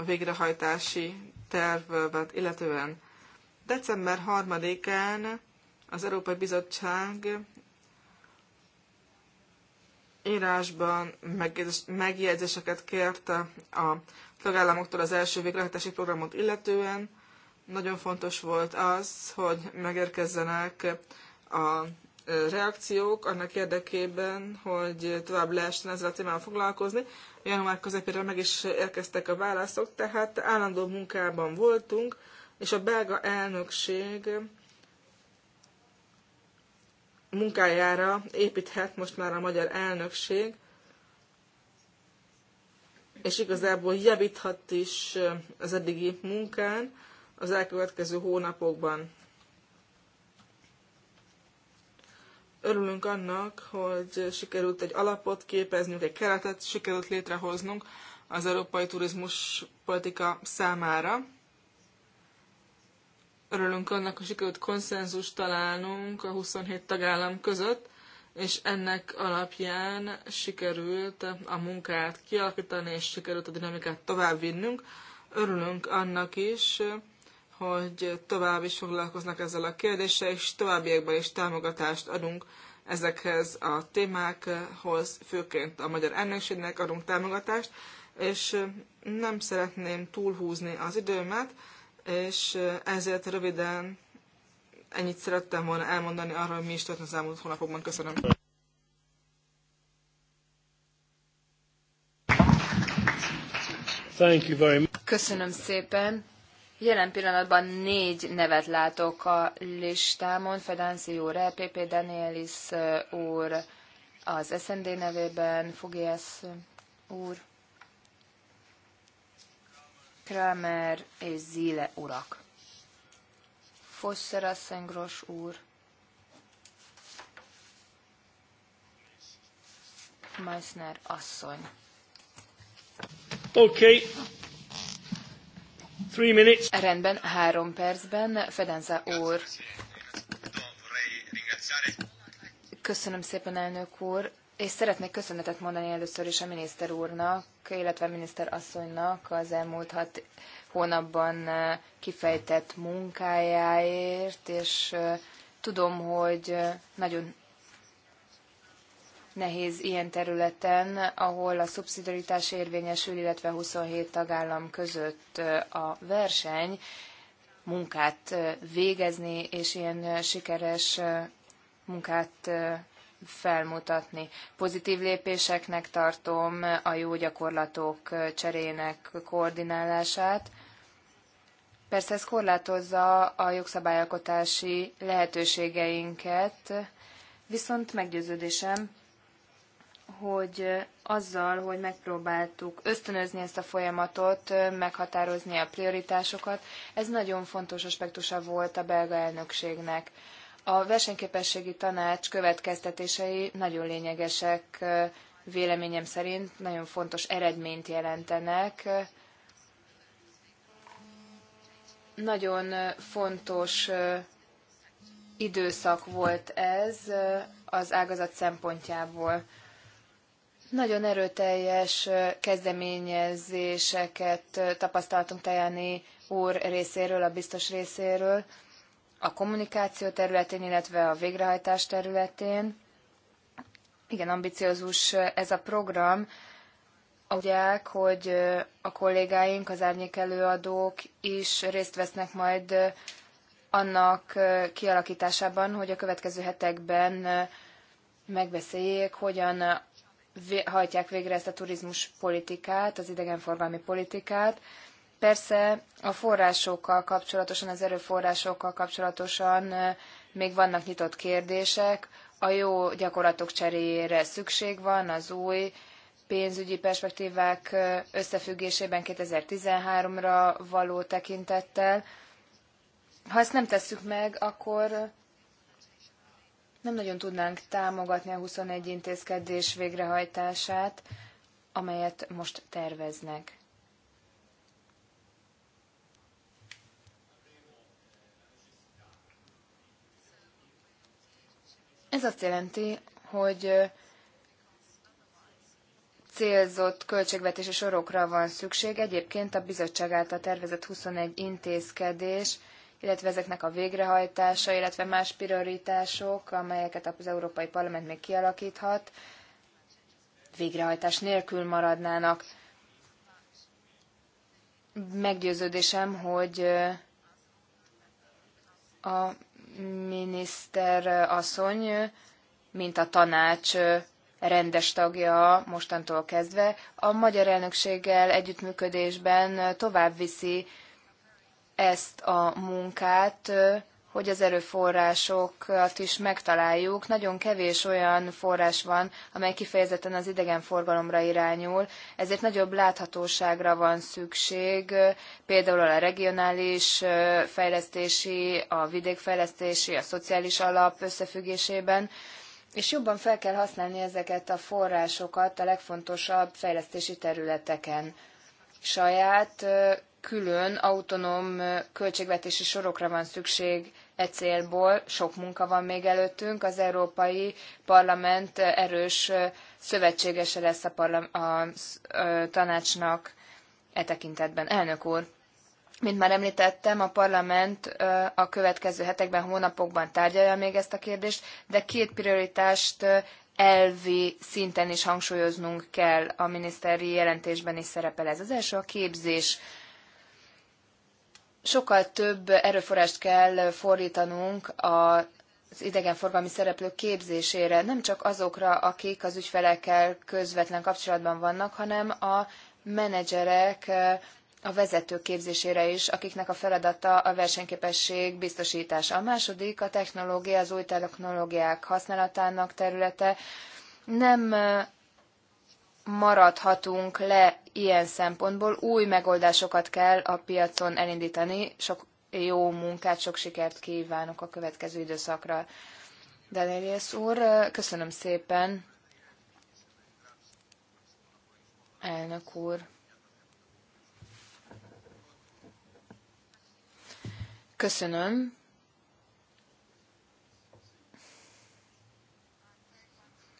végrehajtási tervet illetően. December 3-án az Európai Bizottság írásban megjegyzéseket kérte a tagállamoktól az első végrehajtási programot illetően. Nagyon fontos volt az, hogy megérkezzenek a reakciók annak érdekében, hogy tovább lehessen ezzel a témával foglalkozni, január közepére meg is érkeztek a válaszok, tehát állandó munkában voltunk, és a belga elnökség munkájára építhet most már a magyar elnökség, és igazából javíthat is az eddigi munkán az elkövetkező hónapokban. örülünk annak, hogy sikerült egy alapot képeznünk, egy keretet sikerült létrehoznunk az európai turizmus politika számára. Örülünk annak, hogy sikerült konszenzus találnunk a 27 tagállam között, és ennek alapján sikerült a munkát kialakítani, és sikerült a dinamikát továbbvinnünk. Örülünk annak is, hogy tovább is foglalkoznak ezzel a kérdéssel, és továbbiakban is támogatást adunk ezekhez a témákhoz, főként a magyar elnökségnek adunk támogatást, és nem szeretném túlhúzni az időmet, és ezért röviden ennyit szerettem volna elmondani arra, hogy mi is történt az elmúlt hónapokban. Köszönöm. Thank you very much. Köszönöm szépen. Jelen pillanatban négy nevet látok a listámon. Fedánszi úr, EPP Danielis úr, az SND nevében, Fogiász úr, Kramer és Zile urak. Fosszer Asszengros úr, Meissner asszony. Oké, okay. Three minutes. Rendben, három percben. Fedenza úr. Köszönöm szépen, elnök úr. És szeretnék köszönetet mondani először is a miniszter úrnak, illetve a miniszter asszonynak az elmúlt hat hónapban eh, kifejtett munkájáért, és eh, tudom, hogy eh, nagyon nehéz ilyen területen, ahol a szubszidaritás érvényesül, illetve 27 tagállam között a verseny munkát végezni, és ilyen sikeres munkát felmutatni. Pozitív lépéseknek tartom a jó gyakorlatok cserének koordinálását. Persze ez korlátozza a jogszabályalkotási lehetőségeinket, viszont meggyőződésem, hogy azzal, hogy megpróbáltuk ösztönözni ezt a folyamatot, meghatározni a prioritásokat, ez nagyon fontos aspektusa volt a belga elnökségnek. A versenyképességi tanács következtetései nagyon lényegesek véleményem szerint, nagyon fontos eredményt jelentenek. Nagyon fontos időszak volt ez az ágazat szempontjából. Nagyon erőteljes kezdeményezéseket tapasztaltunk Tajani úr részéről, a biztos részéről, a kommunikáció területén, illetve a végrehajtás területén. Igen, ambiciózus ez a program. Tudják, hogy a kollégáink, az árnyék előadók is részt vesznek majd annak kialakításában, hogy a következő hetekben megbeszéljék, hogyan hajtják végre ezt a turizmus politikát, az idegenforgalmi politikát. Persze a forrásokkal kapcsolatosan, az erőforrásokkal kapcsolatosan még vannak nyitott kérdések. A jó gyakorlatok cseréjére szükség van, az új pénzügyi perspektívák összefüggésében 2013-ra való tekintettel. Ha ezt nem tesszük meg, akkor nem nagyon tudnánk támogatni a 21 intézkedés végrehajtását, amelyet most terveznek. Ez azt jelenti, hogy célzott költségvetési sorokra van szükség. Egyébként a bizottság által tervezett 21 intézkedés illetve ezeknek a végrehajtása, illetve más prioritások, amelyeket az Európai Parlament még kialakíthat, végrehajtás nélkül maradnának. Meggyőződésem, hogy a miniszter asszony, mint a tanács rendes tagja mostantól kezdve, a magyar elnökséggel együttműködésben tovább viszi ezt a munkát, hogy az erőforrásokat is megtaláljuk. Nagyon kevés olyan forrás van, amely kifejezetten az idegenforgalomra irányul, ezért nagyobb láthatóságra van szükség, például a regionális fejlesztési, a vidékfejlesztési, a szociális alap összefüggésében, és jobban fel kell használni ezeket a forrásokat a legfontosabb fejlesztési területeken saját külön autonóm költségvetési sorokra van szükség e célból. Sok munka van még előttünk. Az Európai Parlament erős szövetségese lesz a, parlam- a tanácsnak e tekintetben. Elnök úr! Mint már említettem, a parlament a következő hetekben, hónapokban tárgyalja még ezt a kérdést, de két prioritást elvi szinten is hangsúlyoznunk kell, a miniszteri jelentésben is szerepel ez. Az első a képzés sokkal több erőforrást kell fordítanunk a az idegenforgalmi szereplők képzésére, nem csak azokra, akik az ügyfelekkel közvetlen kapcsolatban vannak, hanem a menedzserek, a vezetők képzésére is, akiknek a feladata a versenyképesség biztosítása. A második a technológia, az új technológiák használatának területe. Nem maradhatunk le ilyen szempontból új megoldásokat kell a piacon elindítani. Sok jó munkát, sok sikert kívánok a következő időszakra. Delirius úr, köszönöm szépen. Elnök úr. Köszönöm.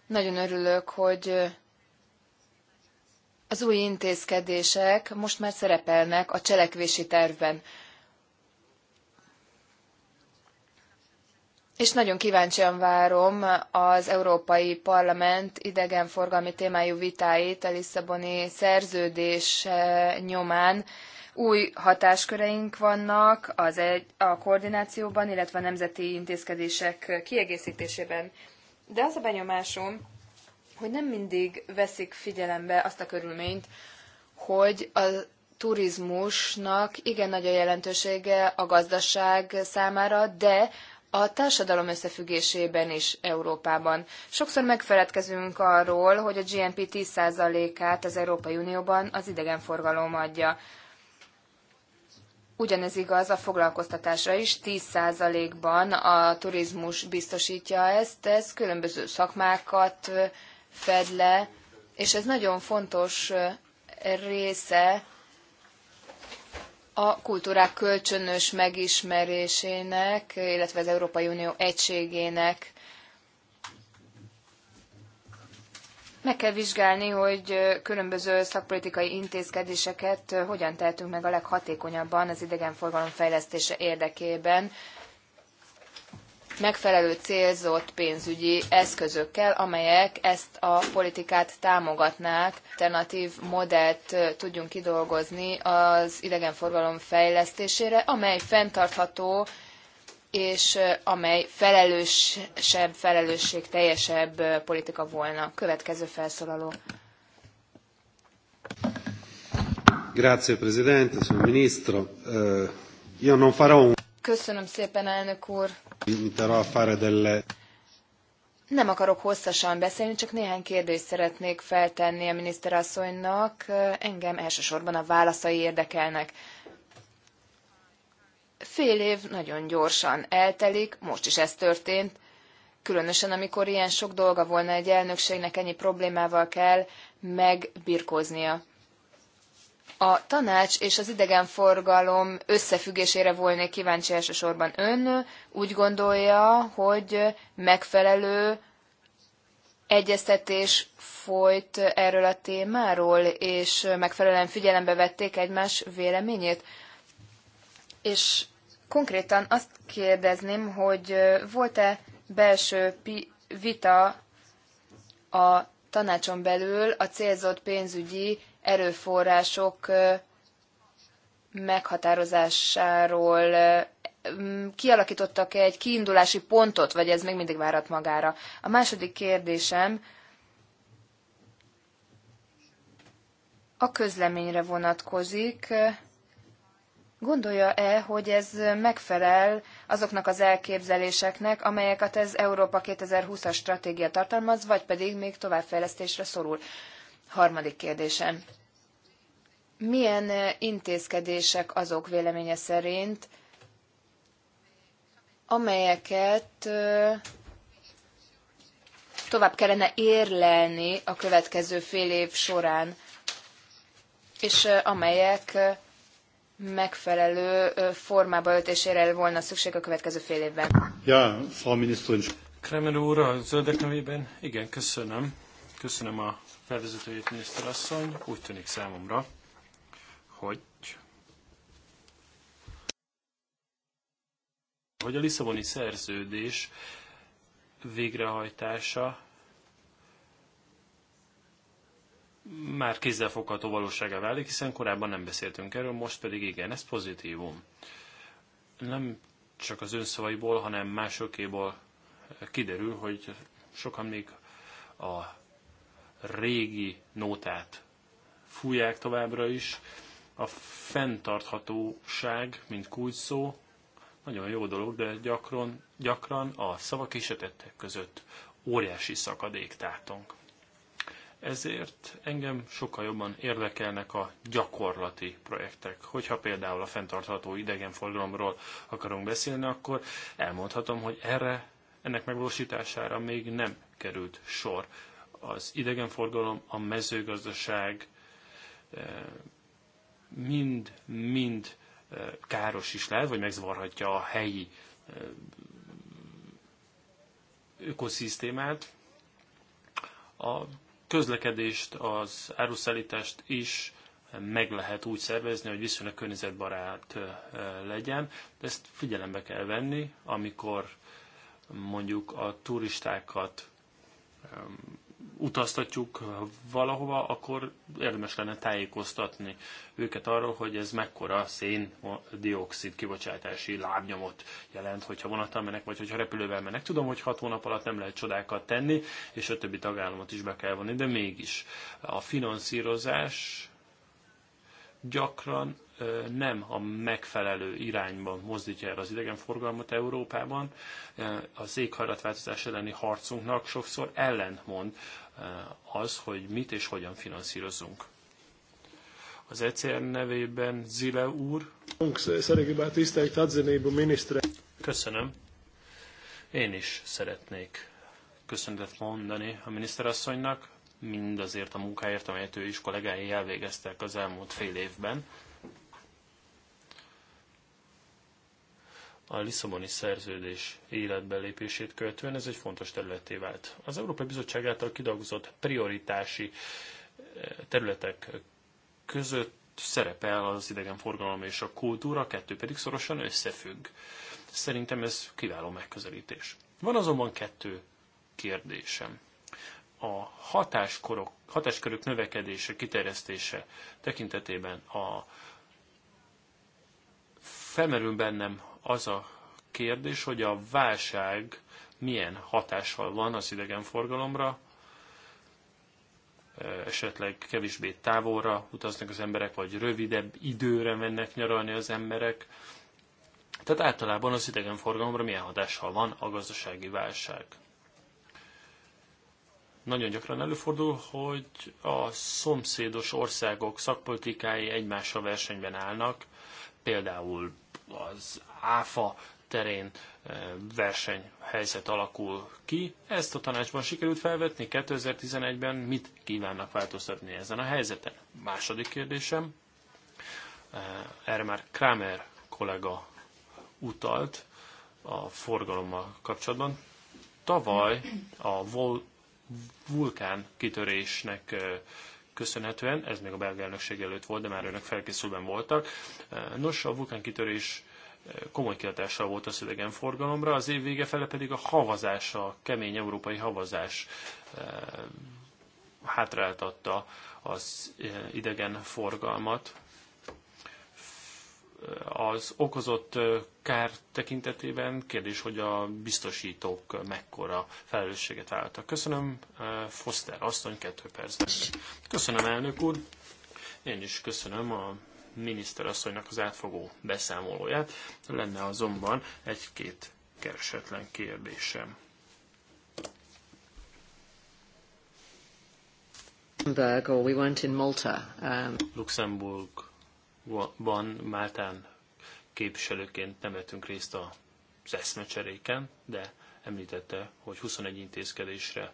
Nagyon örülök, hogy az új intézkedések most már szerepelnek a cselekvési tervben. És nagyon kíváncsian várom az Európai Parlament idegenforgalmi témájú vitáit a Lisszaboni szerződés eh, nyomán. Új hatásköreink vannak az egy, a koordinációban, illetve a nemzeti intézkedések kiegészítésében. De az a benyomásom, hogy nem mindig veszik figyelembe azt a körülményt, hogy a turizmusnak igen nagy a jelentősége a gazdaság számára, de a társadalom összefüggésében is Európában. Sokszor megfeledkezünk arról, hogy a GNP 10%-át az Európai Unióban az idegenforgalom adja. Ugyanez igaz a foglalkoztatásra is, 10%-ban a turizmus biztosítja ezt, ez különböző szakmákat fed le, és ez nagyon fontos eh, része a kultúrák kölcsönös megismerésének, illetve az Európai Unió egységének. Meg kell vizsgálni, hogy eh, különböző szakpolitikai intézkedéseket eh, hogyan tehetünk meg a leghatékonyabban az idegenforgalom fejlesztése érdekében, megfelelő célzott pénzügyi eszközökkel, amelyek ezt a politikát támogatnák, alternatív modellt tudjunk kidolgozni az idegenforgalom fejlesztésére, amely fenntartható és amely felelősebb, felelősségteljesebb politika volna. Következő felszólaló. Grazie Presidente, signor Ministro. Io non farò un... Köszönöm szépen, elnök úr. Nem akarok hosszasan beszélni, csak néhány kérdést szeretnék feltenni a miniszterasszonynak. Engem elsősorban a válaszai érdekelnek. Fél év nagyon gyorsan eltelik, most is ez történt. Különösen, amikor ilyen sok dolga volna egy elnökségnek, ennyi problémával kell megbirkóznia. A tanács és az idegenforgalom összefüggésére volnék kíváncsi elsősorban ön. Úgy gondolja, hogy megfelelő egyeztetés folyt erről a témáról, és megfelelően figyelembe vették egymás véleményét. És konkrétan azt kérdezném, hogy volt-e belső vita a tanácson belül a célzott pénzügyi erőforrások meghatározásáról kialakítottak -e egy kiindulási pontot, vagy ez még mindig várat magára? A második kérdésem a közleményre vonatkozik. Gondolja-e, hogy ez megfelel azoknak az elképzeléseknek, amelyeket az Európa 2020-as stratégia tartalmaz, vagy pedig még továbbfejlesztésre szorul? Harmadik kérdésem. Milyen intézkedések azok véleménye szerint, amelyeket tovább kellene érlelni a következő fél év során, és amelyek megfelelő formába öltésére volna szükség a következő fél évben. Ja, Frau Ministerin. Kremer úr, a zöldek nevében, igen, köszönöm. Köszönöm a felvezetőjét, asszony Úgy tűnik számomra, hogy hogy a Lisszaboni szerződés végrehajtása már kézzelfogható valósága válik, hiszen korábban nem beszéltünk erről, most pedig igen, ez pozitívum. Nem csak az önszavaiból, hanem másokéból kiderül, hogy sokan még a régi nótát fújják továbbra is. A fenntarthatóság, mint kulcsszó, nagyon jó dolog, de gyakran, gyakran a szavak és a tettek között óriási szakadék tátunk. Ezért engem sokkal jobban érdekelnek a gyakorlati projektek. Hogyha például a fenntartható idegenforgalomról akarunk beszélni, akkor elmondhatom, hogy erre, ennek megvalósítására még nem került sor az idegenforgalom, a mezőgazdaság mind-mind eh, eh, káros is lehet, vagy megzavarhatja a helyi eh, ökoszisztémát. A közlekedést, az áruszállítást is meg lehet úgy szervezni, hogy viszonylag környezetbarát legyen, de ezt figyelembe kell venni, amikor mondjuk a turistákat utaztatjuk valahova, akkor érdemes lenne tájékoztatni őket arról, hogy ez mekkora szén-dioxid kibocsátási lábnyomot jelent, hogyha vonattal mennek, vagy hogyha repülővel mennek. Tudom, hogy hat hónap alatt nem lehet csodákat tenni, és a többi tagállamot is be kell vonni, de mégis a finanszírozás gyakran nem a megfelelő irányban mozdítja el az idegenforgalmat Európában. Az éghajlatváltozás elleni harcunknak sokszor ellentmond az, hogy mit és hogyan finanszírozunk. Az ECR nevében Zile úr. Köszönöm. Én is szeretnék köszönetet mondani a miniszterasszonynak, mindazért a munkáért, amelyet ő is kollégái elvégeztek az elmúlt fél évben. a Lisszaboni szerződés életbelépését követően ez egy fontos területé vált. Az Európai Bizottság által kidolgozott prioritási eh, területek között szerepel az idegenforgalom és a kultúra, a kettő pedig szorosan összefügg. Szerintem ez kiváló megközelítés. Van azonban kettő kérdésem. A hatáskorok, hatáskörök növekedése, kiterjesztése tekintetében a felmerül bennem az a kérdés, hogy a válság milyen hatással van az idegenforgalomra, esetleg kevésbé távolra utaznak az emberek, vagy rövidebb időre mennek nyaralni az emberek. Tehát általában az idegenforgalomra milyen hatással van a gazdasági válság. Nagyon gyakran előfordul, hogy a szomszédos országok szakpolitikái egymással versenyben állnak, például az áfa terén eh, versenyhelyzet alakul ki. Ezt a tanácsban sikerült felvetni 2011-ben, mit kívánnak változtatni ezen a helyzeten? Második kérdésem, eh, erre már Kramer kollega utalt a forgalommal kapcsolatban. Tavaly a vol vulkán kitörésnek eh, köszönhetően, ez még a belga elnökség előtt volt, de már önök felkészülben voltak. Nos, a vulkánkitörés eh, komoly kihatással volt az forgalomra, az év vége fele pedig a havazás, a kemény európai havazás eh, hátráltatta az eh, idegen forgalmat az okozott kár tekintetében kérdés, hogy a biztosítók mekkora felelősséget vállaltak. Köszönöm, Foster asszony, kettő perc. Köszönöm, elnök úr. Én is köszönöm a miniszter asszonynak az átfogó beszámolóját. Lenne azonban egy-két keresetlen kérdésem. Luxemburg, we went in Malta. Um... Luxemburg ban Máltán képviselőként nem vettünk részt az eszmecseréken, de említette, hogy 21 intézkedésre,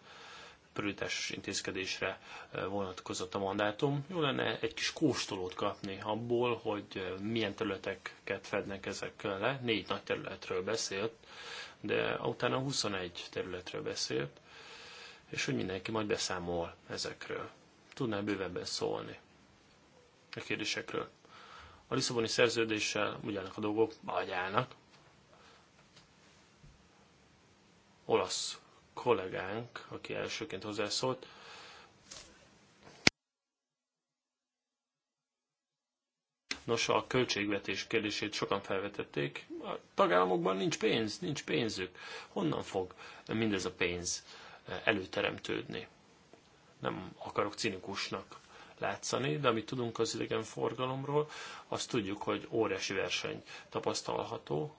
prioritásos intézkedésre e, vonatkozott a mandátum. Jó lenne egy kis kóstolót kapni abból, hogy e, milyen területeket fednek ezek le. Négy nagy területről beszélt, de utána 21 területről beszélt, és hogy mindenki majd beszámol ezekről. Tudnál bővebben szólni a kérdésekről. A Lisszaboni szerződéssel ugyanak a dolgok, ahogy állnak. Olasz kollégánk, aki elsőként hozzászólt, Nos, a költségvetés kérdését sokan felvetették. A tagállamokban nincs pénz, nincs pénzük. Honnan fog mindez a pénz előteremtődni? Nem akarok cinikusnak látszani, de amit tudunk az forgalomról, azt tudjuk, hogy óriási verseny tapasztalható.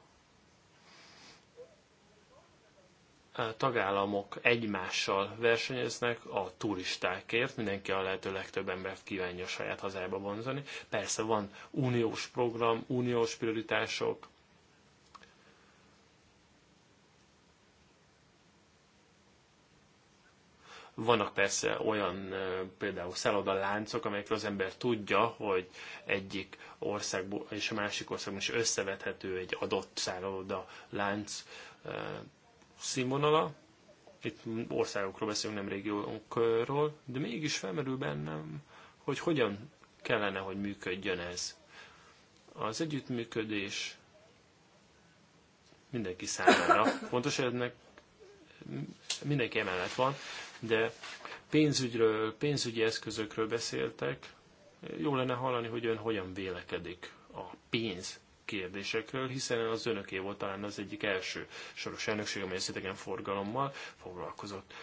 A tagállamok egymással versenyeznek a turistákért, mindenki a lehető legtöbb embert kívánja saját hazájába vonzani. Persze van uniós program, uniós prioritások, Vannak persze olyan például szállodaláncok, amelyekről az ember tudja, hogy egyik országból és a másik országban is összevethető egy adott szálloda lánc színvonala. Itt országokról beszélünk, nem régiókról, de mégis felmerül bennem, hogy hogyan kellene, hogy működjön ez. Az együttműködés mindenki számára fontos, ennek mindenki emellett van, de pénzügyről, pénzügyi eszközökről beszéltek. Jó lenne hallani, hogy ön hogyan vélekedik a pénz kérdésekről, hiszen az önöké volt talán az egyik első soros elnökség, amely az idegen forgalommal foglalkozott.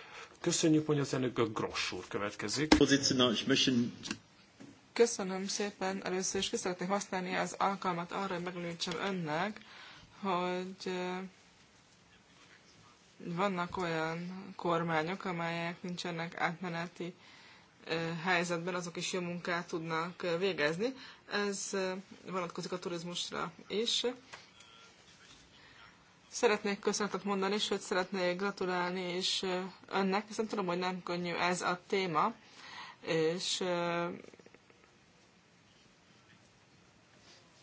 Köszönjük, hogy az elnök, a Gross úr következik. Köszönöm szépen. Először és ki szeretnék használni az alkalmat arra, hogy megemlítsem önnek, hogy vannak olyan kormányok, amelyek nincsenek átmeneti helyzetben, azok is jó munkát tudnak végezni. Ez vonatkozik a turizmusra is. Szeretnék köszönetet mondani, és hogy szeretnék gratulálni is önnek, hiszen tudom, hogy nem könnyű ez a téma, és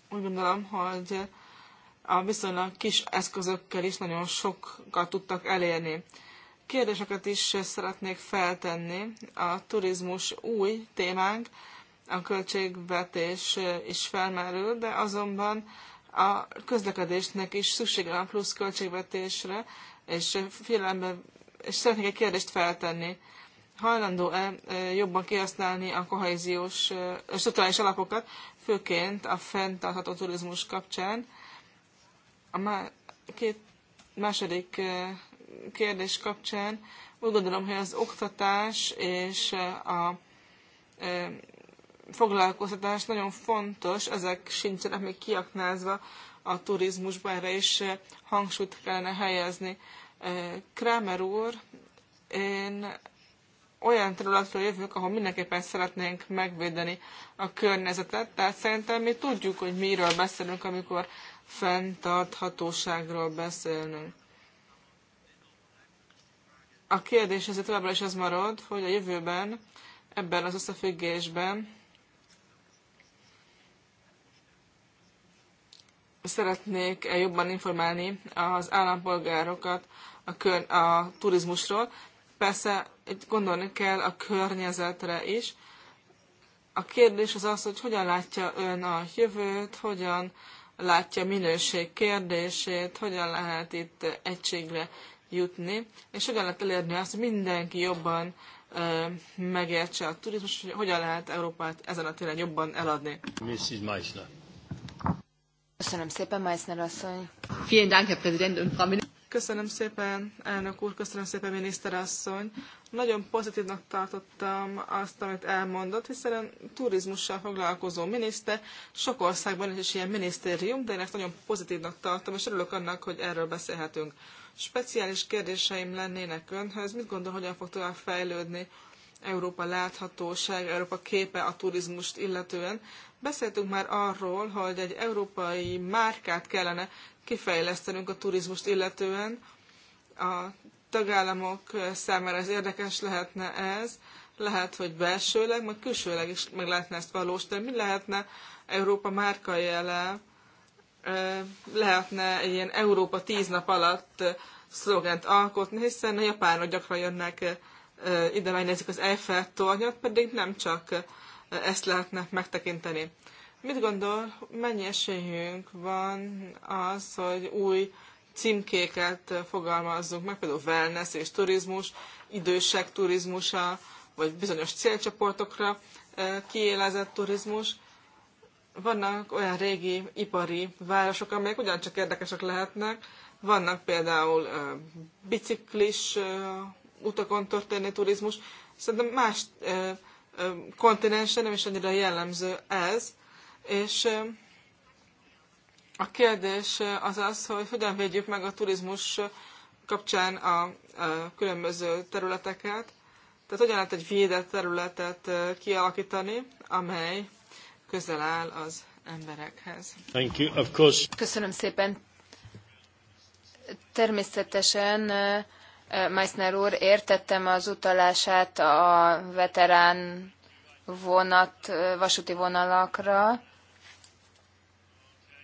úgy gondolom, hogy a viszonylag kis eszközökkel is nagyon sokkal tudtak elérni. Kérdéseket is szeretnék feltenni. A turizmus új témánk, a költségvetés is felmerül, de azonban a közlekedésnek is szüksége van plusz költségvetésre, és figyelembe, és szeretnék egy kérdést feltenni. Hajlandó-e jobban kihasználni a kohéziós, strukturális alapokat, főként a fenntartható turizmus kapcsán, a két második kérdés kapcsán úgy gondolom, hogy az oktatás és a foglalkoztatás nagyon fontos, ezek sincsenek még kiaknázva a turizmusban, erre is hangsúlyt kellene helyezni. Kramer úr, én olyan területről jövök, ahol mindenképpen szeretnénk megvédeni a környezetet, tehát szerintem mi tudjuk, hogy miről beszélünk, amikor fenntarthatóságról beszélnünk. A kérdés ezért továbbra is az marad, hogy a jövőben ebben az összefüggésben szeretnék jobban informálni az állampolgárokat a, kör, a turizmusról. Persze gondolni kell a környezetre is. A kérdés az az, hogy hogyan látja ön a jövőt, hogyan látja minőség kérdését, hogyan lehet itt egységre jutni, és hogyan lehet elérni azt, hogy mindenki jobban ö, megértse a turizmus, hogy hogyan lehet Európát ezen a téren jobban eladni. Mrs. Meissner. Köszönöm szépen, Meissner asszony. Vielen Dank, Herr Präsident und Frau Minister. Köszönöm szépen, elnök úr, köszönöm szépen, miniszterasszony. Nagyon pozitívnak tartottam azt, amit elmondott, hiszen a turizmussal foglalkozó miniszter, sok országban is ilyen minisztérium, de én ezt nagyon pozitívnak tartom, és örülök annak, hogy erről beszélhetünk. Speciális kérdéseim lennének önhöz, mit gondol, hogyan fog tovább fejlődni Európa láthatóság, Európa képe a turizmust illetően, Beszéltünk már arról, hogy egy európai márkát kellene kifejlesztenünk a turizmust illetően. A tagállamok számára ez érdekes lehetne ez, lehet, hogy belsőleg, majd külsőleg is meg lehetne ezt de Mi lehetne Európa jele? lehetne ilyen Európa tíz nap alatt szlogent alkotni, hiszen a japánok gyakran jönnek ide megnézik az Eiffel tornyot, pedig nem csak ezt lehetne megtekinteni. Mit gondol, mennyi esélyünk van az, hogy új címkéket fogalmazzunk meg, például wellness és turizmus, idősek turizmusa, vagy bizonyos célcsoportokra eh, kiélezett turizmus. Vannak olyan régi ipari városok, amelyek ugyancsak érdekesek lehetnek. Vannak például eh, biciklis eh, utakon történő turizmus. Szerintem más kontinensen nem is annyira jellemző ez, és a kérdés az az, hogy hogyan védjük meg a turizmus kapcsán a, különböző területeket, tehát hogyan lehet egy védett területet kialakítani, amely közel áll az emberekhez. Thank you, of course. Köszönöm szépen. Természetesen Meissner úr, értettem az utalását a veterán vonat, vasúti vonalakra,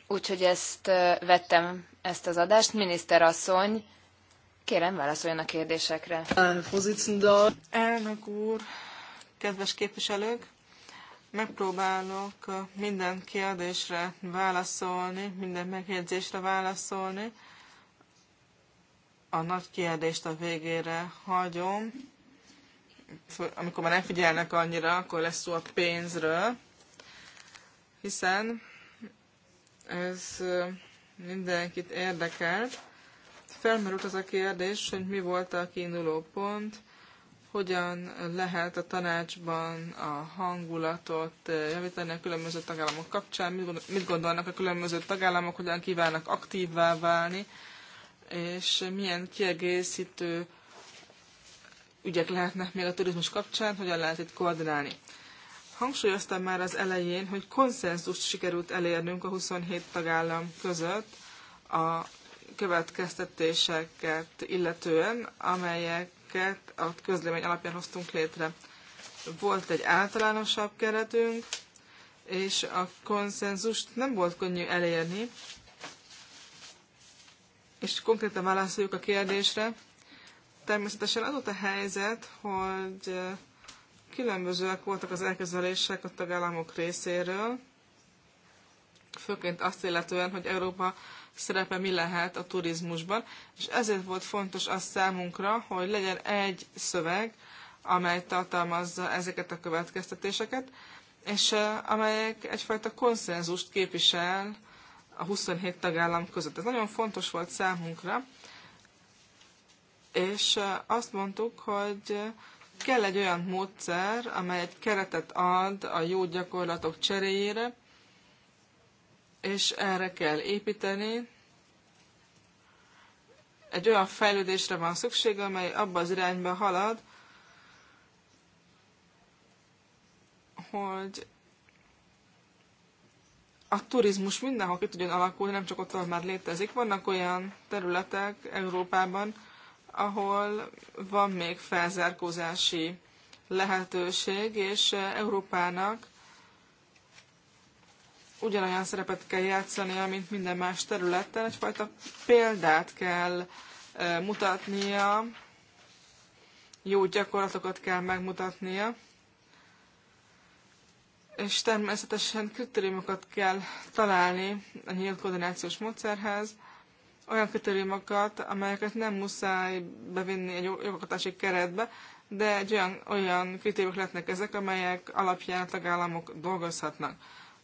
úgyhogy ezt vettem ezt az adást. Miniszter asszony, kérem válaszoljon a kérdésekre. Elnök úr, kedves képviselők, megpróbálok minden kérdésre válaszolni, minden megjegyzésre válaszolni a nagy kérdést a végére hagyom. Amikor már nem figyelnek annyira, akkor lesz szó a pénzről, hiszen ez mindenkit érdekelt. Felmerült az a kérdés, hogy mi volt a kiinduló pont, hogyan lehet a tanácsban a hangulatot javítani a különböző tagállamok kapcsán, mit gondolnak a különböző tagállamok, hogyan kívánnak aktívvá válni, és milyen kiegészítő ügyek lehetnek még a turizmus kapcsán, hogyan lehet itt koordinálni. Hangsúlyoztam már az elején, hogy konszenzust sikerült elérnünk a 27 tagállam között a következtetéseket illetően, amelyeket a közlemény alapján hoztunk létre. Volt egy általánosabb keretünk, és a konszenzust nem volt könnyű elérni, és konkrétan válaszoljuk a kérdésre. Természetesen az volt a helyzet, hogy különbözőek voltak az elkezelések a tagállamok részéről, főként azt illetően, hogy Európa szerepe mi lehet a turizmusban, és ezért volt fontos az számunkra, hogy legyen egy szöveg, amely tartalmazza ezeket a következtetéseket, és amelyek egyfajta konszenzust képvisel a 27 tagállam között. Ez nagyon fontos volt számunkra, és azt mondtuk, hogy kell egy olyan módszer, amely egy keretet ad a jó gyakorlatok cseréjére, és erre kell építeni. Egy olyan fejlődésre van szükség, amely abba az irányba halad, hogy a turizmus mindenhol ki tudjon alakulni, nem csak ott, ahol már létezik. Vannak olyan területek Európában, ahol van még felzárkózási lehetőség, és e, Európának ugyanolyan szerepet kell játszania, mint minden más területen. Egyfajta példát kell e, mutatnia, jó gyakorlatokat kell megmutatnia és természetesen kritériumokat kell találni a nyílt koordinációs módszerhez, olyan kritériumokat, amelyeket nem muszáj bevinni egy jogokatási keretbe, de egy olyan, olyan kritériumok lehetnek ezek, amelyek alapján a tagállamok dolgozhatnak.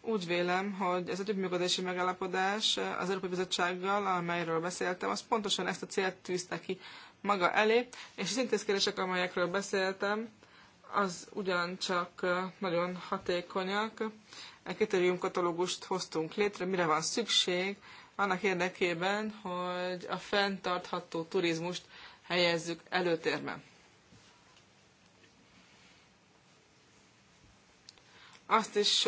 Úgy vélem, hogy ez a működési megállapodás az Európai Bizottsággal, amelyről beszéltem, az pontosan ezt a célt tűzte ki maga elé, és az intézkedések, amelyekről beszéltem, az ugyancsak nagyon hatékonyak. Egy katalógust hoztunk létre, mire van szükség, annak érdekében, hogy a fenntartható turizmust helyezzük előtérbe. Azt is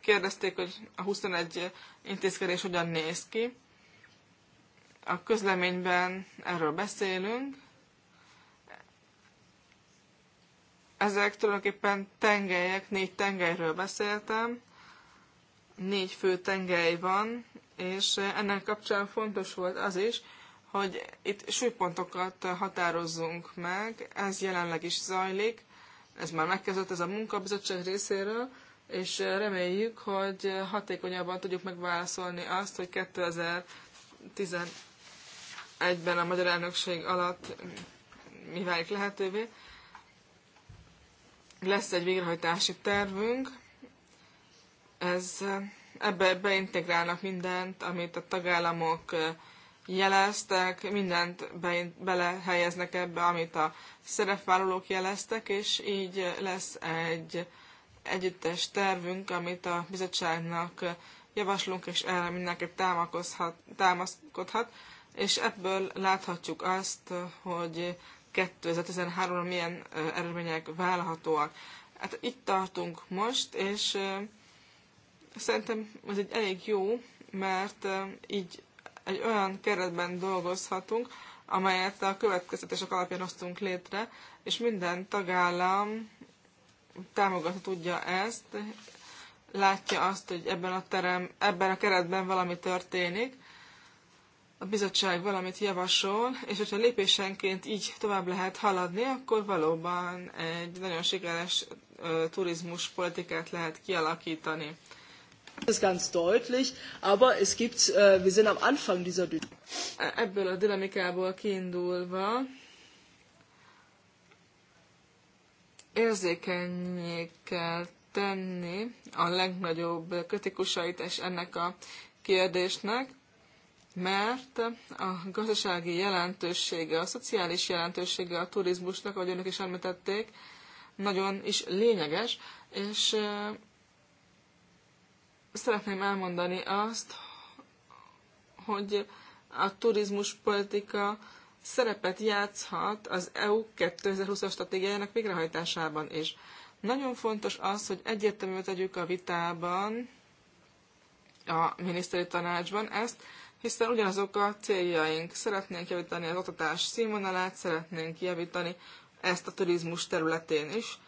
kérdezték, hogy a 21 intézkedés hogyan néz ki. A közleményben erről beszélünk, Ezek tulajdonképpen tengelyek, négy tengelyről beszéltem, négy fő tengely van, és ennek kapcsán fontos volt az is, hogy itt súlypontokat határozzunk meg, ez jelenleg is zajlik, ez már megkezdett ez a munkabizottság részéről, és reméljük, hogy hatékonyabban tudjuk megválaszolni azt, hogy 2011-ben a magyar elnökség alatt mi válik lehetővé lesz egy végrehajtási tervünk, ez ebbe beintegrálnak mindent, amit a tagállamok jeleztek, mindent be, belehelyeznek ebbe, amit a szerepvállalók jeleztek, és így lesz egy együttes tervünk, amit a bizottságnak javaslunk, és erre mindenképp támaszkodhat, és ebből láthatjuk azt, hogy 2013-ra milyen eredmények válhatóak. Hát itt tartunk most, és szerintem ez egy elég jó, mert így egy olyan keretben dolgozhatunk, amelyet a következtetések alapján osztunk létre, és minden tagállam támogatni tudja ezt, látja azt, hogy ebben a terem, ebben a keretben valami történik, a bizottság valamit javasol, és hogyha lépésenként így tovább lehet haladni, akkor valóban egy nagyon sikeres turizmus politikát lehet kialakítani. Ez ganz deutlich, aber es gibt, äh, wir sind am Anfang dieser e, Ebből a dinamikából kiindulva érzékenyé kell tenni a legnagyobb kritikusait és ennek a kérdésnek, mert a gazdasági jelentősége, a szociális jelentősége a turizmusnak, ahogy önök is említették, nagyon is lényeges, és szeretném elmondani azt, hogy a turizmus politika szerepet játszhat az EU 2020-as stratégiájának végrehajtásában is. Nagyon fontos az, hogy egyértelműen tegyük a vitában, a miniszteri tanácsban ezt, hiszen ugyanazok a céljaink. Szeretnénk javítani az oktatás színvonalát, szeretnénk javítani ezt a turizmus területén is.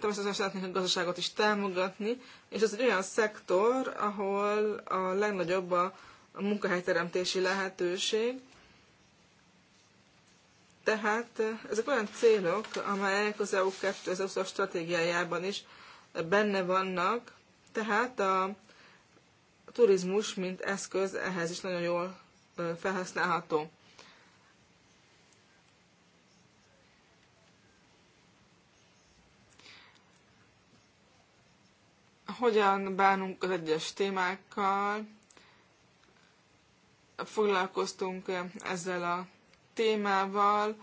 Természetesen szeretnénk a gazdaságot is támogatni, és ez egy olyan szektor, ahol a legnagyobb a munkahelyteremtési lehetőség. Tehát eh, ezek olyan célok, amelyek az EU 2020-as e stratégiájában is eh, benne vannak, tehát a turizmus, mint eszköz ehhez is nagyon jól felhasználható. Hogyan bánunk az egyes témákkal? Foglalkoztunk ezzel a témával,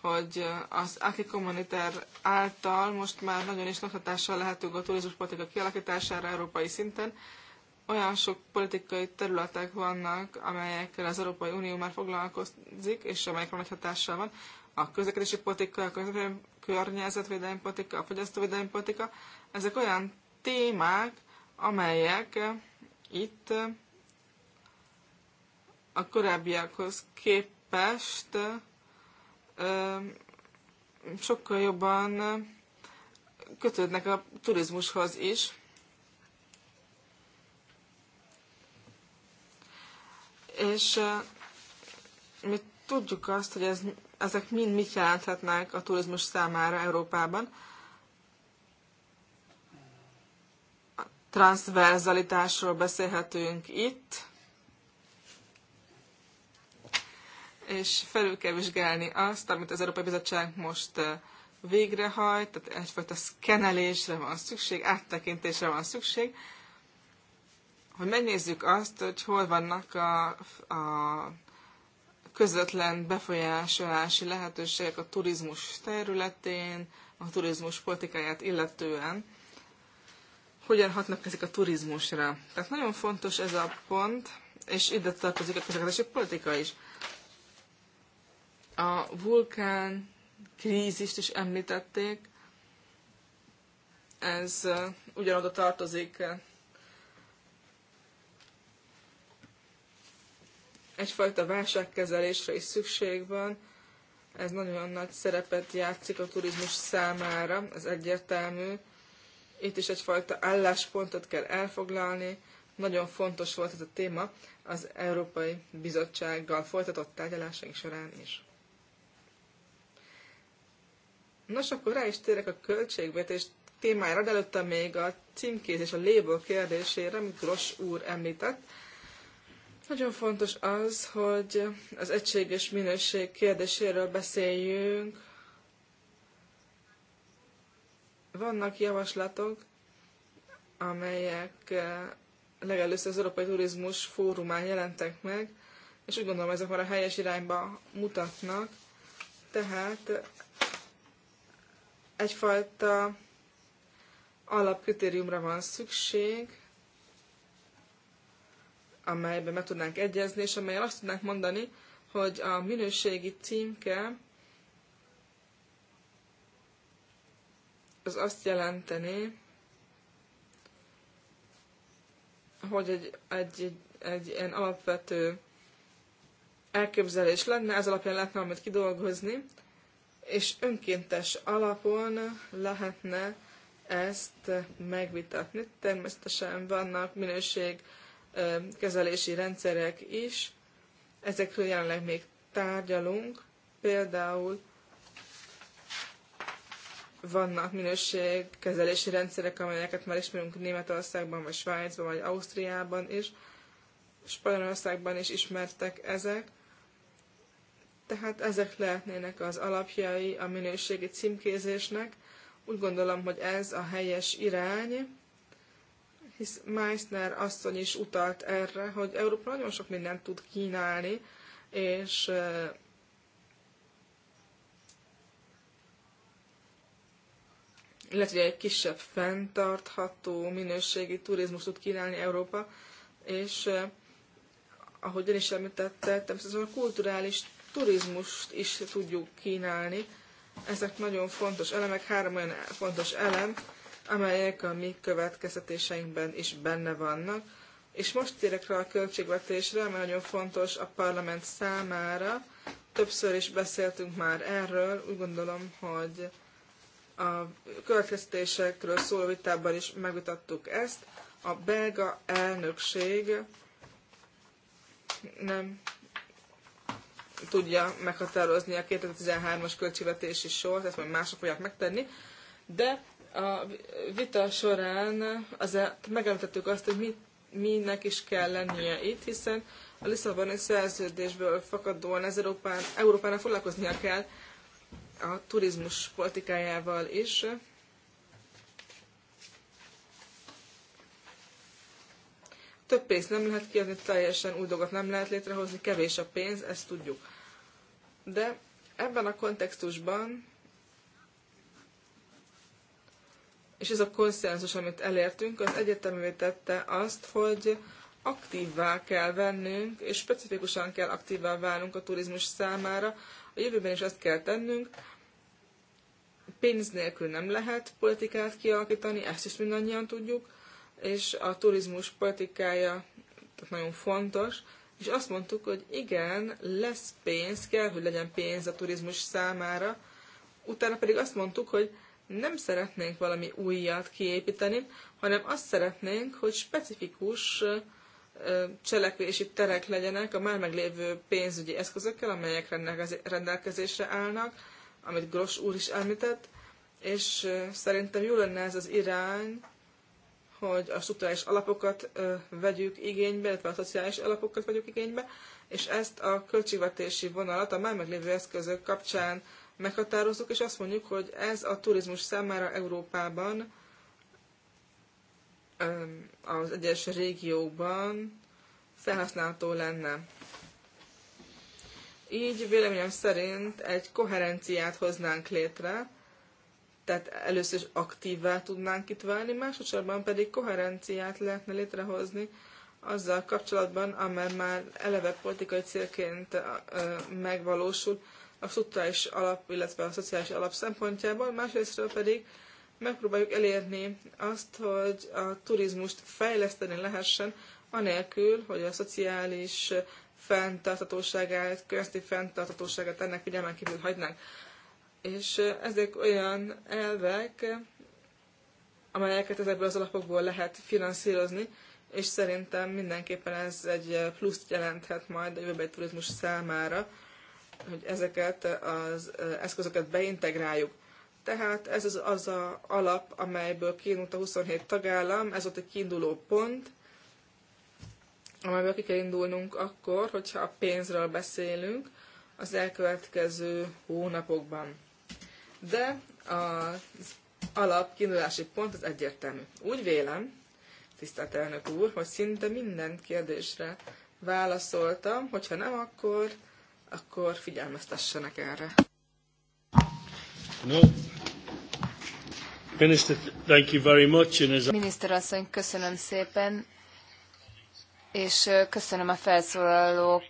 hogy az Aki Kommuniter által most már nagyon is nagy hatással lehetünk a turizmuspolitika kialakítására európai szinten, olyan sok politikai területek vannak, amelyekkel az Európai Unió már foglalkozik, és amelyekre nagy hatással van. A közlekedési politika, a környezetvédelmi politika, a fogyasztóvédelmi politika, ezek olyan témák, amelyek itt a korábbiakhoz képest sokkal jobban kötődnek a turizmushoz is, És mi tudjuk azt, hogy ez, ezek mind mit jelenthetnek a turizmus számára Európában. A transverzalitásról beszélhetünk itt, és felül kell vizsgálni azt, amit az Európai Bizottság most végrehajt, tehát egyfajta szkenelésre van szükség, áttekintésre van szükség, hogy megnézzük azt, hogy hol vannak a, a közvetlen befolyásolási lehetőségek a turizmus területén, a turizmus politikáját illetően, hogyan hatnak ezek a turizmusra. Tehát nagyon fontos ez a pont, és ide tartozik a közlekedési politika is. A vulkán krízist is említették, ez ugyanoda tartozik egyfajta válságkezelésre is szükség van. Ez nagyon nagy szerepet játszik a turizmus számára, ez egyértelmű. Itt is egyfajta álláspontot kell elfoglalni. Nagyon fontos volt ez a téma az Európai Bizottsággal folytatott tárgyalásaink során is. Nos, akkor rá is térek a költségvetés témájára, de előtte még a címkézés, a label kérdésére, amit Gross úr említett. Nagyon fontos az, hogy az egységes minőség kérdéséről beszéljünk. Vannak javaslatok, amelyek eh, legelőször az Európai Turizmus Fórumán jelentek meg, és úgy gondolom, ezek már a helyes irányba mutatnak. Tehát egyfajta alapkritériumra van szükség, amelyben meg tudnánk egyezni, és amelyen azt tudnánk mondani, hogy a minőségi címke az azt jelenteni, hogy egy, egy, egy ilyen alapvető elképzelés lenne, ez alapján lehetne amit kidolgozni, és önkéntes alapon lehetne ezt megvitatni. Természetesen vannak minőség kezelési rendszerek is. Ezekről jelenleg még tárgyalunk. Például vannak minőségkezelési rendszerek, amelyeket már ismerünk Németországban, vagy Svájcban, vagy Ausztriában is. Spanyolországban is ismertek ezek. Tehát ezek lehetnének az alapjai a minőségi címkézésnek. Úgy gondolom, hogy ez a helyes irány hisz Meissner asszony is utalt erre, hogy Európa nagyon sok mindent tud kínálni, és illetve egy kisebb fenntartható minőségi turizmus tud kínálni Európa, és ahogy ön is említette, természetesen a kulturális turizmust is tudjuk kínálni. Ezek nagyon fontos elemek, három olyan fontos elem, amelyek a mi következtetéseinkben is benne vannak. És most térek rá a költségvetésre, mert nagyon fontos a parlament számára. Többször is beszéltünk már erről, úgy gondolom, hogy a következtetésekről szóló vitában is megvitattuk ezt. A belga elnökség nem tudja meghatározni a 2013-as költségvetési sort, ezt majd mások fogják megtenni, de a vita során azért e- megemlítettük azt, hogy mit, minek is kell lennie itt, hiszen a Lisszaboni szerződésből fakadóan ez Európán, Európának foglalkoznia kell a turizmus politikájával is. Több pénzt nem lehet kiadni, teljesen új dolgot nem lehet létrehozni, kevés a pénz, ezt tudjuk. De ebben a kontextusban és ez a konszenzus, amit elértünk, az egyetemvé tette azt, hogy aktívvá kell vennünk, és specifikusan kell aktívvá válnunk a turizmus számára. A jövőben is ezt kell tennünk. Pénz nélkül nem lehet politikát kialakítani, ezt is mindannyian tudjuk, és a turizmus politikája tehát nagyon fontos, és azt mondtuk, hogy igen, lesz pénz, kell, hogy legyen pénz a turizmus számára, utána pedig azt mondtuk, hogy nem szeretnénk valami újat kiépíteni, hanem azt szeretnénk, hogy specifikus cselekvési terek legyenek a már meglévő pénzügyi eszközökkel, amelyek rendelkezésre állnak, amit Gross úr is említett, és szerintem jó lenne ez az irány, hogy a struktúrális alapokat vegyük igénybe, illetve a szociális alapokat vegyük igénybe, és ezt a költségvetési vonalat a már meglévő eszközök kapcsán meghatározzuk, és azt mondjuk, hogy ez a turizmus számára Európában, az egyes régiókban felhasználható lenne. Így véleményem szerint egy koherenciát hoznánk létre, tehát először is aktívvá tudnánk itt válni, másodszorban pedig koherenciát lehetne létrehozni azzal kapcsolatban, amely már eleve politikai célként megvalósul, a szociális alap, illetve a szociális alap szempontjából, másrésztről pedig megpróbáljuk elérni azt, hogy a turizmust fejleszteni lehessen, anélkül, hogy a szociális fenntartatóságát, közti fenntartatóságát ennek figyelmen kívül hagynánk. És ezek olyan elvek, amelyeket ezekből az alapokból lehet finanszírozni, és szerintem mindenképpen ez egy pluszt jelenthet majd a jövőbeli turizmus számára, hogy ezeket az eszközöket beintegráljuk. Tehát ez az, az a alap, amelyből kiindult a 27 tagállam, ez volt egy kiinduló pont, amelyből ki kell indulnunk akkor, hogyha a pénzről beszélünk az elkövetkező hónapokban. De az alap kiindulási pont az egyértelmű. Úgy vélem, tisztelt elnök úr, hogy szinte minden kérdésre válaszoltam, hogyha nem, akkor akkor figyelmeztessenek erre. No. Minister, thank you very much. Miniszter asszony, köszönöm szépen, és köszönöm a felszólalók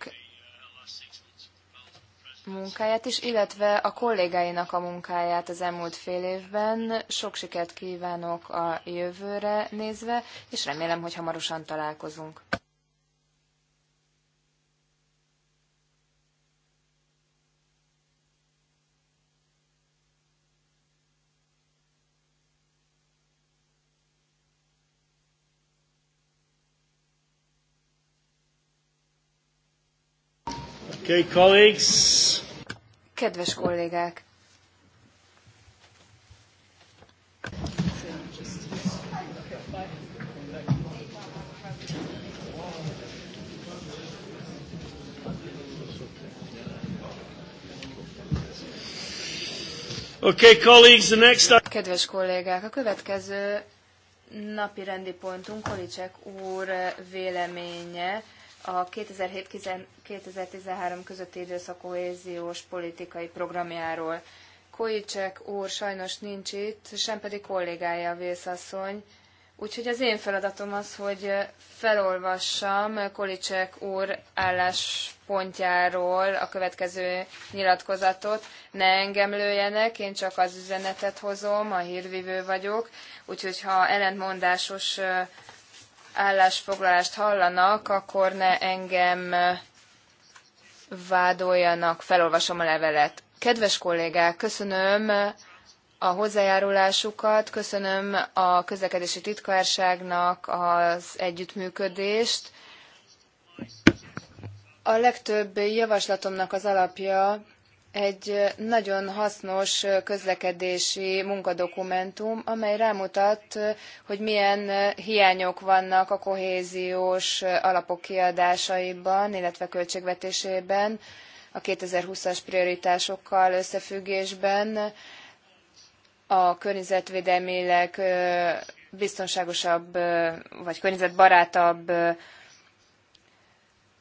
munkáját is, illetve a kollégáinak a munkáját az elmúlt fél évben. Sok sikert kívánok a jövőre nézve, és remélem, hogy hamarosan találkozunk. Okay, colleagues. Kedves kollégák! Okay, colleagues, the next... Kedves kollégák, a következő napi rendi pontunk Kolicek úr véleménye a 2007-2013 közötti időszak kohéziós politikai programjáról. Koicsek úr sajnos nincs itt, sem pedig kollégája a Vészasszony, úgyhogy az én feladatom az, hogy felolvassam Kolicsek úr álláspontjáról a következő nyilatkozatot. Ne engem lőjenek, én csak az üzenetet hozom, a hírvivő vagyok, úgyhogy ha ellentmondásos állásfoglalást hallanak, akkor ne engem vádoljanak, felolvasom a levelet. Kedves kollégák, köszönöm a hozzájárulásukat, köszönöm a közlekedési titkárságnak az együttműködést. A legtöbb javaslatomnak az alapja egy nagyon hasznos közlekedési munkadokumentum, amely rámutat, hogy milyen hiányok vannak a kohéziós alapok kiadásaiban, illetve költségvetésében, a 2020-as prioritásokkal összefüggésben, a környezetvédelmileg biztonságosabb vagy környezetbarátabb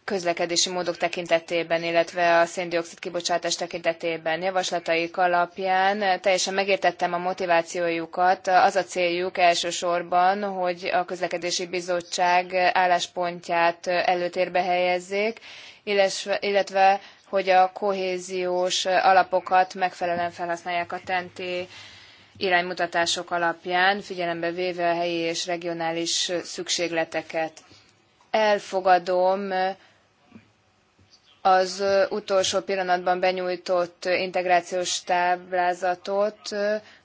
közlekedési módok tekintetében, illetve a széndiokszid kibocsátás tekintetében javaslataik alapján teljesen megértettem a motivációjukat. Az a céljuk elsősorban, hogy a közlekedési bizottság álláspontját előtérbe helyezzék, illetve hogy a kohéziós alapokat megfelelően felhasználják a tenti iránymutatások alapján, figyelembe véve a helyi és regionális szükségleteket. Elfogadom az utolsó pillanatban benyújtott integrációs táblázatot,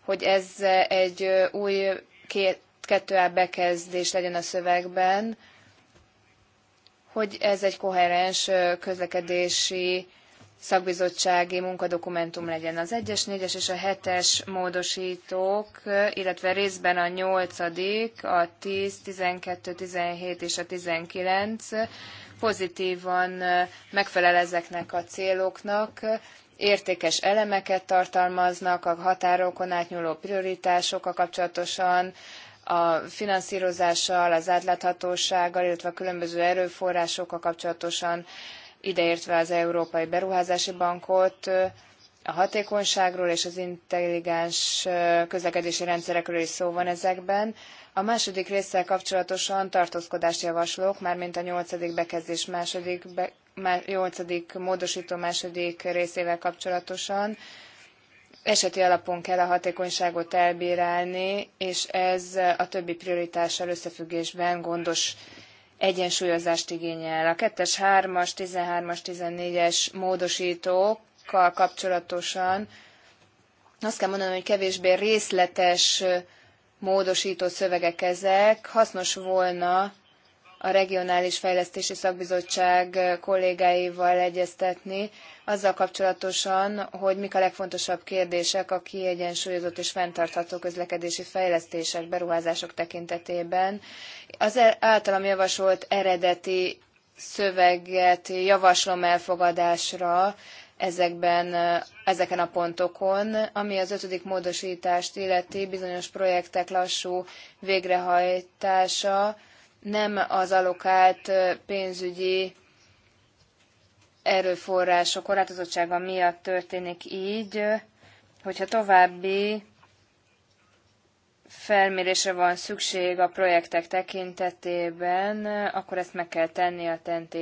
hogy ez egy új két, kettő A bekezdés legyen a szövegben, hogy ez egy koherens közlekedési szakbizottsági munkadokumentum legyen. Az 1-es, 4-es és a 7-es módosítók, illetve részben a 8 a 10, 12, 17 és a 19 pozitívan megfelel ezeknek a céloknak, értékes elemeket tartalmaznak a határokon átnyúló prioritásokkal kapcsolatosan, a finanszírozással, az átláthatósággal, illetve a különböző erőforrásokkal kapcsolatosan, ideértve az Európai Beruházási Bankot, a hatékonyságról és az intelligens közlekedési rendszerekről is szó van ezekben. A második résszel kapcsolatosan tartózkodást javaslok, mármint a nyolcadik bekezdés második, be, má, nyolcadik módosító második részével kapcsolatosan. Eseti alapon kell a hatékonyságot elbírálni, és ez a többi prioritással összefüggésben gondos egyensúlyozást igényel. A 2-es, 3-as, 13-as, 14-es módosítókkal kapcsolatosan azt kell mondanom, hogy kevésbé részletes módosított szövegek ezek. Hasznos volna a Regionális Fejlesztési Szakbizottság kollégáival egyeztetni azzal kapcsolatosan, hogy mik a legfontosabb kérdések a kiegyensúlyozott és fenntartható közlekedési fejlesztések, beruházások tekintetében. Az általam javasolt eredeti szöveget javaslom elfogadásra, ezekben, ezeken a pontokon, ami az ötödik módosítást illeti bizonyos projektek lassú végrehajtása nem az alokált pénzügyi erőforrások korlátozottsága miatt történik így, hogyha további felmérésre van szükség a projektek tekintetében, akkor ezt meg kell tenni a TNT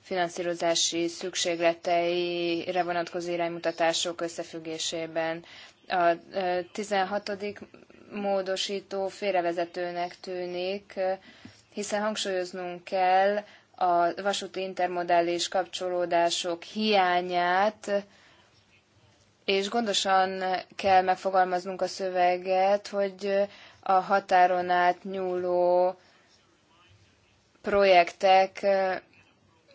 finanszírozási szükségleteire vonatkozó iránymutatások összefüggésében. A 16. módosító félrevezetőnek tűnik, hiszen hangsúlyoznunk kell a vasúti intermodális kapcsolódások hiányát, és gondosan kell megfogalmaznunk a szöveget, hogy a határon át nyúló projektek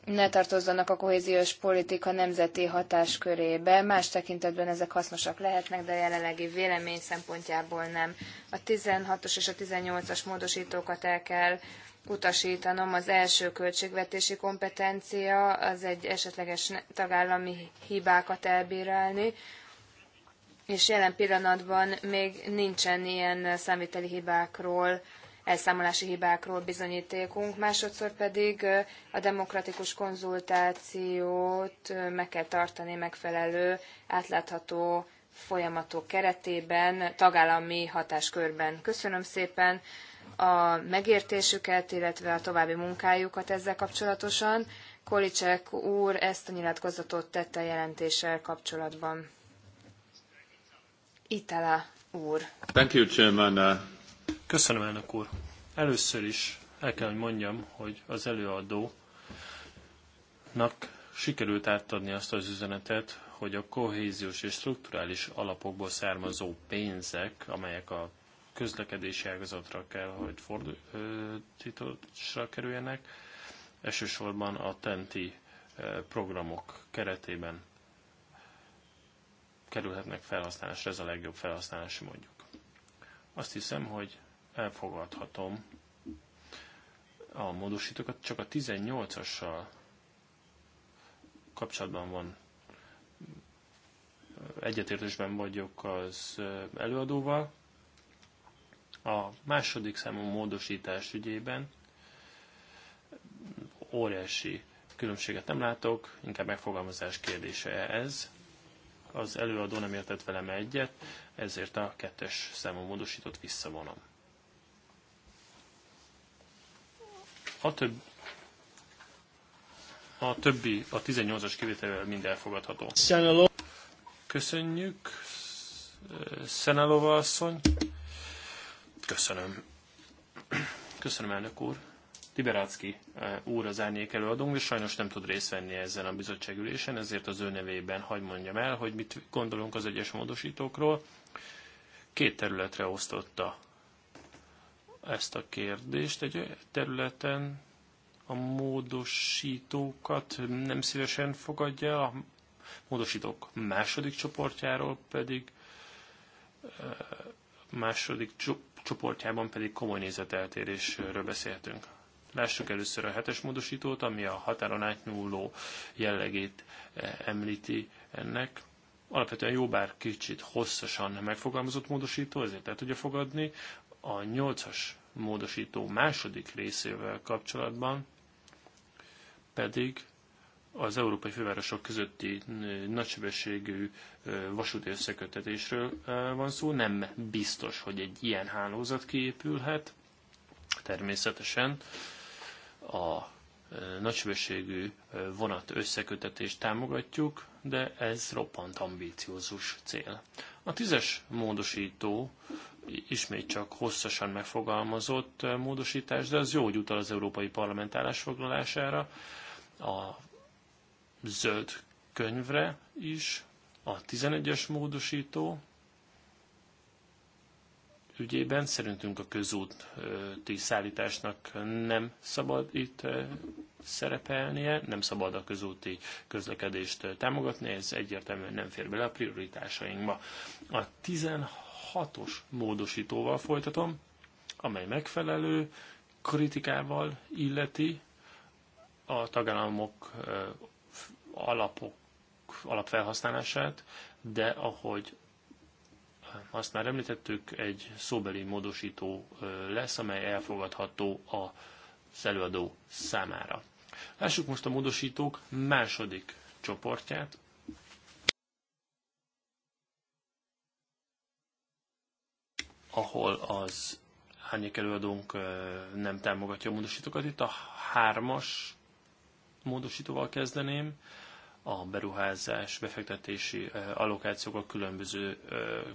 ne tartozzanak a kohéziós politika nemzeti hatáskörébe. Más tekintetben ezek hasznosak lehetnek, de a jelenlegi vélemény szempontjából nem. A 16-os és a 18-as módosítókat el kell utasítanom. Az első költségvetési kompetencia az egy esetleges tagállami hibákat elbírálni és jelen pillanatban még nincsen ilyen számviteli hibákról, elszámolási hibákról bizonyítékunk, másodszor pedig a demokratikus konzultációt meg kell tartani megfelelő, átlátható folyamatok keretében, tagállami hatáskörben. Köszönöm szépen a megértésüket, illetve a további munkájukat ezzel kapcsolatosan. Kolicek úr ezt a nyilatkozatot tette a jelentéssel kapcsolatban. Itala úr. Thank you, Chairman. Uh, Köszönöm, elnök úr. Először is el kell, hogy mondjam, hogy az előadónak sikerült átadni azt az üzenetet, hogy a kohéziós és strukturális alapokból származó pénzek, amelyek a közlekedési ágazatra kell, hogy fordításra kerüljenek, elsősorban a TENTI eh, programok keretében kerülhetnek felhasználásra, ez a legjobb felhasználási mondjuk. Azt hiszem, hogy elfogadhatom a módosítókat, csak a 18-assal kapcsolatban van egyetértésben vagyok az előadóval. A második számú módosítás ügyében óriási különbséget nem látok, inkább megfogalmazás kérdése ez az előadó nem értett velem egyet, ezért a kettes számú módosított visszavonom. A, több, a többi, a 18-as kivételével mind elfogadható. Köszönjük, Szenelova asszony. Köszönöm. Köszönöm, elnök úr. Liberácki eh, úr az árnyék előadónk, és sajnos nem tud részt venni ezen a bizottságülésen, ezért az ő nevében hagy mondjam el, hogy mit gondolunk az egyes módosítókról. Két területre osztotta ezt a kérdést. Egy területen a módosítókat nem szívesen fogadja, a módosítók második csoportjáról pedig eh, második csoportjában pedig komoly nézeteltérésről beszéltünk. Lássuk először a hetes módosítót, ami a határon átnyúló jellegét eh, említi ennek. Alapvetően jó, bár kicsit hosszasan megfogalmazott módosító, ezért el tudja fogadni. A nyolcas módosító második részével kapcsolatban pedig az európai fővárosok közötti eh, nagysebességű eh, vasúti összekötetésről van szó. Nem biztos, hogy egy ilyen hálózat kiépülhet, természetesen a e, nagysebességű e, vonat összekötetést támogatjuk, de ez roppant ambíciózus cél. A tízes módosító ismét csak hosszasan megfogalmazott e, módosítás, de az jó, hogy utal az Európai Parlament állásfoglalására, a zöld könyvre is, a 11-es módosító ügyében. Szerintünk a közúti szállításnak nem szabad itt szerepelnie, nem szabad a közúti közlekedést támogatni, ez egyértelműen nem fér bele a prioritásainkba. A 16-os módosítóval folytatom, amely megfelelő kritikával illeti a tagállamok alapok alapfelhasználását, de ahogy azt már említettük, egy szóbeli módosító lesz, amely elfogadható a előadó számára. Lássuk most a módosítók második csoportját. ahol az hányék előadónk nem támogatja a módosítókat. Itt a hármas módosítóval kezdeném a beruházás, befektetési allokációk a különböző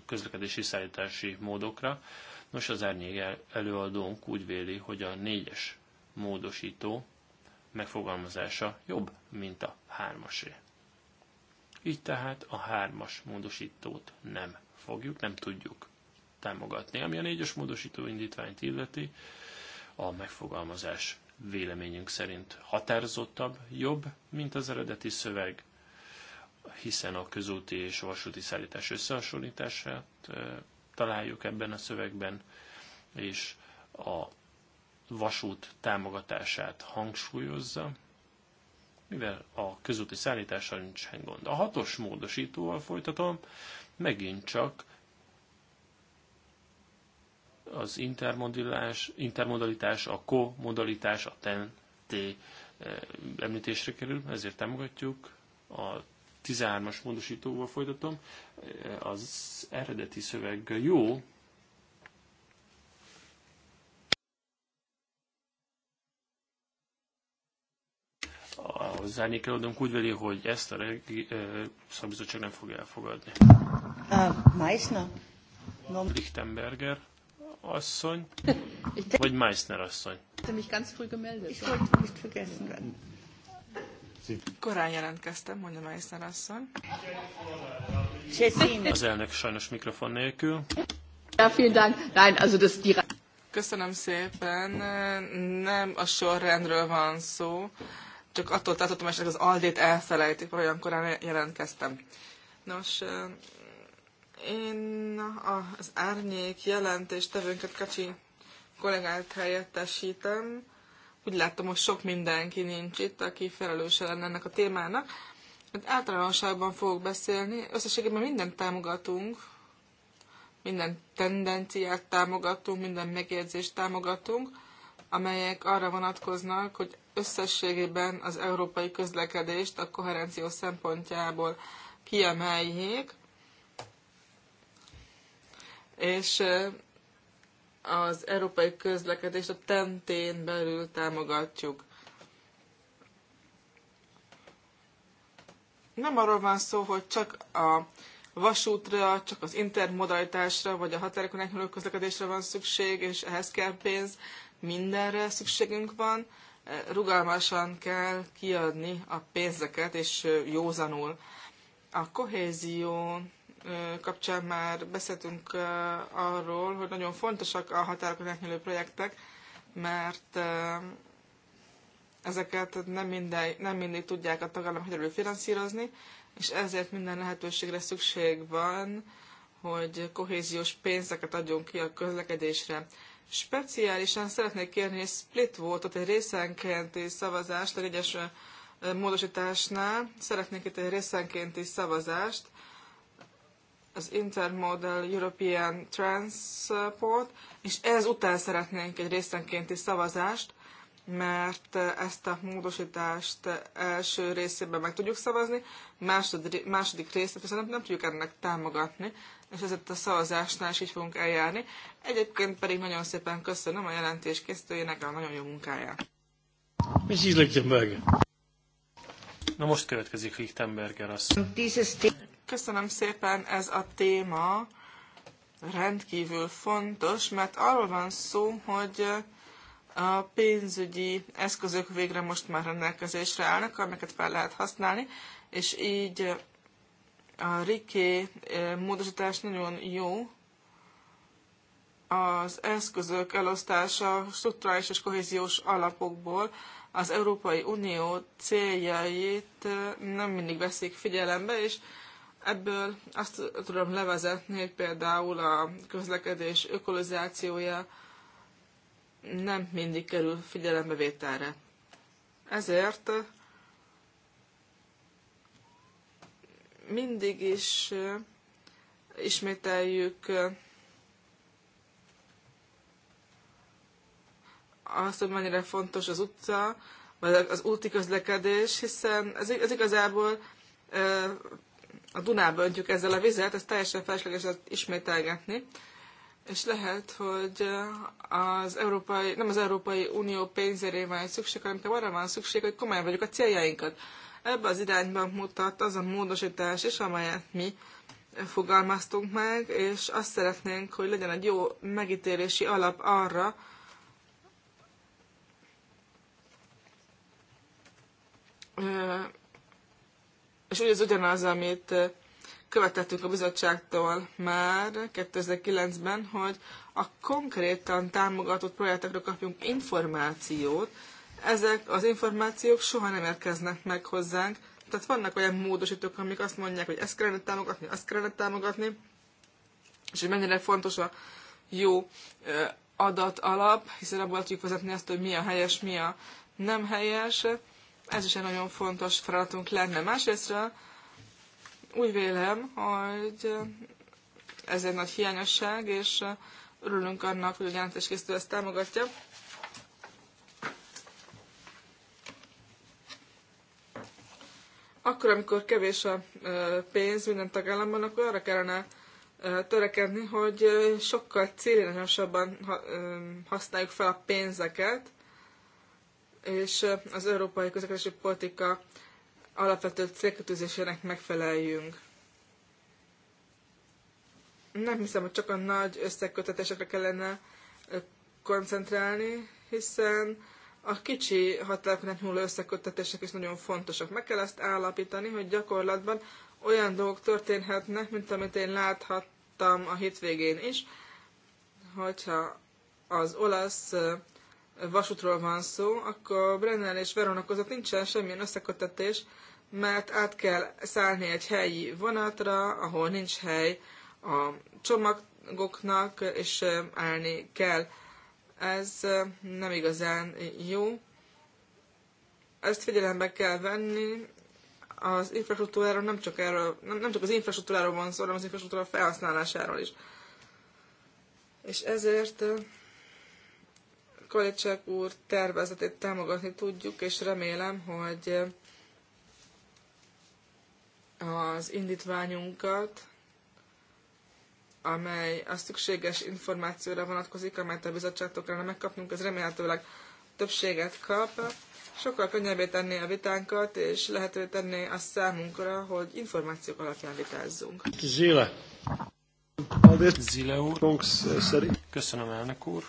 közlekedési szállítási módokra. Nos, az árnyék előadónk úgy véli, hogy a négyes módosító megfogalmazása jobb, mint a hármasé. Így tehát a hármas módosítót nem fogjuk, nem tudjuk támogatni. Ami a négyes módosító indítványt illeti, a megfogalmazás véleményünk szerint határozottabb, jobb, mint az eredeti szöveg, hiszen a közúti és vasúti szállítás összehasonlítását találjuk ebben a szövegben, és a vasút támogatását hangsúlyozza, mivel a közúti szállítással nincsen gond. A hatos módosítóval folytatom, megint csak az intermodalitás, a co-modalitás, a TEN-T eh, említésre kerül, ezért támogatjuk. A 13-as módosítóval folytatom. Eh, az eredeti szöveg jó, az árnyékelődőnk úgy veli, hogy ezt a regi, eh, szabizottság nem fogja elfogadni. Uh, Meissner. No. Lichtenberger asszony, vagy Meissner asszony? Korán jelentkeztem, mondja Meissner asszony. Az elnök sajnos mikrofon nélkül. Ja, vielen Dank. Nein, also das Köszönöm szépen. Nem a sorrendről van szó, csak attól tartottam, hogy az Aldét elfelejtik, olyan korán jelentkeztem. Nos, én az árnyék tevőnket Kacsi kollégát helyettesítem. Úgy látom, hogy sok mindenki nincs itt, aki felelőse lenne ennek a témának. Hát általánosságban fogok beszélni. Összességében mindent támogatunk, minden tendenciát támogatunk, minden megjegyzést támogatunk, amelyek arra vonatkoznak, hogy összességében az európai közlekedést a koherenció szempontjából kiemeljék, és az európai közlekedést a tentén belül támogatjuk. Nem arról van szó, hogy csak a vasútra, csak az intermodalitásra, vagy a határokon átnyúló közlekedésre van szükség, és ehhez kell pénz, mindenre szükségünk van. Rugalmasan kell kiadni a pénzeket, és józanul. A kohézión kapcsán már beszéltünk arról, hogy nagyon fontosak a határokon átnyúló projektek, mert ezeket nem, minden, nem mindig tudják a tagállamok egyelőre finanszírozni, és ezért minden lehetőségre szükség van, hogy kohéziós pénzeket adjunk ki a közlekedésre. Speciálisan szeretnék kérni egy split voltot, egy részenkénti szavazást, egy egyes módosításnál. Szeretnék itt egy részenkénti szavazást, az Intermodal European Transport, és ez után szeretnénk egy részenkénti szavazást, mert ezt a módosítást első részében meg tudjuk szavazni, második, második részét viszont nem, tudjuk ennek támogatni, és ezért a szavazásnál is így fogunk eljárni. Egyébként pedig nagyon szépen köszönöm a jelentés készítőjének a nagyon jó munkáját. Mi meg? Na most következik Lichtenberger asszony. Köszönöm szépen, ez a téma rendkívül fontos, mert arról van szó, hogy a pénzügyi eszközök végre most már rendelkezésre állnak, amiket fel lehet használni, és így a Riké eh, módosítás nagyon jó. Az eszközök elosztása struktúrális és kohéziós alapokból az Európai Unió céljait eh, nem mindig veszik figyelembe, és Ebből azt tudom levezetni, hogy például a közlekedés ökolizációja nem mindig kerül figyelembevételre. Ezért mindig is eh, ismételjük eh, azt, hogy mennyire fontos az utca, vagy az úti közlekedés, hiszen ez, igazából eh, a Dunába öntjük ezzel a vizet, ez teljesen felesleges ismételgetni. És lehet, hogy eh, az Európai, nem az Európai Unió pénzére van egy szükség, hanem inkább arra van szükség, hogy komolyan vagyok a céljainkat. Ebbe az irányban mutat az a módosítás is, amelyet mi fogalmaztunk meg, és azt szeretnénk, hogy legyen egy jó megítélési alap arra, eh, és ugye ez ugyanaz, amit követettünk a bizottságtól már 2009-ben, hogy a konkrétan támogatott projektekről kapjunk információt. Ezek az információk soha nem érkeznek meg hozzánk, tehát vannak olyan módosítók, amik azt mondják, hogy ezt kellene támogatni, azt kellene támogatni, és hogy mennyire fontos a jó adat alap, hiszen abból tudjuk vezetni azt, hogy mi a helyes, mi a nem helyes, ez is egy nagyon fontos feladatunk lenne. Másrésztről úgy vélem, hogy ez egy nagy hiányosság, és örülünk annak, hogy a jelentéskészítő ezt támogatja. Akkor, amikor kevés a pénz minden tagállamban, akkor arra kellene törekedni, hogy sokkal célirányosabban használjuk fel a pénzeket, és az európai közlekedési politika alapvető célkötőzésének megfeleljünk. Nem hiszem, hogy csak a nagy összekötetésekre kellene koncentrálni, hiszen a kicsi határokon nyúló összekötetések is nagyon fontosak. Meg kell azt állapítani, hogy gyakorlatban olyan dolgok történhetnek, mint amit én láthattam a hétvégén is, hogyha az olasz vasútról van szó, akkor Brennel és Verona között nincsen semmilyen összekötetés, mert át kell szállni egy helyi vonatra, ahol nincs hely a csomagoknak, és állni kell. Ez nem igazán jó. Ezt figyelembe kell venni. Az infrastruktúráról nem csak, erről, nem csak az infrastruktúráról van szó, hanem az infrastruktúra felhasználásáról is. És ezért Kolicek úr tervezetét támogatni tudjuk, és remélem, hogy az indítványunkat, amely a szükséges információra vonatkozik, amelyet a bizottságtól kellene megkapnunk, ez remélhetőleg többséget kap, sokkal könnyebbé tenné a vitánkat, és lehetővé tenné a számunkra, hogy információk alapján vitázzunk. Zile. Zile úr. Eh, Köszönöm elnök úr.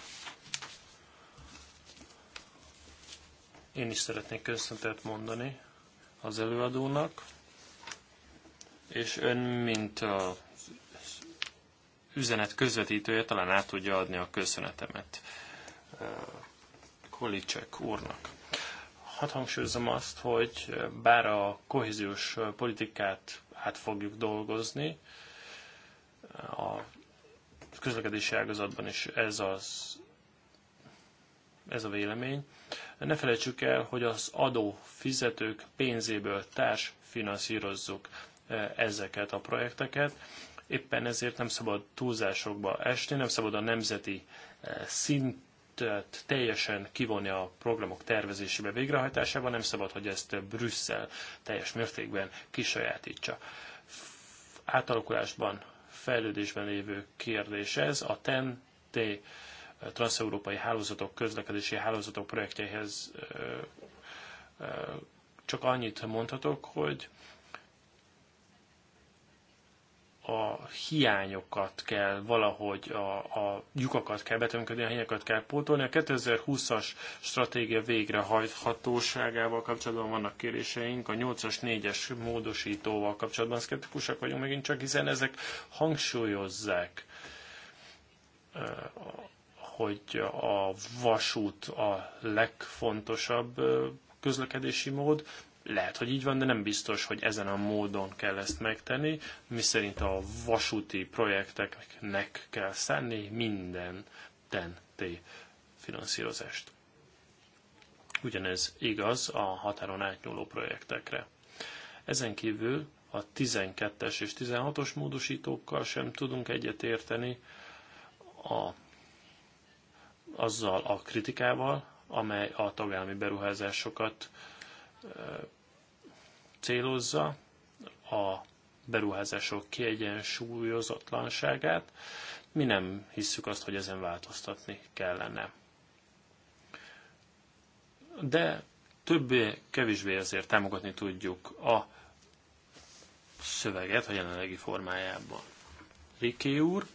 Én is szeretnék köszöntet mondani az előadónak, és ön, mint a üzenet közvetítője talán át tudja adni a köszönetemet Kolicsek úrnak. Hadd hangsúlyozom azt, hogy bár a kohéziós politikát át fogjuk dolgozni, a közlekedési ágazatban is ez, az, ez a vélemény, ne felejtsük el, hogy az adófizetők pénzéből társ finanszírozzuk e, ezeket a projekteket. Éppen ezért nem szabad túlzásokba esni, nem szabad a nemzeti e, szintet teljesen kivonni a programok tervezésébe, végrehajtásába, nem szabad, hogy ezt Brüsszel teljes mértékben kisajátítsa. Átalakulásban, fejlődésben lévő kérdés ez, a TEN-T transeurópai hálózatok, közlekedési hálózatok projektjéhez csak annyit mondhatok, hogy a hiányokat kell valahogy, a, a lyukakat kell betömködni, a hiányokat kell pótolni. A 2020-as stratégia végrehajthatóságával kapcsolatban vannak kéréseink, a 8-as, 4-es módosítóval kapcsolatban szkeptikusak vagyunk megint csak, hiszen ezek hangsúlyozzák hogy a vasút a legfontosabb közlekedési mód. Lehet, hogy így van, de nem biztos, hogy ezen a módon kell ezt megtenni, szerint a vasúti projekteknek kell szenni minden TNT finanszírozást. Ugyanez igaz a határon átnyúló projektekre. Ezen kívül a 12-es és 16-os módosítókkal sem tudunk egyetérteni, a azzal a kritikával, amely a tagállami beruházásokat célozza, a beruházások kiegyensúlyozatlanságát, mi nem hisszük azt, hogy ezen változtatni kellene. De többé-kevésbé azért támogatni tudjuk a szöveget a jelenlegi formájában. Riki úr,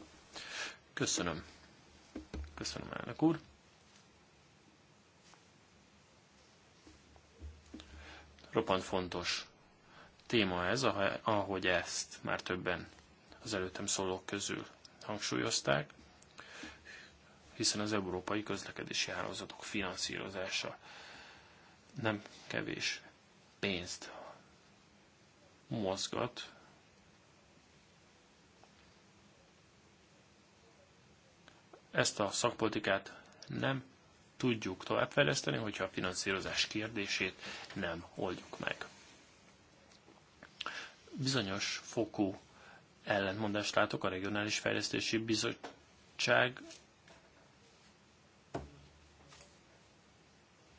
köszönöm. Köszönöm, elnök úr. Roppant fontos téma ez, ahogy ezt már többen az előttem szólók közül hangsúlyozták, hiszen az európai közlekedési hálózatok finanszírozása nem kevés pénzt mozgat Ezt a szakpolitikát nem tudjuk továbbfejleszteni, hogyha a finanszírozás kérdését nem oldjuk meg. Bizonyos fokú ellentmondást látok a Regionális Fejlesztési Bizottság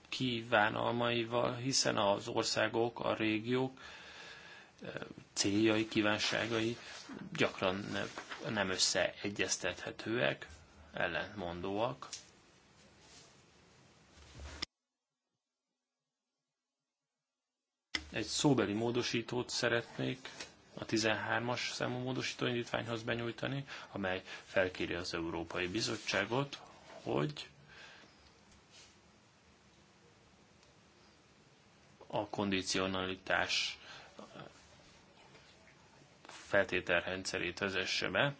kívánalmaival, hiszen az országok, a régiók eh, céljai, kívánságai gyakran nem összeegyeztethetőek, ellentmondóak. Egy szóbeli módosítót szeretnék a 13-as számú módosítóindítványhoz indítványhoz benyújtani, amely felkéri az Európai Bizottságot, hogy a kondicionalitás feltételrendszerét vezesse be.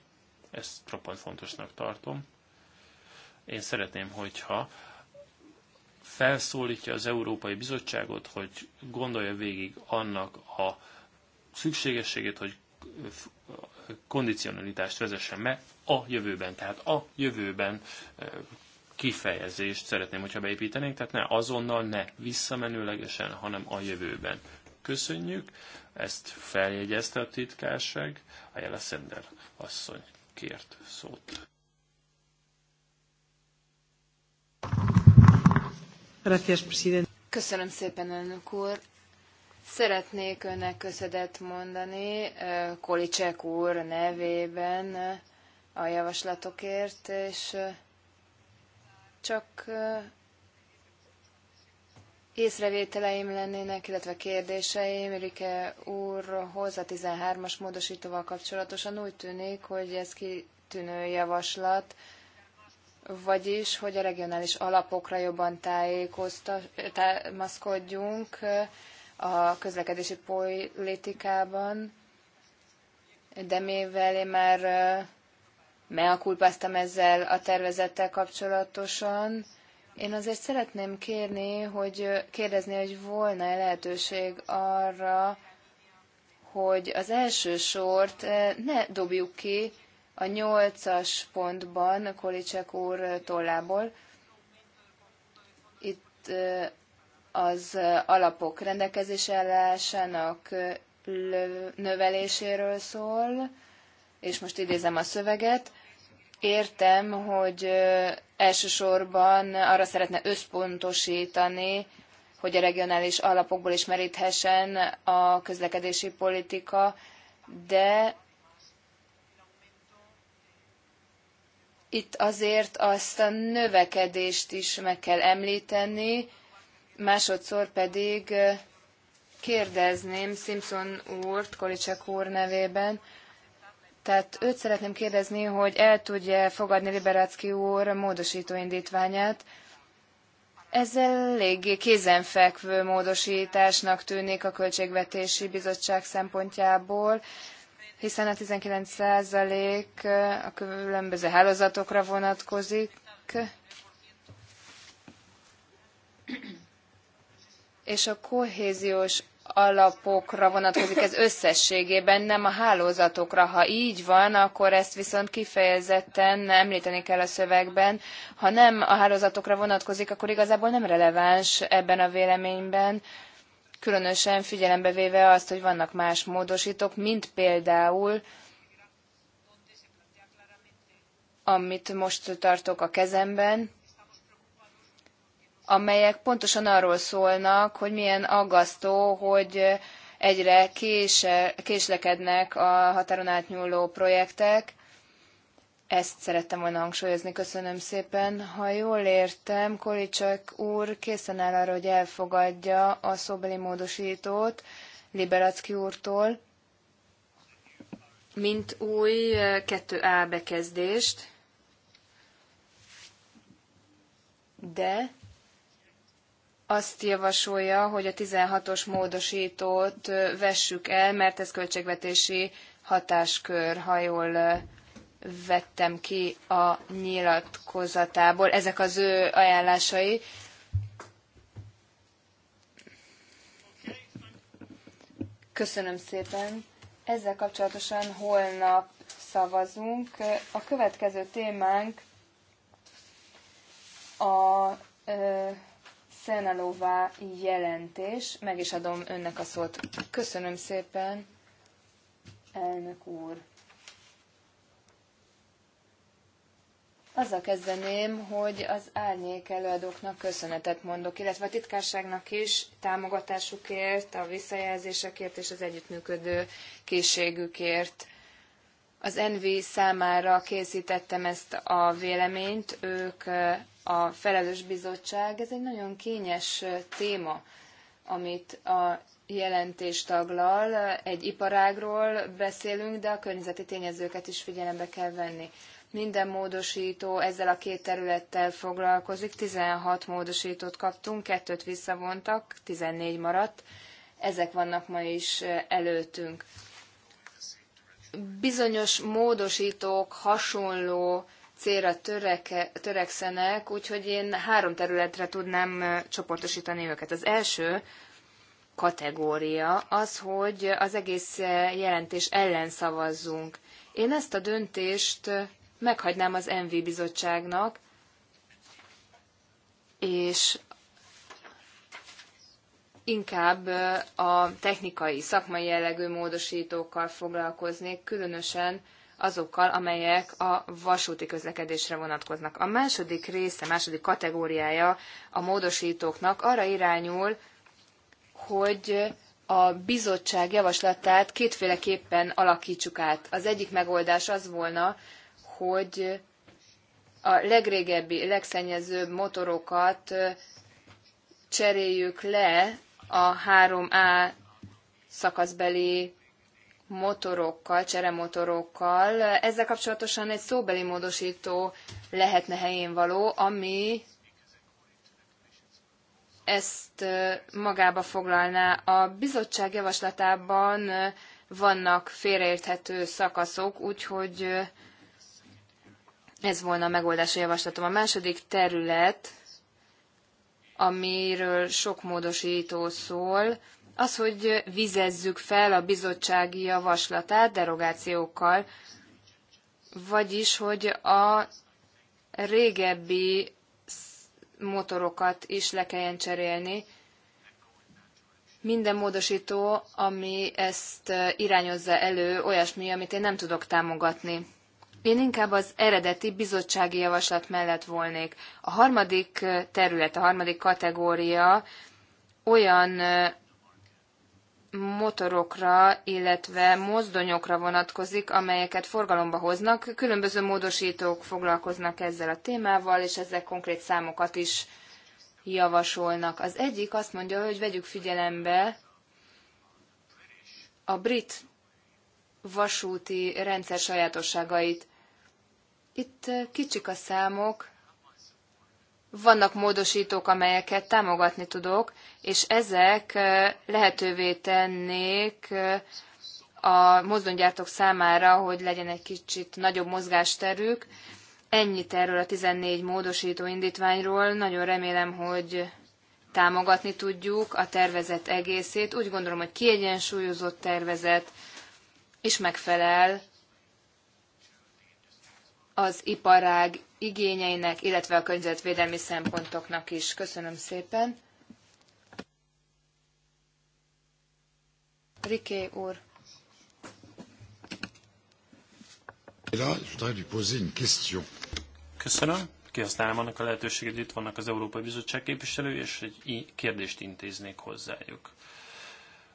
Ezt roppant fontosnak tartom. Én szeretném, hogyha felszólítja az Európai Bizottságot, hogy gondolja végig annak a szükségességét, hogy kondicionalitást vezessen be a jövőben. Tehát a jövőben e, kifejezést szeretném, hogyha beépítenénk, tehát ne azonnal, ne visszamenőlegesen, hanem a jövőben. Köszönjük, ezt feljegyezte a titkárság, a Jela asszony kért szót. Köszönöm szépen, elnök úr. Szeretnék önnek köszönet mondani eh, Kolicek úr nevében eh, a javaslatokért, és eh, csak észrevételeim lennének, illetve kérdéseim Rike úrhoz a 13-as módosítóval kapcsolatosan. Úgy tűnik, hogy ez kitűnő javaslat, vagyis, hogy a regionális alapokra jobban támaszkodjunk a közlekedési politikában, de mivel én már meakulpáztam ezzel a tervezettel kapcsolatosan, én azért szeretném kérni, hogy kérdezni, hogy volna-e lehetőség arra, hogy az első sort ne dobjuk ki, a nyolcas pontban Kolicsek úr tollából. Itt az alapok rendelkezésre állásának növeléséről szól, és most idézem a szöveget. Értem, hogy elsősorban arra szeretne összpontosítani, hogy a regionális alapokból is meríthessen a közlekedési politika, de itt azért azt a növekedést is meg kell említeni, másodszor pedig kérdezném Simpson úrt, Kolicek úr nevében, tehát őt szeretném kérdezni, hogy el tudja fogadni Liberácki úr módosító indítványát. Ez eléggé kézenfekvő módosításnak tűnik a Költségvetési Bizottság szempontjából hiszen a 19% a különböző hálózatokra vonatkozik, és a kohéziós alapokra vonatkozik ez összességében, nem a hálózatokra. Ha így van, akkor ezt viszont kifejezetten említeni kell a szövegben. Ha nem a hálózatokra vonatkozik, akkor igazából nem releváns ebben a véleményben, különösen figyelembe véve azt, hogy vannak más módosítók, mint például amit most tartok a kezemben, amelyek pontosan arról szólnak, hogy milyen aggasztó, hogy egyre késlekednek a határon átnyúló projektek, ezt szerettem volna hangsúlyozni, köszönöm szépen. Ha jól értem, Kolicsak úr készen áll arra, hogy elfogadja a szóbeli módosítót Liberacki úrtól, mint új 2A eh, bekezdést, de azt javasolja, hogy a 16-os módosítót eh, vessük el, mert ez költségvetési hatáskör, ha jól eh, vettem ki a nyilatkozatából. Ezek az ő ajánlásai. Köszönöm szépen. Ezzel kapcsolatosan holnap szavazunk. A következő témánk a ö, jelentés. Meg is adom önnek a szót. Köszönöm szépen, elnök úr. Azzal kezdeném, hogy az árnyék előadóknak köszönetet mondok, illetve a titkárságnak is támogatásukért, a visszajelzésekért és az együttműködő készségükért. Az NV számára készítettem ezt a véleményt, ők a felelős bizottság. Ez egy nagyon kényes téma, amit a jelentés taglal. Egy iparágról beszélünk, de a környezeti tényezőket is figyelembe kell venni. Minden módosító ezzel a két területtel foglalkozik. 16 módosítót kaptunk, kettőt visszavontak, 14 maradt. Ezek vannak ma is előttünk. Bizonyos módosítók hasonló célra töreke, törekszenek, úgyhogy én három területre tudnám csoportosítani őket. Az első kategória az, hogy az egész jelentés ellen szavazzunk. Én ezt a döntést meghagynám az MV bizottságnak, és inkább a technikai, szakmai jellegű módosítókkal foglalkoznék, különösen azokkal, amelyek a vasúti közlekedésre vonatkoznak. A második része, második kategóriája a módosítóknak arra irányul, hogy a bizottság javaslatát kétféleképpen alakítsuk át. Az egyik megoldás az volna, hogy a legrégebbi, legszennyezőbb motorokat cseréljük le a 3A szakaszbeli motorokkal, cseremotorokkal. Ezzel kapcsolatosan egy szóbeli módosító lehetne helyén való, ami ezt magába foglalná. A bizottság javaslatában vannak félreérthető szakaszok, úgyhogy ez volna a a javaslatom. A második terület, amiről sok módosító szól, az, hogy vizezzük fel a bizottsági javaslatát derogációkkal, vagyis, hogy a régebbi motorokat is le kelljen cserélni. Minden módosító, ami ezt irányozza elő, olyasmi, amit én nem tudok támogatni. Én inkább az eredeti bizottsági javaslat mellett volnék. A harmadik terület, a harmadik kategória olyan motorokra, illetve mozdonyokra vonatkozik, amelyeket forgalomba hoznak. Különböző módosítók foglalkoznak ezzel a témával, és ezek konkrét számokat is javasolnak. Az egyik azt mondja, hogy vegyük figyelembe a brit vasúti rendszer sajátosságait. Itt eh, kicsik a számok, vannak módosítók, amelyeket támogatni tudok, és ezek eh, lehetővé tennék eh, a mozdonygyártók számára, hogy legyen egy kicsit nagyobb mozgásterük. Ennyit erről a 14 módosító indítványról. Nagyon remélem, hogy támogatni tudjuk a tervezet egészét. Úgy gondolom, hogy kiegyensúlyozott tervezet, és megfelel az iparág igényeinek, illetve a környezetvédelmi szempontoknak is. Köszönöm szépen. Riké úr. Köszönöm. Kihasználom annak a lehetőséget, itt vannak az Európai Bizottság képviselői, és egy kérdést intéznék hozzájuk.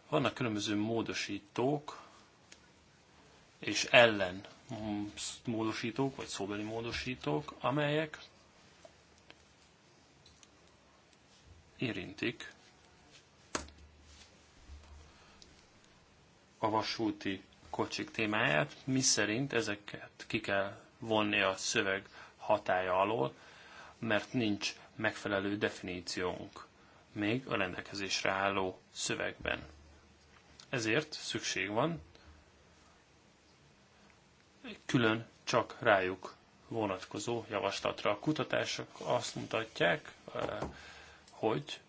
Vannak különböző módosítók és ellen módosítók, vagy szóbeli módosítók, amelyek érintik a vasúti kocsik témáját, mi szerint ezeket ki kell vonni a szöveg hatája alól, mert nincs megfelelő definíciónk még a rendelkezésre álló szövegben. Ezért szükség van külön csak rájuk vonatkozó javaslatra. A kutatások azt mutatják, eh, hogy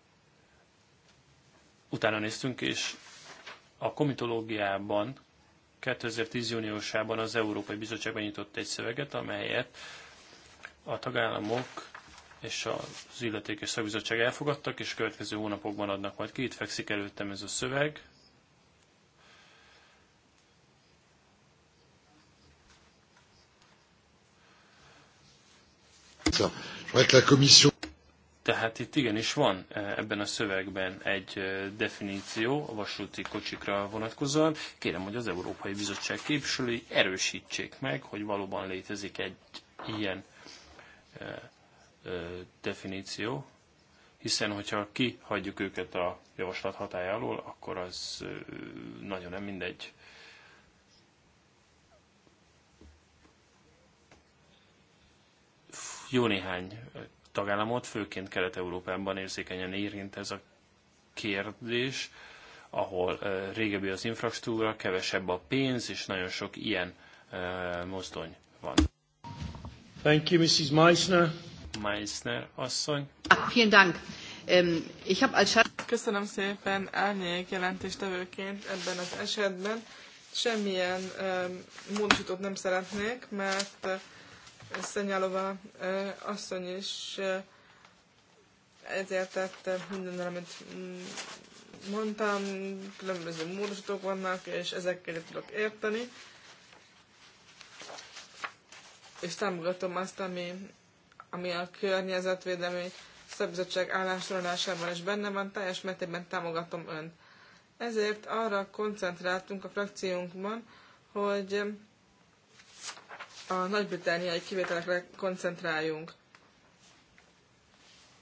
utána néztünk, és a komitológiában 2010 júniusában az Európai Bizottság benyitott egy szöveget, amelyet a tagállamok és az illetékes szakbizottság elfogadtak, és következő hónapokban adnak majd ki. Itt fekszik előttem ez a szöveg, Tehát itt igenis van e, ebben a szövegben egy e, definíció a vasúti kocsikra vonatkozóan. Kérem, hogy az Európai Bizottság képviselői erősítsék meg, hogy valóban létezik egy ilyen e, definíció, hiszen hogyha kihagyjuk őket a javaslat hatája alól, akkor az nagyon nem mindegy. jó néhány tagállamot, főként Kelet-Európában érzékenyen érint ez a kérdés, ahol régebbi az infrastruktúra, kevesebb a pénz, és nagyon sok ilyen mozdony van. Thank you, Mrs. Meissner. Meissner asszony. Ah, vielen Dank. Ähm, ich habe als Köszönöm szépen árnyék jelentéstevőként ebben az esetben. Semmilyen um, módosítót nem szeretnék, mert uh, Szenyálova asszony is ezért tette minden, amit mm, mondtam, különböző módosítók vannak, és ezekkel tudok érteni. És támogatom azt, ami, ami a környezetvédelmi szabizottság állásolásában is benne van, teljes mértékben támogatom önt. Ezért arra koncentráltunk a frakciónkban, hogy a nagy-britániai kivételekre koncentráljunk.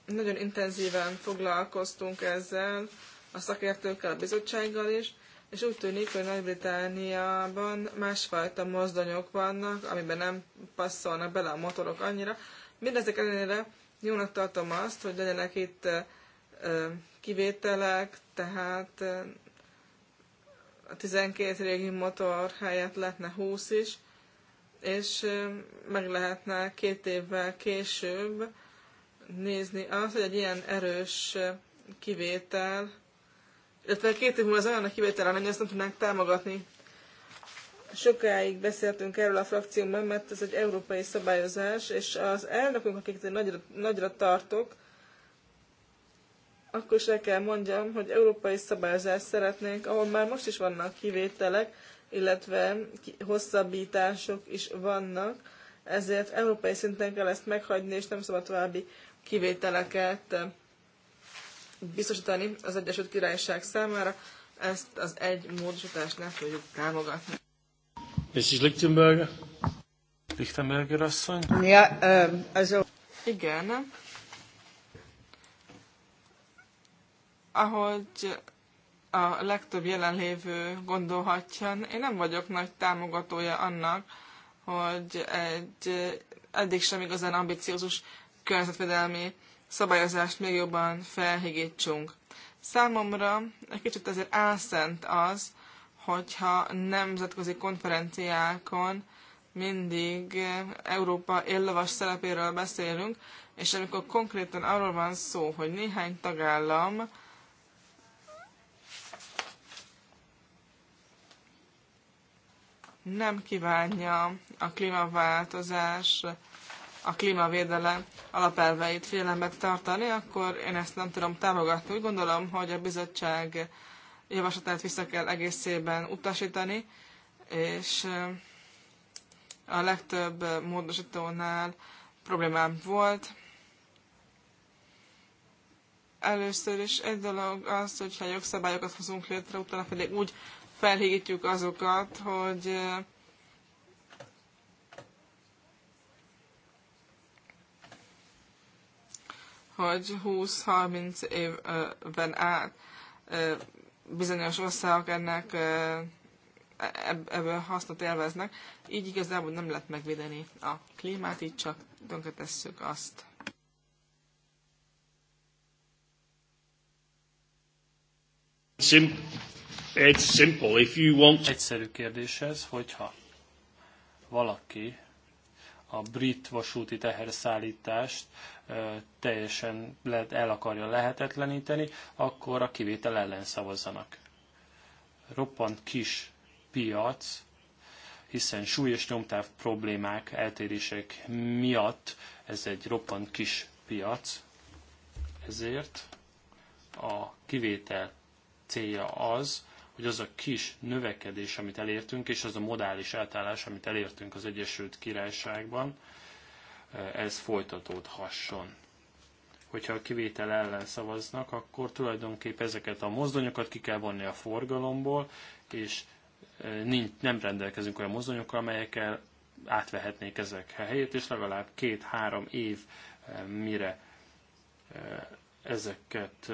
Nagyon intenzíven foglalkoztunk ezzel, a szakértőkkel, a bizottsággal is, és úgy tűnik, hogy Nagy-Britániában másfajta mozdonyok vannak, amiben nem passzolnak bele a motorok annyira. Mindezek ellenére jónak tartom azt, hogy legyenek itt kivételek, tehát a 12 régi motor helyett lehetne 20 is, és meg lehetne két évvel később nézni azt, hogy egy ilyen erős kivétel, illetve két év múlva az olyan a kivétel amennyi azt nem tudnánk támogatni. Sokáig beszéltünk erről a frakcióban, mert ez egy európai szabályozás, és az elnökünk, akiket én nagyra, nagyra tartok, akkor is el kell mondjam, hogy európai szabályozást szeretnénk, ahol már most is vannak kivételek, illetve hosszabbítások is vannak, ezért európai szinten kell ezt meghagyni, és nem szabad további kivételeket eh, biztosítani az Egyesült Királyság számára. Ezt az egy módosítást nem tudjuk támogatni. Mrs. Lichtenberger? Lichtenberger asszony? Ja, uh, eh, a... Igen. Ahogy a legtöbb jelenlévő gondolhatja. Én nem vagyok nagy támogatója annak, hogy egy eddig sem igazán ambiciózus környezetvédelmi szabályozást még jobban felhigítsunk. Számomra egy kicsit azért álszent az, hogyha nemzetközi konferenciákon mindig Európa éllavas szerepéről beszélünk, és amikor konkrétan arról van szó, hogy néhány tagállam nem kívánja a klímaváltozás, a klímavédelem alapelveit félelmet tartani, akkor én ezt nem tudom támogatni. Úgy gondolom, hogy a bizottság javaslatát vissza kell egészében utasítani, és eh, a legtöbb módosítónál problémám volt. Először is egy dolog az, hogyha jogszabályokat hozunk létre, utána pedig úgy felhívjuk azokat, hogy hogy 20-30 évben át bizonyos országok ennek e-, ebből hasznot élveznek. Így igazából nem lehet megvédeni a klímát, így csak tönkretesszük azt. Sim- it's simple. If you want... Egyszerű kérdés ez, hogyha valaki a brit vasúti teherszállítást teljesen lehet, el akarja lehetetleníteni, akkor a kivétel ellen szavazzanak. Roppant kis piac, hiszen súlyos nyomtáv problémák, eltérések miatt ez egy roppant kis piac, ezért a kivétel célja az, hogy az a kis növekedés, amit elértünk, és az a modális átállás, amit elértünk az Egyesült Királyságban, eh, ez folytatódhasson. Hogyha a kivétel ellen szavaznak, akkor tulajdonképp ezeket a mozdonyokat ki kell vonni a forgalomból, és eh, nem rendelkezünk olyan mozdonyokkal, amelyekkel átvehetnék ezek helyét, és legalább két-három év eh, mire ezeket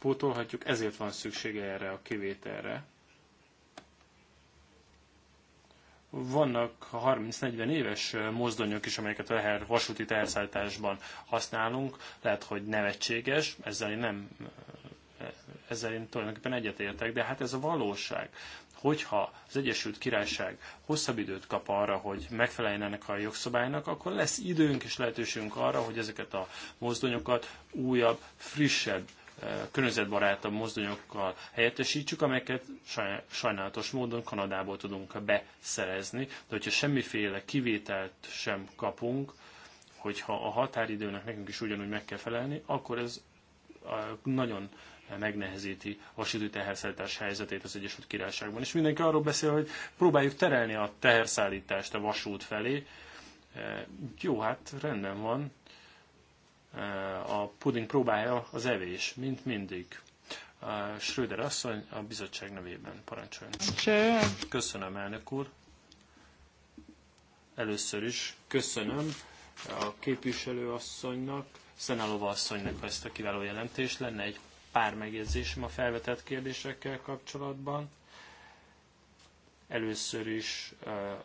pótolhatjuk, ezért van szüksége erre a kivételre. Vannak 30-40 éves mozdonyok is, amelyeket a teher, vasúti terszállításban használunk. Lehet, hogy nevetséges, ezzel én nem ezzel én tulajdonképpen egyetértek, de hát ez a valóság. Hogyha az Egyesült Királyság hosszabb időt kap arra, hogy megfeleljen ennek a jogszabálynak, akkor lesz időnk és lehetőségünk arra, hogy ezeket a mozdonyokat újabb, frissebb környezetbarátabb mozdonyokkal helyettesítsük, amelyeket sajnálatos módon Kanadából tudunk beszerezni, de hogyha semmiféle kivételt sem kapunk, hogyha a határidőnek nekünk is ugyanúgy meg kell felelni, akkor ez nagyon megnehezíti a vasúti teherszállítás helyzetét az Egyesült Királyságban. És mindenki arról beszél, hogy próbáljuk terelni a teherszállítást a vasút felé. E, jó, hát rendben van, a puding próbája az evés, mint mindig. A Schröder asszony a bizottság nevében parancsoljon. Köszönöm, elnök úr. Először is köszönöm a képviselő asszonynak, Szenálova asszonynak ezt a kiváló jelentést. Lenne egy pár megjegyzésem a felvetett kérdésekkel kapcsolatban. Először is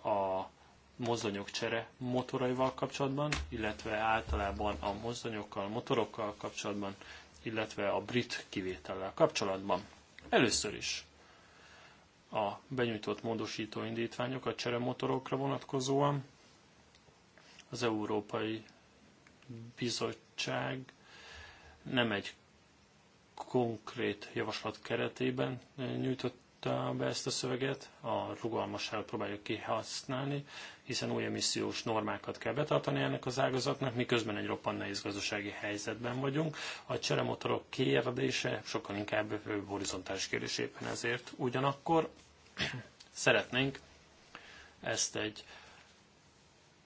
a mozdonyokcsere motoraival kapcsolatban, illetve általában a mozdonyokkal, motorokkal kapcsolatban, illetve a brit kivétellel kapcsolatban. Először is a benyújtott módosító indítványok a cseremotorokra vonatkozóan az Európai Bizottság nem egy konkrét javaslat keretében eh, nyújtott be ezt a szöveget, a rugalmasságot próbálja kihasználni, hiszen új emissziós normákat kell betartani ennek az ágazatnak, miközben egy roppan nehéz gazdasági helyzetben vagyunk. A cseremotorok kérdése sokkal inkább horizontális kérdés éppen ezért. Ugyanakkor szeretnénk ezt egy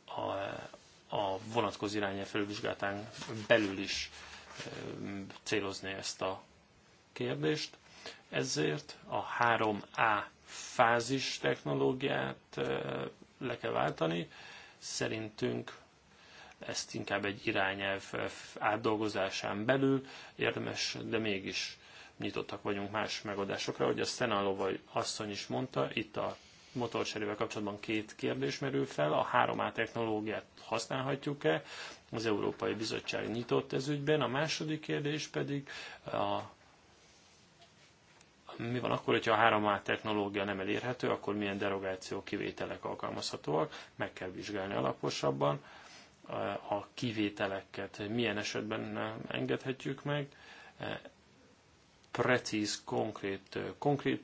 a, a vonatkozó irányel felülvizsgálatán belül is célozni ezt a kérdést. Ezért a 3A fázis technológiát le kell váltani. Szerintünk ezt inkább egy irányelv átdolgozásán belül érdemes, de mégis nyitottak vagyunk más megoldásokra. hogy a Szenálova asszony is mondta, itt a motorcserével kapcsolatban két kérdés merül fel. A 3A technológiát használhatjuk-e? Az Európai Bizottság nyitott ez ügyben. A második kérdés pedig a mi van akkor, hogyha a 3A technológia nem elérhető, akkor milyen derogáció kivételek alkalmazhatóak, meg kell vizsgálni alaposabban eh, a kivételeket, milyen esetben engedhetjük meg, eh, precíz, konkrét, eh, konkrét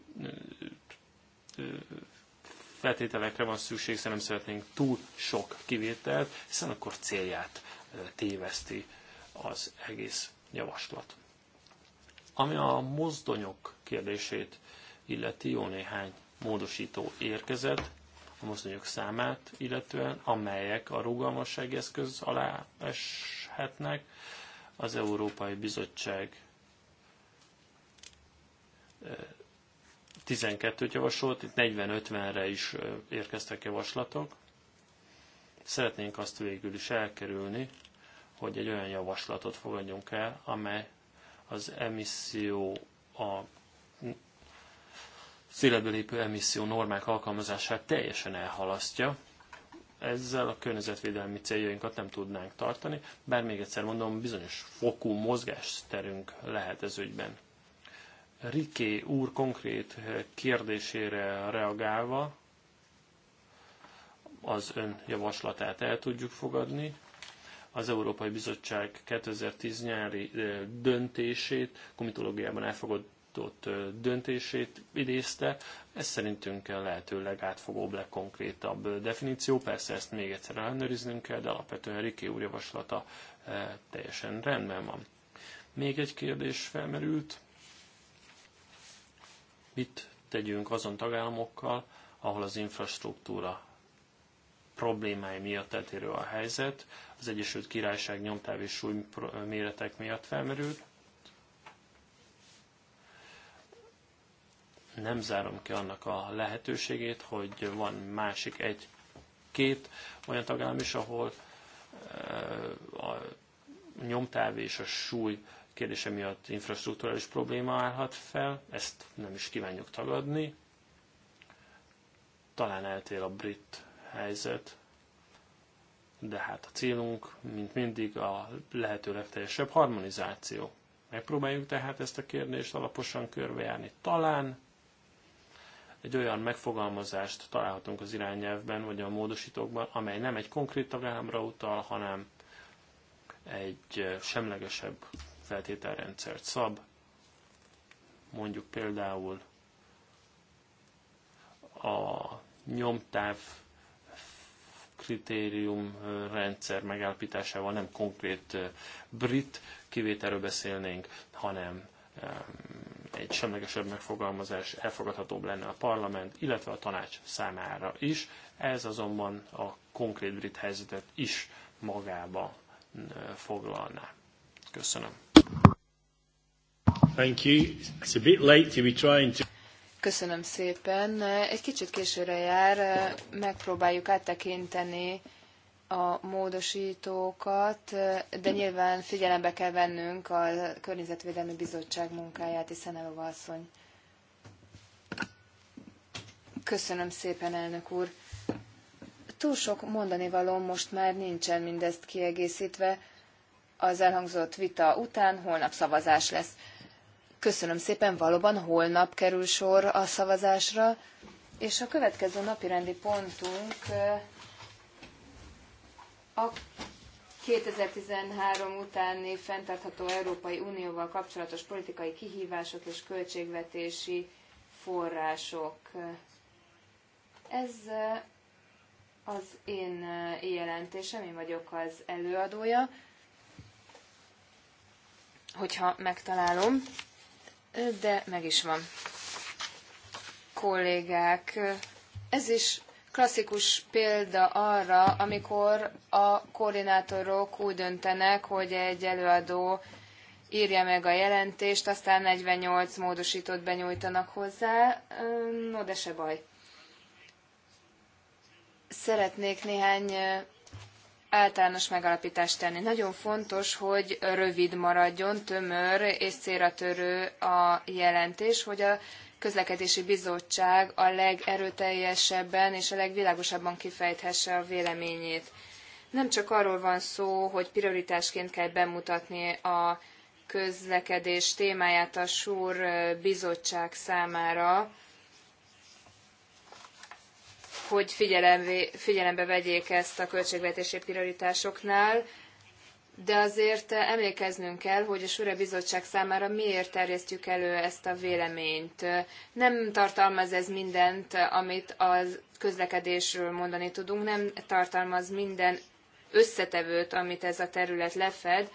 feltételekre van szükség, szerintem nem szeretnénk túl sok kivételt, hiszen akkor célját téveszti az egész javaslat. Ami a mozdonyok kérdését illeti, jó néhány módosító érkezett a mozdonyok számát illetően, amelyek a rugalmasság eszköz alá eshetnek. Az Európai Bizottság 12-t eh, javasolt, itt 40-50-re is eh, érkeztek javaslatok. Szeretnénk azt végül is elkerülni, hogy egy olyan javaslatot fogadjunk el, amely az emisszió a életbe lépő emisszió normák alkalmazását teljesen elhalasztja. Ezzel a környezetvédelmi céljainkat nem tudnánk tartani, bár még egyszer mondom, bizonyos fokú mozgásterünk lehet ez ügyben. Riké úr konkrét kérdésére reagálva az ön javaslatát el tudjuk fogadni, az Európai Bizottság 2010 nyári döntését, komitológiában elfogadott döntését idézte. Ez szerintünk kell lehetőleg átfogóbb, legkonkrétabb definíció. Persze ezt még egyszer ellenőriznünk kell, de alapvetően Riki úr javaslata teljesen rendben van. Még egy kérdés felmerült. Mit tegyünk azon tagállamokkal, ahol az infrastruktúra problémái miatt eltérő a helyzet, az Egyesült Királyság nyomtáv és súly méretek miatt felmerült. Nem zárom ki annak a lehetőségét, hogy van másik egy-két olyan tagállam is, ahol eh, a nyomtáv és a súly kérdése miatt infrastruktúrális probléma állhat fel, ezt nem is kívánjuk tagadni. Talán eltér a brit helyzet, de hát a célunk, mint mindig, a lehető legteljesebb harmonizáció. Megpróbáljuk tehát ezt a kérdést alaposan körbejárni. Talán egy olyan megfogalmazást találhatunk az irányelvben, vagy a módosítókban, amely nem egy konkrét tagállamra utal, hanem egy semlegesebb feltételrendszert szab. Mondjuk például a nyomtáv kritérium rendszer megállapításával nem konkrét brit kivételről beszélnénk, hanem egy semlegesebb megfogalmazás elfogadhatóbb lenne a parlament, illetve a tanács számára is. Ez azonban a konkrét brit helyzetet is magába foglalná. Köszönöm. Thank you. It's a bit late to be trying to... Köszönöm szépen. Egy kicsit későre jár, megpróbáljuk áttekinteni a módosítókat, de nyilván figyelembe kell vennünk a Környezetvédelmi Bizottság munkáját, hiszen Elova asszony. Köszönöm szépen, elnök úr. Túl sok mondani való, most már nincsen mindezt kiegészítve. Az elhangzott vita után holnap szavazás lesz. Köszönöm szépen, valóban holnap kerül sor a szavazásra, és a következő napirendi pontunk eh, a 2013 utáni fenntartható Európai Unióval kapcsolatos politikai kihívások és költségvetési források. Ez eh, az én eh, jelentésem, én vagyok az előadója, hogyha megtalálom de meg is van. Kollégák, ez is klasszikus példa arra, amikor a koordinátorok úgy döntenek, hogy egy előadó írja meg a jelentést, aztán 48 módosítót benyújtanak hozzá. Hm, no, de se baj. Szeretnék néhány általános megalapítást tenni. Nagyon fontos, hogy rövid maradjon, tömör és célra törő a jelentés, hogy a közlekedési bizottság a legerőteljesebben és a legvilágosabban kifejthesse a véleményét. Nem csak arról van szó, hogy prioritásként kell bemutatni a közlekedés témáját a SUR bizottság számára, hogy figyelembe vegyék ezt a költségvetési prioritásoknál, de azért emlékeznünk kell, hogy a Sure Bizottság számára miért terjesztjük elő ezt a véleményt. Nem tartalmaz ez mindent, amit a közlekedésről mondani tudunk, nem tartalmaz minden összetevőt, amit ez a terület lefed,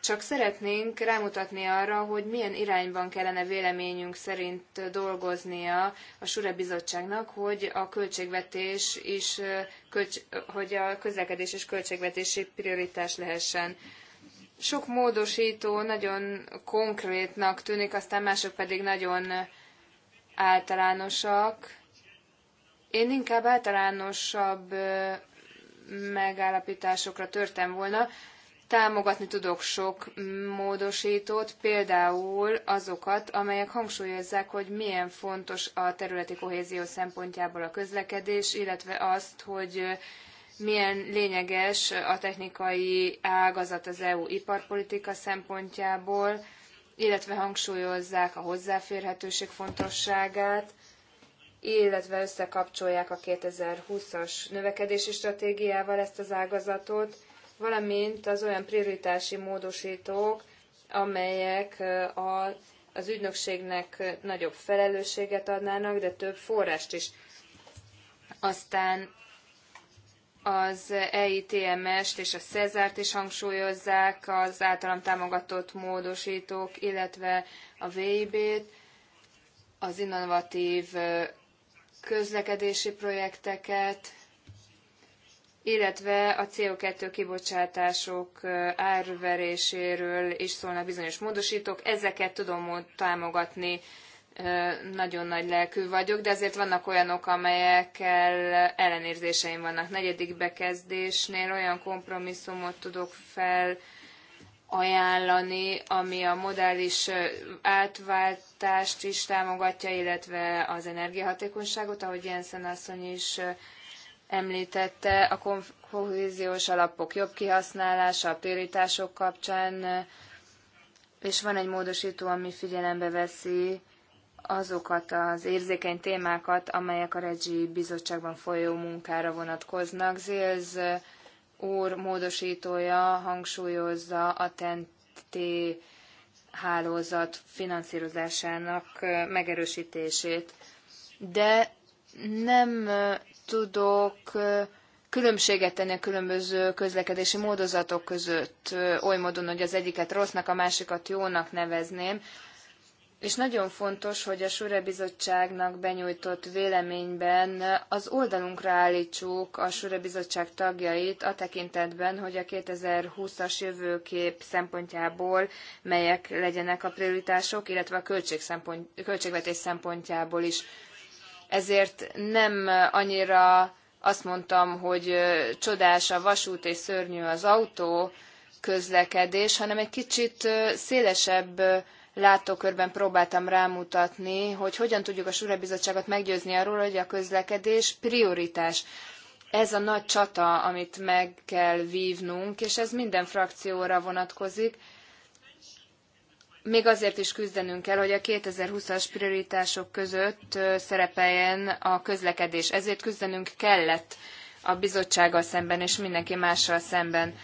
csak szeretnénk rámutatni arra, hogy milyen irányban kellene véleményünk szerint dolgoznia a Sure Bizottságnak, hogy a költségvetés is, hogy a közlekedés és költségvetési prioritás lehessen sok módosító nagyon konkrétnak tűnik, aztán mások pedig nagyon általánosak. Én inkább általánosabb megállapításokra törtem volna, Támogatni tudok sok módosítót, például azokat, amelyek hangsúlyozzák, hogy milyen fontos a területi kohézió szempontjából a közlekedés, illetve azt, hogy milyen lényeges a technikai ágazat az EU iparpolitika szempontjából, illetve hangsúlyozzák a hozzáférhetőség fontosságát, illetve összekapcsolják a 2020-as növekedési stratégiával ezt az ágazatot, valamint az olyan prioritási módosítók, amelyek a, az ügynökségnek nagyobb felelősséget adnának, de több forrást is. Aztán az EITMS-t és a Cezárt is hangsúlyozzák, az általam támogatott módosítók, illetve a VIB-t, az innovatív közlekedési projekteket, illetve a CO2 kibocsátások árveréséről is szólnak bizonyos módosítók. Ezeket tudom támogatni, nagyon nagy lelkű vagyok, de azért vannak olyanok, amelyekkel ellenérzéseim vannak. Negyedik bekezdésnél olyan kompromisszumot tudok fel ajánlani, ami a modális átváltást is támogatja, illetve az energiahatékonyságot, ahogy Jensen asszony is említette, a kohéziós alapok jobb kihasználása a prioritások kapcsán, és van egy módosító, ami figyelembe veszi azokat az érzékeny témákat, amelyek a Regi Bizottságban folyó munkára vonatkoznak. Zélz úr módosítója hangsúlyozza a TNT hálózat finanszírozásának megerősítését, de nem tudok különbséget tenni a különböző közlekedési módozatok között, oly módon, hogy az egyiket rossznak, a másikat jónak nevezném. És nagyon fontos, hogy a Sure Bizottságnak benyújtott véleményben az oldalunkra állítsuk a Sure Bizottság tagjait a tekintetben, hogy a 2020-as jövőkép szempontjából melyek legyenek a prioritások, illetve a költség szempont, költségvetés szempontjából is ezért nem annyira azt mondtam, hogy csodás a vasút és szörnyű az autó közlekedés, hanem egy kicsit szélesebb látókörben próbáltam rámutatni, hogy hogyan tudjuk a Súra Bizottságot meggyőzni arról, hogy a közlekedés prioritás. Ez a nagy csata, amit meg kell vívnunk, és ez minden frakcióra vonatkozik, még azért is küzdenünk kell, hogy a 2020-as prioritások között szerepeljen a közlekedés. Ezért küzdenünk kellett a bizottsággal szemben és mindenki mással szemben.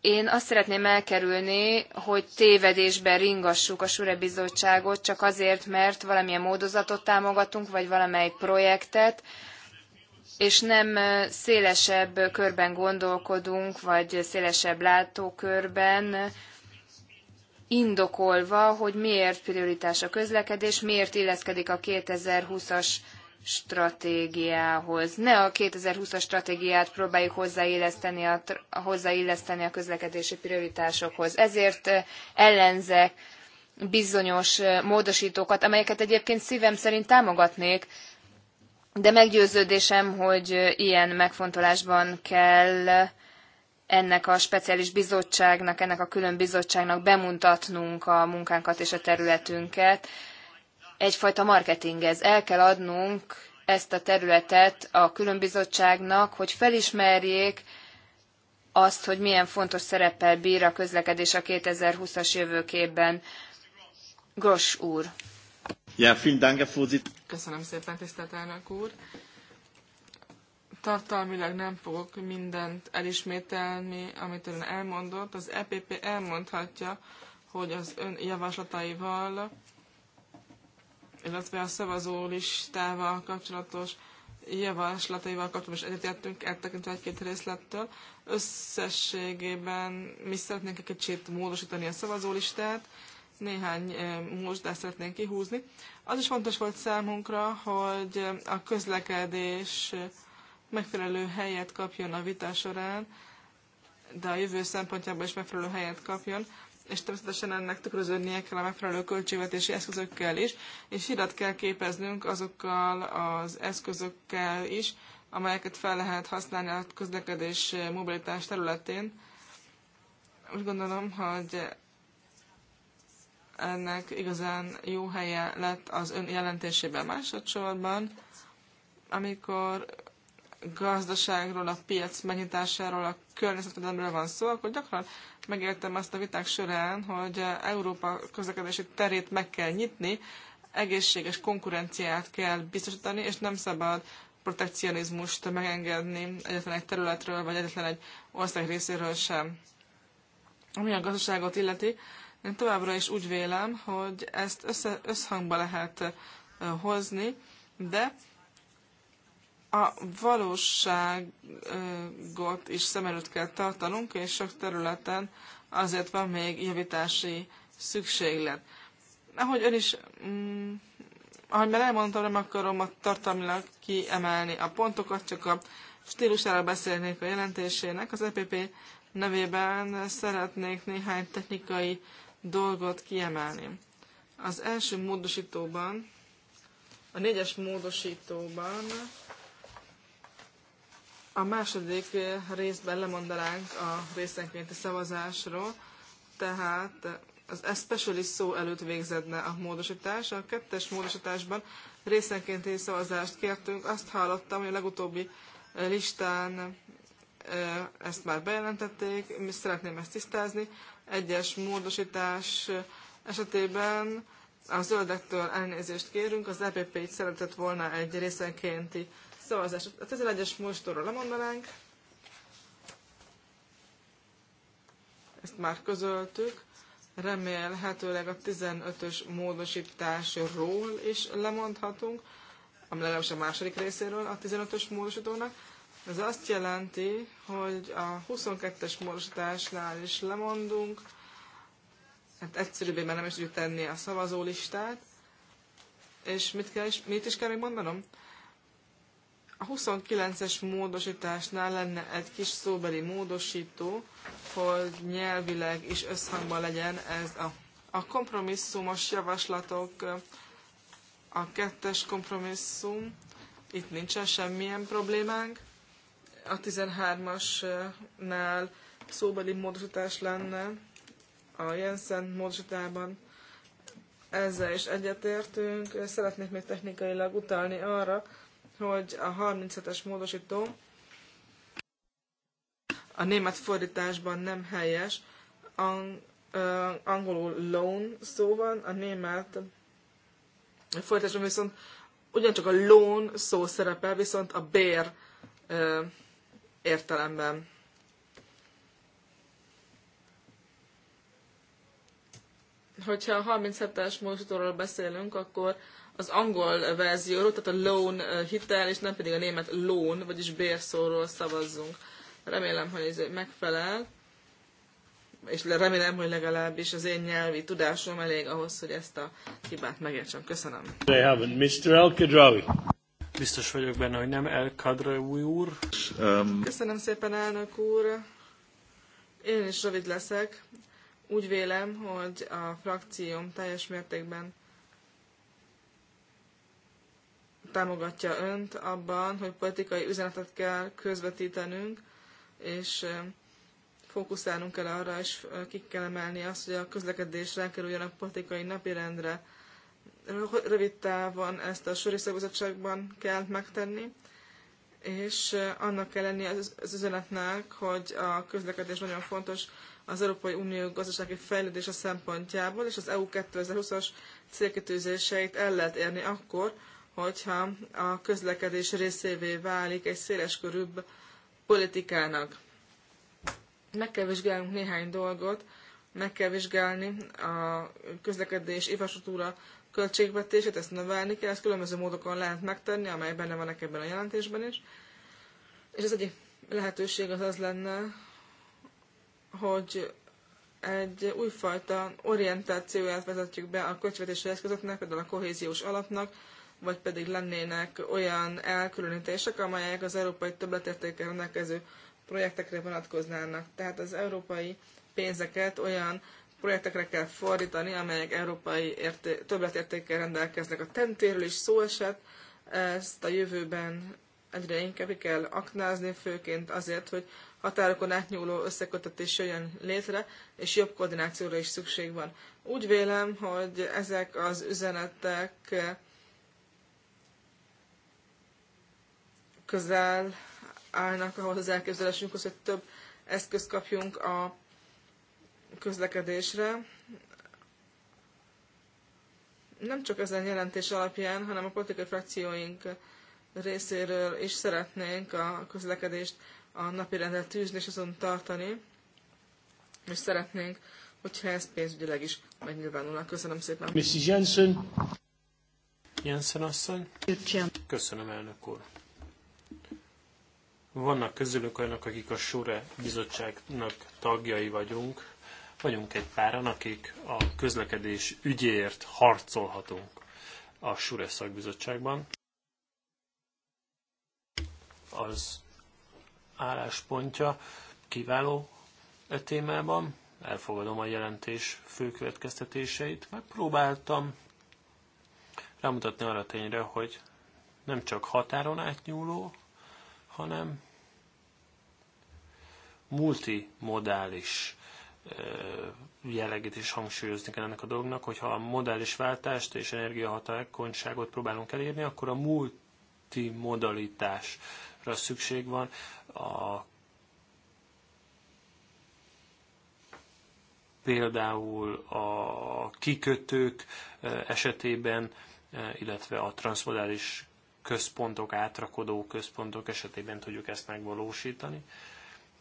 Én azt szeretném elkerülni, hogy tévedésben ringassuk a Sure Bizottságot, csak azért, mert valamilyen módozatot támogatunk, vagy valamely projektet, és nem szélesebb körben gondolkodunk, vagy szélesebb látókörben, indokolva, hogy miért prioritás a közlekedés, miért illeszkedik a 2020-as stratégiához. Ne a 2020-as stratégiát próbáljuk hozzáilleszteni a, hozzáilleszteni a közlekedési prioritásokhoz. Ezért eh, ellenzek bizonyos eh, módosítókat, amelyeket egyébként szívem szerint támogatnék, de meggyőződésem, hogy eh, ilyen megfontolásban kell ennek a speciális bizottságnak, ennek a külön bizottságnak bemutatnunk a munkánkat és a területünket. Egyfajta marketing ez. El kell adnunk ezt a területet a külön bizottságnak, hogy felismerjék azt, hogy milyen fontos szereppel bír a közlekedés a 2020-as jövőképben. Gross úr. Ja, vielen Dank, Herr Köszönöm szépen, tisztelt elnök úr tartalmilag nem fogok mindent elismételni, amit ön elmondott. Az EPP elmondhatja, hogy az ön javaslataival, illetve a szavazó listával kapcsolatos javaslataival kapcsolatos is egyetértünk, eltekintve egy-két részlettől. Összességében mi szeretnénk egy kicsit módosítani a szavazólistát, néhány eh, módosítást szeretnénk kihúzni. Az is fontos volt számunkra, hogy a közlekedés megfelelő helyet kapjon a vita során, de a jövő szempontjából is megfelelő helyet kapjon, és természetesen ennek tükröződnie kell a megfelelő költségvetési eszközökkel is, és hidat kell képeznünk azokkal az eszközökkel is, amelyeket fel lehet használni a közlekedés mobilitás területén. Úgy gondolom, hogy ennek igazán jó helye lett az ön jelentésében másodszorban, amikor gazdaságról, a piac megnyitásáról, a környezetvédelemről van szó, akkor gyakran megértem azt a viták során, hogy Európa közlekedési terét meg kell nyitni, egészséges konkurenciát kell biztosítani, és nem szabad protekcionizmust megengedni egyetlen egy területről, vagy egyetlen egy ország részéről sem. Ami a gazdaságot illeti, én továbbra is úgy vélem, hogy ezt össze, összhangba lehet hozni, de a valóságot is szem előtt kell tartanunk, és sok területen azért van még javítási szükséglet. Ahogy ön is, mm, ahogy már elmondtam, nem akarom a tartalmilag kiemelni a pontokat, csak a stílusára beszélnék a jelentésének. Az EPP nevében szeretnék néhány technikai dolgot kiemelni. Az első módosítóban, a négyes módosítóban a második részben lemondanánk a részenkénti szavazásról, tehát az especially szó előtt végzedne a módosítás. A kettes módosításban részenkénti szavazást kértünk. Azt hallottam, hogy a legutóbbi eh, listán eh, ezt már bejelentették, mi szeretném ezt tisztázni. Egyes módosítás eh, esetében a zöldektől elnézést kérünk, az EPP így szeretett volna egy részenkénti szavazást. A 11-es mostóról lemondanánk. Ezt már közöltük. Remélhetőleg a 15-ös módosításról is lemondhatunk, ami legalábbis a második részéről a 15-ös módosítónak. Ez azt jelenti, hogy a 22-es módosításnál is lemondunk, hát egyszerűbbé már nem is tudjuk tenni a szavazólistát. És mit, kell, is, mit is kell még mondanom? A 29-es módosításnál lenne egy kis szóbeli módosító, hogy nyelvileg is összhangban legyen ez a, a kompromisszumos javaslatok, a kettes kompromisszum, itt nincsen semmilyen problémánk. A 13-asnál szóbeli módosítás lenne, a Jensen módosítában ezzel is egyetértünk. Szeretnék még technikailag utalni arra, hogy a 37-es módosító a német fordításban nem helyes. Ang, uh, angolul loan szó van, a német fordításban viszont ugyancsak a loan szó szerepel, viszont a bér uh, értelemben. Hogyha a 37-es módosítóról beszélünk, akkor az angol verzióról, tehát a loan hitel, és nem pedig a német loan, vagyis bérszóról szavazzunk. Remélem, hogy ez megfelel, és remélem, hogy legalábbis az én nyelvi tudásom elég ahhoz, hogy ezt a hibát megértsem. Köszönöm. They Mr. El Kadrawi. Biztos vagyok benne, hogy nem El Kadrawi úr. Um. Köszönöm szépen, elnök úr. Én is rövid leszek. Úgy vélem, hogy a frakcióm teljes mértékben támogatja önt abban, hogy politikai üzenetet kell közvetítenünk, és fókuszálnunk kell arra, és ki kell emelni azt, hogy a közlekedés kerüljön a politikai napirendre. Rövid távon ezt a sori kell megtenni, és annak kell lenni az, az üzenetnek, hogy a közlekedés nagyon fontos az Európai Unió gazdasági fejlődése szempontjából, és az EU 2020-as célkitűzéseit el lehet érni akkor, hogyha a közlekedés részévé válik egy széleskörűbb politikának. Meg kell vizsgálnunk néhány dolgot, meg kell vizsgálni a közlekedés infrastruktúra költségvetését, ezt növelni kell, ezt különböző módokon lehet megtenni, amely benne vannak ebben a jelentésben is. És az egyik lehetőség az az lenne, hogy egy újfajta orientációját vezetjük be a költségvetési eszközöknek, például a kohéziós alapnak, vagy pedig lennének olyan elkülönítések, amelyek az európai többletértékkel rendelkező projektekre vonatkoznának. Tehát az európai pénzeket olyan projektekre kell fordítani, amelyek európai érté- többletértékkel rendelkeznek. A tentéről is szó esett, ezt a jövőben egyre inkább kell aknázni, főként azért, hogy határokon átnyúló összekötetés jöjjön létre, és jobb koordinációra is szükség van. Úgy vélem, hogy ezek az üzenetek közel állnak ahhoz az elképzelésünkhoz, hogy több eszközt kapjunk a közlekedésre. Nem csak ezen jelentés alapján, hanem a politikai frakcióink részéről is szeretnénk a közlekedést a rendet tűzni és azon tartani, és szeretnénk, hogyha ez pénzügyileg is megnyilvánulna. Köszönöm szépen. Mrs. Jensen. Jensen asszony. Köszönöm, elnök úr. Vannak közülünk olyanok, akik a SURE bizottságnak tagjai vagyunk, Vagyunk egy páran, akik a közlekedés ügyéért harcolhatunk a SURE szakbizottságban. Az álláspontja kiváló e témában, elfogadom a jelentés fő következtetéseit. Megpróbáltam rámutatni arra tényre, hogy nem csak határon átnyúló, hanem multimodális jellegét is hangsúlyozni kell ennek a dolognak, hogyha a modális váltást és energiahatékonyságot próbálunk elérni, akkor a multimodalitásra szükség van. A például a kikötők esetében, illetve a transzmodális központok, átrakodó központok esetében tudjuk ezt megvalósítani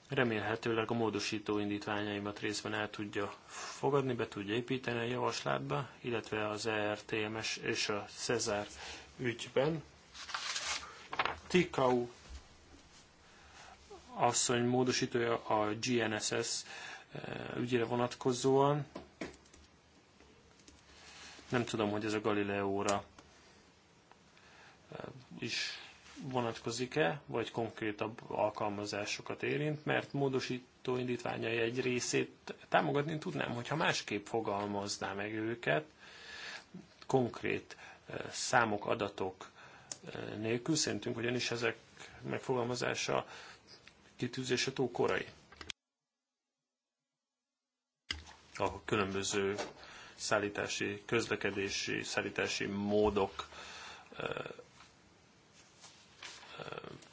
remélhetőleg a módosító indítványaimat részben el tudja fogadni, be tudja építeni a javaslatba, illetve az ERTMS és a Cezár ügyben. Tikau asszony módosítója a GNSS eh, ügyére vonatkozóan. Nem tudom, hogy ez a Galileóra eh, is vonatkozik-e, vagy konkrétabb alkalmazásokat érint, mert módosító indítványai egy részét támogatni tudnám, hogyha másképp fogalmazná meg őket, konkrét eh, számok, adatok eh, nélkül, szerintünk ugyanis ezek megfogalmazása kitűzése túl korai. A különböző szállítási, közlekedési, szállítási módok eh,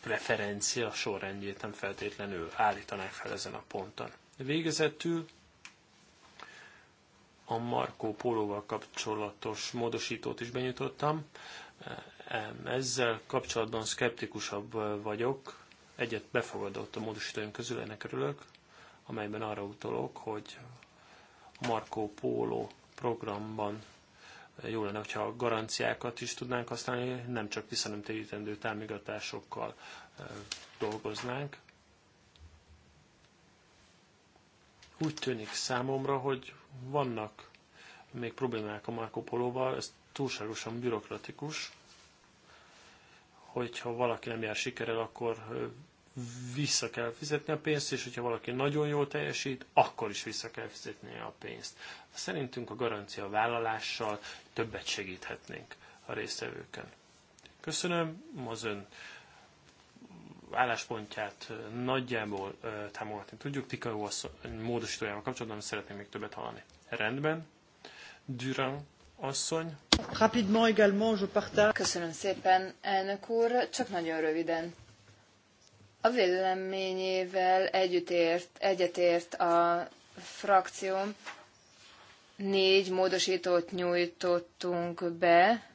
preferencia sorrendjét nem feltétlenül állítanák fel ezen a ponton. Végezetül a Marco Pólóval kapcsolatos módosítót is benyújtottam. E, ezzel kapcsolatban szkeptikusabb vagyok. Egyet befogadott a módosítóim közül, ennek örülök, amelyben arra utolok, hogy Marco Polo programban jó lenne, hogyha a garanciákat is tudnánk használni, nem csak visszanemtérítendő támogatásokkal dolgoznánk. Úgy tűnik számomra, hogy vannak még problémák a Marco Polo-val, ez túlságosan bürokratikus, hogyha valaki nem jár sikerrel, akkor vissza kell fizetni a pénzt, és hogyha valaki nagyon jól teljesít, akkor is vissza kell fizetni a pénzt. Szerintünk a garancia vállalással többet segíthetnénk a résztvevőken. Köszönöm az ön álláspontját nagyjából támogatni tudjuk. Tika jó módosítójával kapcsolatban szeretném még többet hallani. Rendben. Düran asszony. également, je partage. Köszönöm szépen, elnök úr. Csak nagyon röviden a véleményével együttért, egyetért a frakcióm. Négy módosítót nyújtottunk be.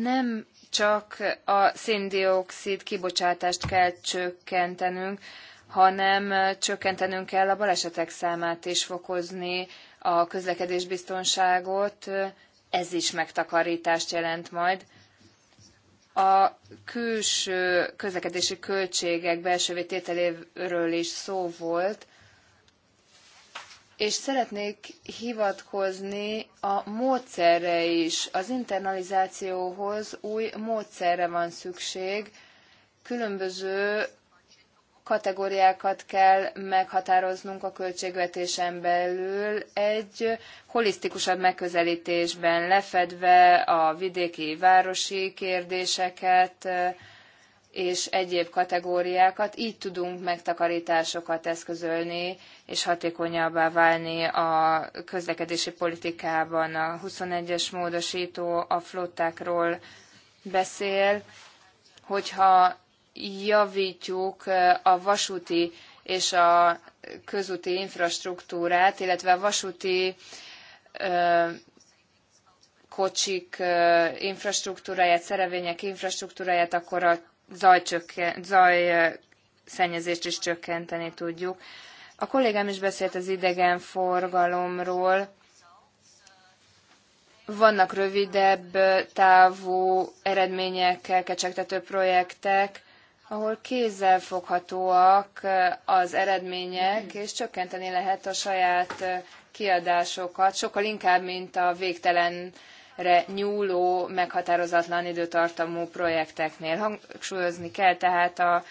Nem csak a széndiokszid kibocsátást kell csökkentenünk, hanem csökkentenünk kell a balesetek számát és fokozni a közlekedésbiztonságot. Ez is megtakarítást jelent majd a külső közlekedési költségek belső tételéről is szó volt, és szeretnék hivatkozni a módszerre is. Az internalizációhoz új módszerre van szükség, különböző kategóriákat kell meghatároznunk a költségvetésen belül egy holisztikusabb megközelítésben, lefedve a vidéki városi kérdéseket és egyéb kategóriákat. Így tudunk megtakarításokat eszközölni és hatékonyabbá válni a közlekedési politikában. A 21-es módosító a flottákról beszél, hogyha javítjuk a vasúti és a közúti infrastruktúrát, illetve a vasúti kocsik infrastruktúráját, szerevények infrastruktúráját, akkor a zajszennyezést zaj is csökkenteni tudjuk. A kollégám is beszélt az idegenforgalomról. Vannak rövidebb távú eredményekkel kecsegtető projektek, ahol kézzelfoghatóak eh, az eredmények, és csökkenteni lehet a saját eh, kiadásokat, sokkal inkább, mint a végtelenre nyúló, meghatározatlan időtartamú projekteknél. Hangsúlyozni kell tehát a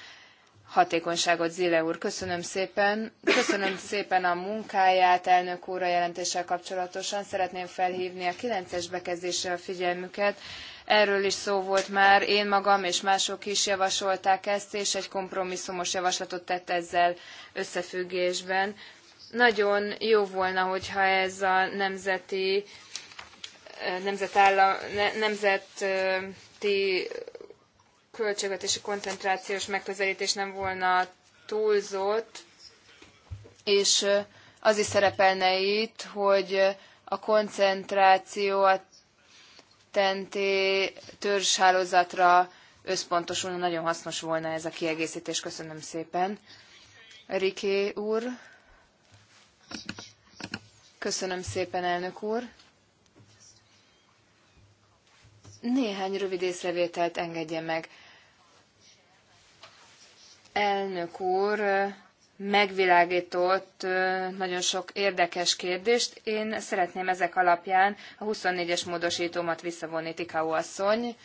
hatékonyságot, Zile úr. Köszönöm szépen. Köszönöm szépen a munkáját, elnök úr, a jelentéssel kapcsolatosan. Szeretném felhívni a 9-es bekezdésre a figyelmüket. Erről is szó volt már, én magam és mások is javasolták ezt, és egy kompromisszumos javaslatot tett ezzel összefüggésben. Nagyon jó volna, hogyha ez a nemzeti, eh, nemzetállam, nemzeti költségvetési koncentrációs megközelítés nem volna túlzott, és eh, az is szerepelne itt, hogy a koncentráció a TNT törzshálózatra összpontosulna, nagyon hasznos volna ez a kiegészítés. Köszönöm szépen. Riké úr. Köszönöm szépen, elnök úr. Néhány rövid észrevételt engedje meg. Elnök úr, megvilágított nagyon sok érdekes kérdést. Én szeretném ezek alapján a 24-es módosítómat visszavonni, Tikau asszony.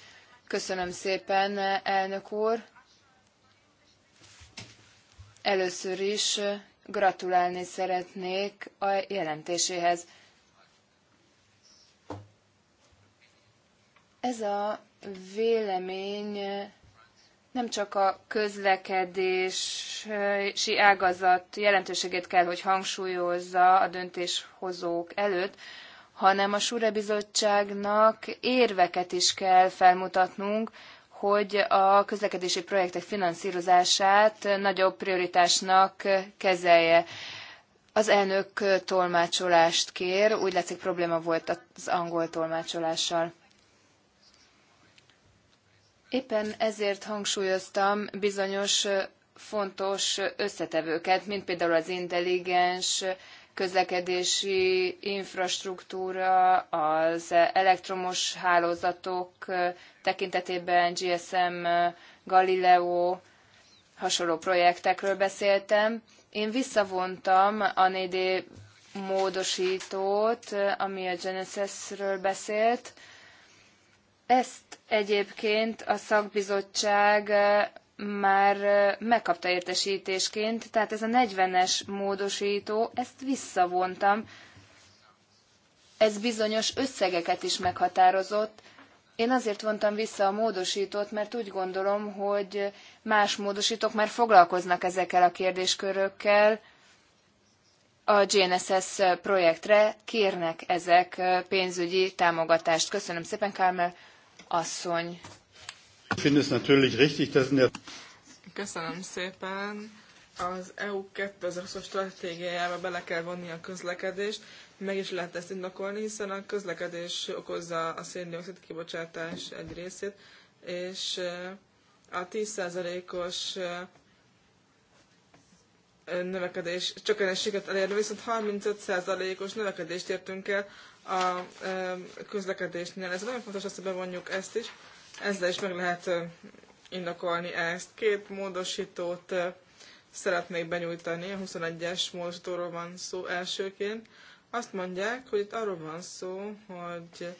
Köszönöm szépen, elnök úr. Először is gratulálni szeretnék a jelentéséhez. Ez a vélemény nem csak a közlekedési ágazat jelentőségét kell, hogy hangsúlyozza a döntéshozók előtt, hanem a Sure Bizottságnak érveket is kell felmutatnunk, hogy a közlekedési projektek finanszírozását nagyobb prioritásnak kezelje. Az elnök tolmácsolást kér, úgy látszik probléma volt az angol tolmácsolással. Éppen ezért hangsúlyoztam bizonyos fontos összetevőket, mint például az intelligens közlekedési infrastruktúra, az elektromos hálózatok tekintetében GSM, Galileo, hasonló projektekről beszéltem. Én visszavontam a 4D módosítót, ami a Genesisről beszélt, ezt egyébként a szakbizottság már megkapta értesítésként, tehát ez a 40-es módosító, ezt visszavontam. Ez bizonyos összegeket is meghatározott. Én azért vontam vissza a módosítót, mert úgy gondolom, hogy más módosítók már foglalkoznak ezekkel a kérdéskörökkel. A GNSS projektre kérnek ezek pénzügyi támogatást. Köszönöm szépen, Kármel asszony. Köszönöm szépen. Az EU 2020 stratégiájába bele kell vonni a közlekedést, meg is lehet ezt indokolni, hiszen a közlekedés okozza a széndiokszid kibocsátás egy részét, és eh, a 10%-os eh, növekedés, csökkenés sikerült elérni, viszont 35%-os növekedést értünk el a közlekedésnél. Ez nagyon fontos, hogy bevonjuk ezt is, ezzel is meg lehet indokolni ezt. Két módosítót szeretnék benyújtani, a 21-es módosítóról van szó elsőként. Azt mondják, hogy itt arról van szó, hogy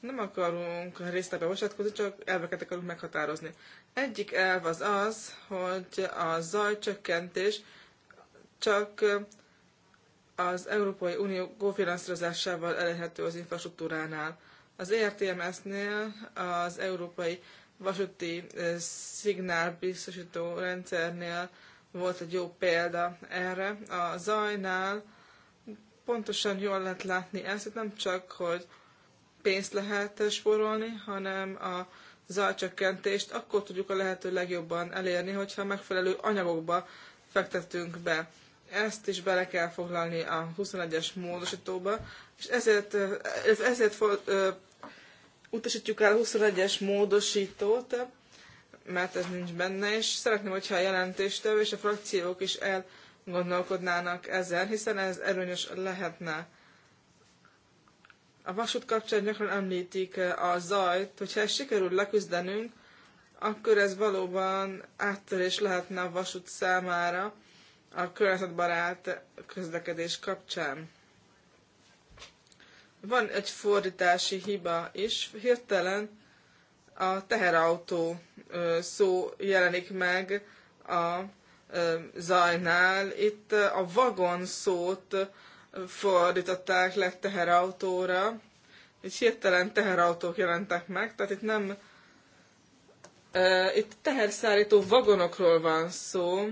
nem akarunk részletbe bocsátkozni, csak elveket akarunk meghatározni. Egyik elv az az, hogy a zajcsökkentés csak az Európai Unió kofinanszírozásával elérhető az infrastruktúránál. Az ERTMS-nél az Európai Vasúti biztosító Rendszernél volt egy jó példa erre. A zajnál pontosan jól lehet látni ezt, hogy nem csak, hogy pénzt lehet spórolni, hanem a zajcsökkentést akkor tudjuk a lehető legjobban elérni, hogyha megfelelő anyagokba fektetünk be. Ezt is bele kell foglalni a 21-es módosítóba, és ezért, ezért for, uh, utasítjuk el a 21-es módosítót, mert ez nincs benne, és szeretném, hogyha a jelentéstől és a frakciók is elgondolkodnának ezen, hiszen ez erőnyös lehetne. A vasút kapcsán gyakran említik a zajt, hogyha ezt sikerül leküzdenünk, akkor ez valóban áttörés lehetne a vasút számára, a környezetbarát közlekedés kapcsán. Van egy fordítási hiba is, hirtelen a teherautó szó jelenik meg a zajnál. Itt a vagon szót fordították le teherautóra, és hirtelen teherautók jelentek meg, tehát itt nem itt teherszállító vagonokról van szó,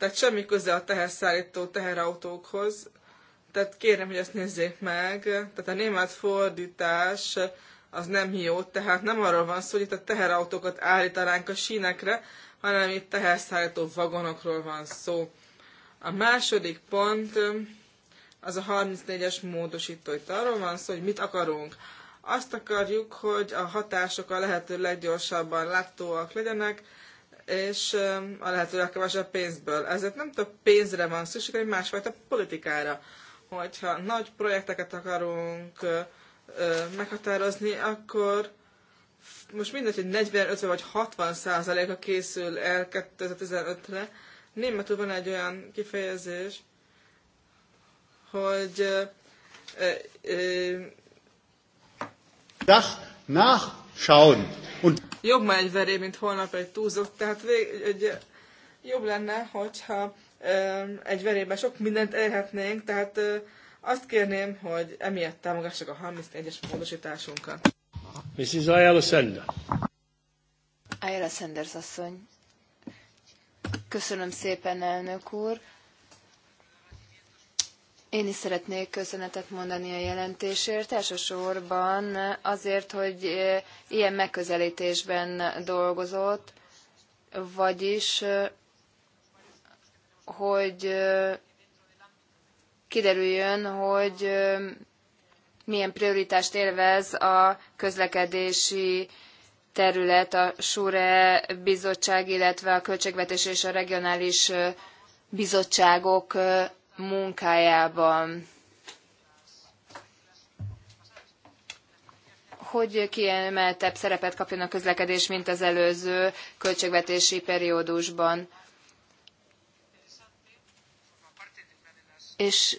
tehát semmi köze a teherszállító teherautókhoz. Tehát kérem, hogy ezt nézzék meg. Tehát a német fordítás az nem jó, tehát nem arról van szó, hogy itt a teherautókat állítanánk a sínekre, hanem itt teherszállító vagonokról van szó. A második pont az a 34-es módosító. Itt arról van szó, hogy mit akarunk. Azt akarjuk, hogy a hatások a lehető leggyorsabban láthatóak legyenek, és a lehető legkevesebb pénzből. Ezért nem több pénzre van szükség, hanem másfajta politikára. Hogyha nagy projekteket akarunk meghatározni, akkor most mindegy, hogy 40, 50 vagy 60 százaléka készül el 2015-re. Németül van egy olyan kifejezés, hogy... Äh, das nach schauen. Und jobb már egy veré, mint holnap egy túlzott, tehát vég, egy, jobb lenne, hogyha ö, egy verében sok mindent elhetnénk. tehát ö, azt kérném, hogy emiatt támogassak a 31-es módosításunkat. Mrs. Ayala Sender. Ayala Sanders asszony. Köszönöm szépen, elnök úr. Én is szeretnék köszönetet mondani a jelentésért, elsősorban azért, hogy eh, ilyen megközelítésben dolgozott, vagyis, eh, hogy eh, kiderüljön, hogy milyen prioritást élvez a közlekedési terület, a SURE bizottság, illetve a költségvetés és a regionális bizottságok munkájában. hogy kiemeltebb szerepet kapjon a közlekedés, mint az előző költségvetési periódusban. És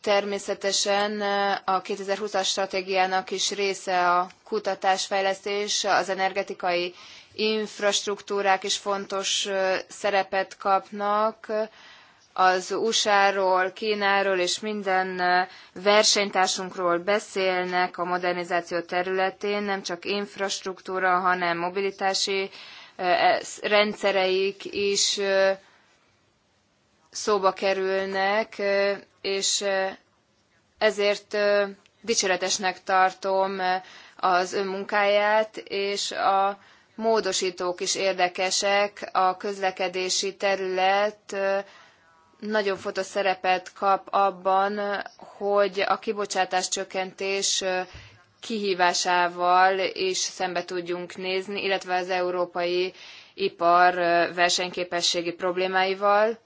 természetesen a 2020-as stratégiának is része a kutatásfejlesztés, az energetikai infrastruktúrák is fontos szerepet kapnak az USA-ról, Kínáról és minden eh, versenytársunkról beszélnek a modernizáció területén, nem csak infrastruktúra, hanem mobilitási eh, rendszereik is eh, szóba kerülnek, és ezért dicséretesnek tartom az ön munkáját, és a módosítók is érdekesek, a közlekedési terület nagyon fontos szerepet kap abban, hogy a kibocsátás csökkentés kihívásával is szembe tudjunk nézni, illetve az európai ipar versenyképességi problémáival.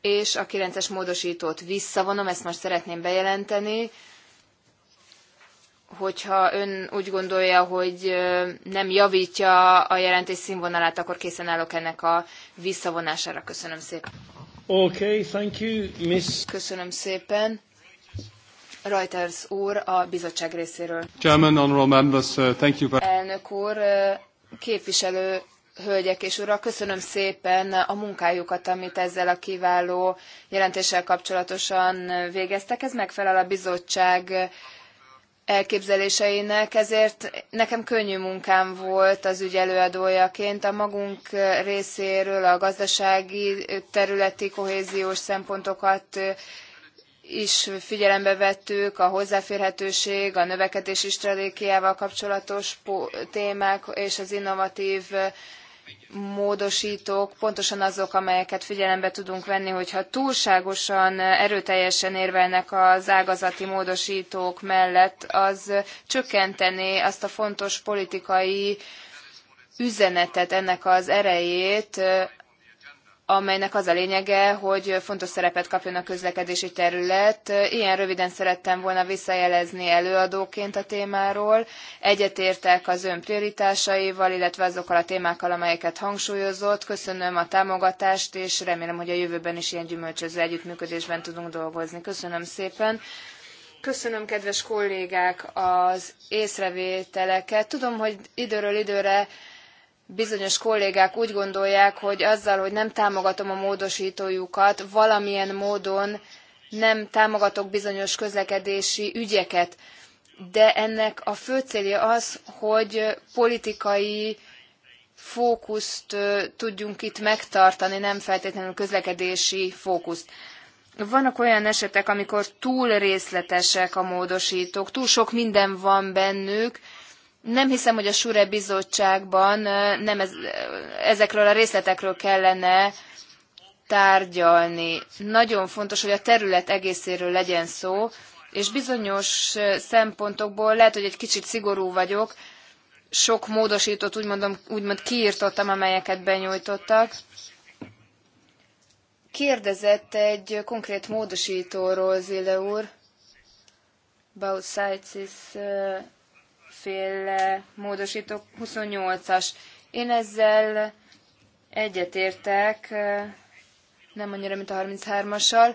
És a 9-es módosítót visszavonom, ezt most szeretném bejelenteni hogyha ön úgy gondolja, hogy nem javítja a jelentés színvonalát, akkor készen állok ennek a visszavonására. Köszönöm szépen. Okay, thank you, miss. Köszönöm szépen. Reuters úr a bizottság részéről. Chairman, honorable members, uh, thank you. Elnök úr, képviselő hölgyek és urak, köszönöm szépen a munkájukat, amit ezzel a kiváló jelentéssel kapcsolatosan végeztek. Ez megfelel a bizottság elképzeléseinek, ezért nekem könnyű munkám volt az ügy előadójaként. A magunk részéről a gazdasági területi kohéziós szempontokat is figyelembe vettük, a hozzáférhetőség, a növekedési stratégiával kapcsolatos témák és az innovatív módosítók pontosan azok, amelyeket figyelembe tudunk venni, hogyha túlságosan erőteljesen érvelnek az ágazati módosítók mellett, az csökkentené azt a fontos politikai üzenetet, ennek az erejét, amelynek az a lényege, hogy fontos szerepet kapjon a közlekedési terület. Ilyen röviden szerettem volna visszajelezni előadóként a témáról. Egyetértek az ön prioritásaival, illetve azokkal a témákkal, amelyeket hangsúlyozott. Köszönöm a támogatást, és remélem, hogy a jövőben is ilyen gyümölcsöző együttműködésben tudunk dolgozni. Köszönöm szépen. Köszönöm, kedves kollégák, az észrevételeket. Tudom, hogy időről időre bizonyos kollégák úgy gondolják, hogy azzal, hogy nem támogatom a módosítójukat, valamilyen módon nem támogatok bizonyos közlekedési ügyeket. De ennek a fő célja az, hogy politikai fókuszt tudjunk itt megtartani, nem feltétlenül közlekedési fókuszt. Vannak olyan esetek, amikor túl részletesek a módosítók, túl sok minden van bennük, nem hiszem, hogy a Sure bizottságban nem ez, ezekről a részletekről kellene tárgyalni. Nagyon fontos, hogy a terület egészéről legyen szó, és bizonyos szempontokból lehet, hogy egy kicsit szigorú vagyok, sok módosított, úgymond, úgymond kiírtottam, amelyeket benyújtottak. Kérdezett egy konkrét módosítóról, Zile úr. About sites féle módosítók 28-as. Én ezzel egyetértek, nem annyira, mint a 33-assal.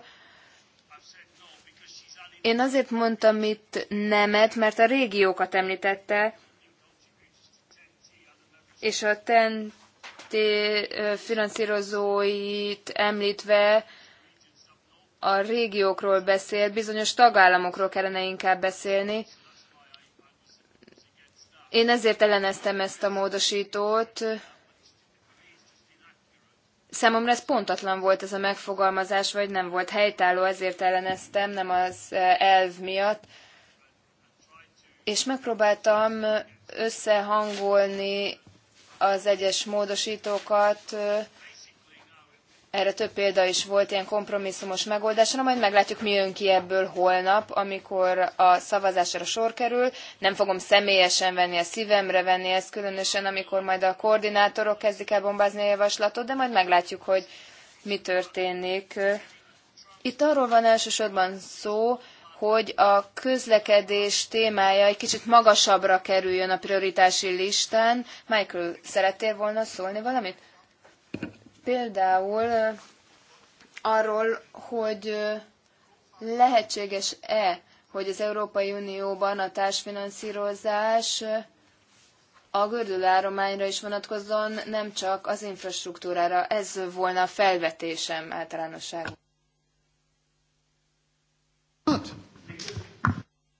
Én azért mondtam itt nemet, mert a régiókat említette, és a TEN finanszírozóit említve a régiókról beszélt, bizonyos tagállamokról kellene inkább beszélni, én ezért elleneztem ezt a módosítót. Számomra ez pontatlan volt ez a megfogalmazás, vagy nem volt helytálló, ezért elleneztem, nem az e, elv miatt. És megpróbáltam összehangolni az egyes módosítókat, erre több példa is volt ilyen kompromisszumos megoldásra, majd meglátjuk, mi jön ki ebből holnap, amikor a szavazásra sor kerül. Nem fogom személyesen venni, a szívemre venni ezt, különösen amikor majd a koordinátorok kezdik el bombázni a javaslatot, de majd meglátjuk, hogy mi történik. Itt arról van elsősorban szó, hogy a közlekedés témája egy kicsit magasabbra kerüljön a prioritási listán. Michael, szerettél volna szólni valamit? Például arról, hogy lehetséges-e, hogy az Európai Unióban a társfinanszírozás a gördülállományra is vonatkozzon, nem csak az infrastruktúrára. Ez volna a felvetésem általánosságban.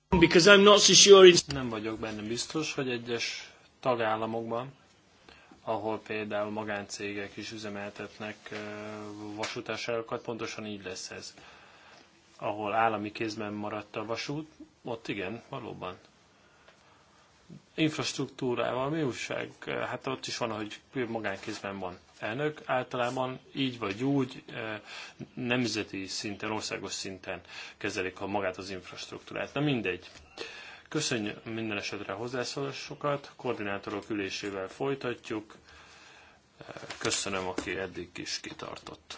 Because I'm not so sure it's Nem vagyok benne biztos, hogy egyes tagállamokban ahol például magáncégek is üzemeltetnek vasútásárokat, pontosan így lesz ez. Ahol állami kézben maradt a vasút, ott igen, valóban. Infrastruktúrával mi újság? Hát ott is van, hogy magánkézben van. Elnök általában így vagy úgy nemzeti szinten, országos szinten kezelik a magát az infrastruktúrát. Na mindegy. Köszönjük minden esetre a hozzászólásokat, koordinátorok ülésével folytatjuk. Köszönöm, aki eddig is kitartott.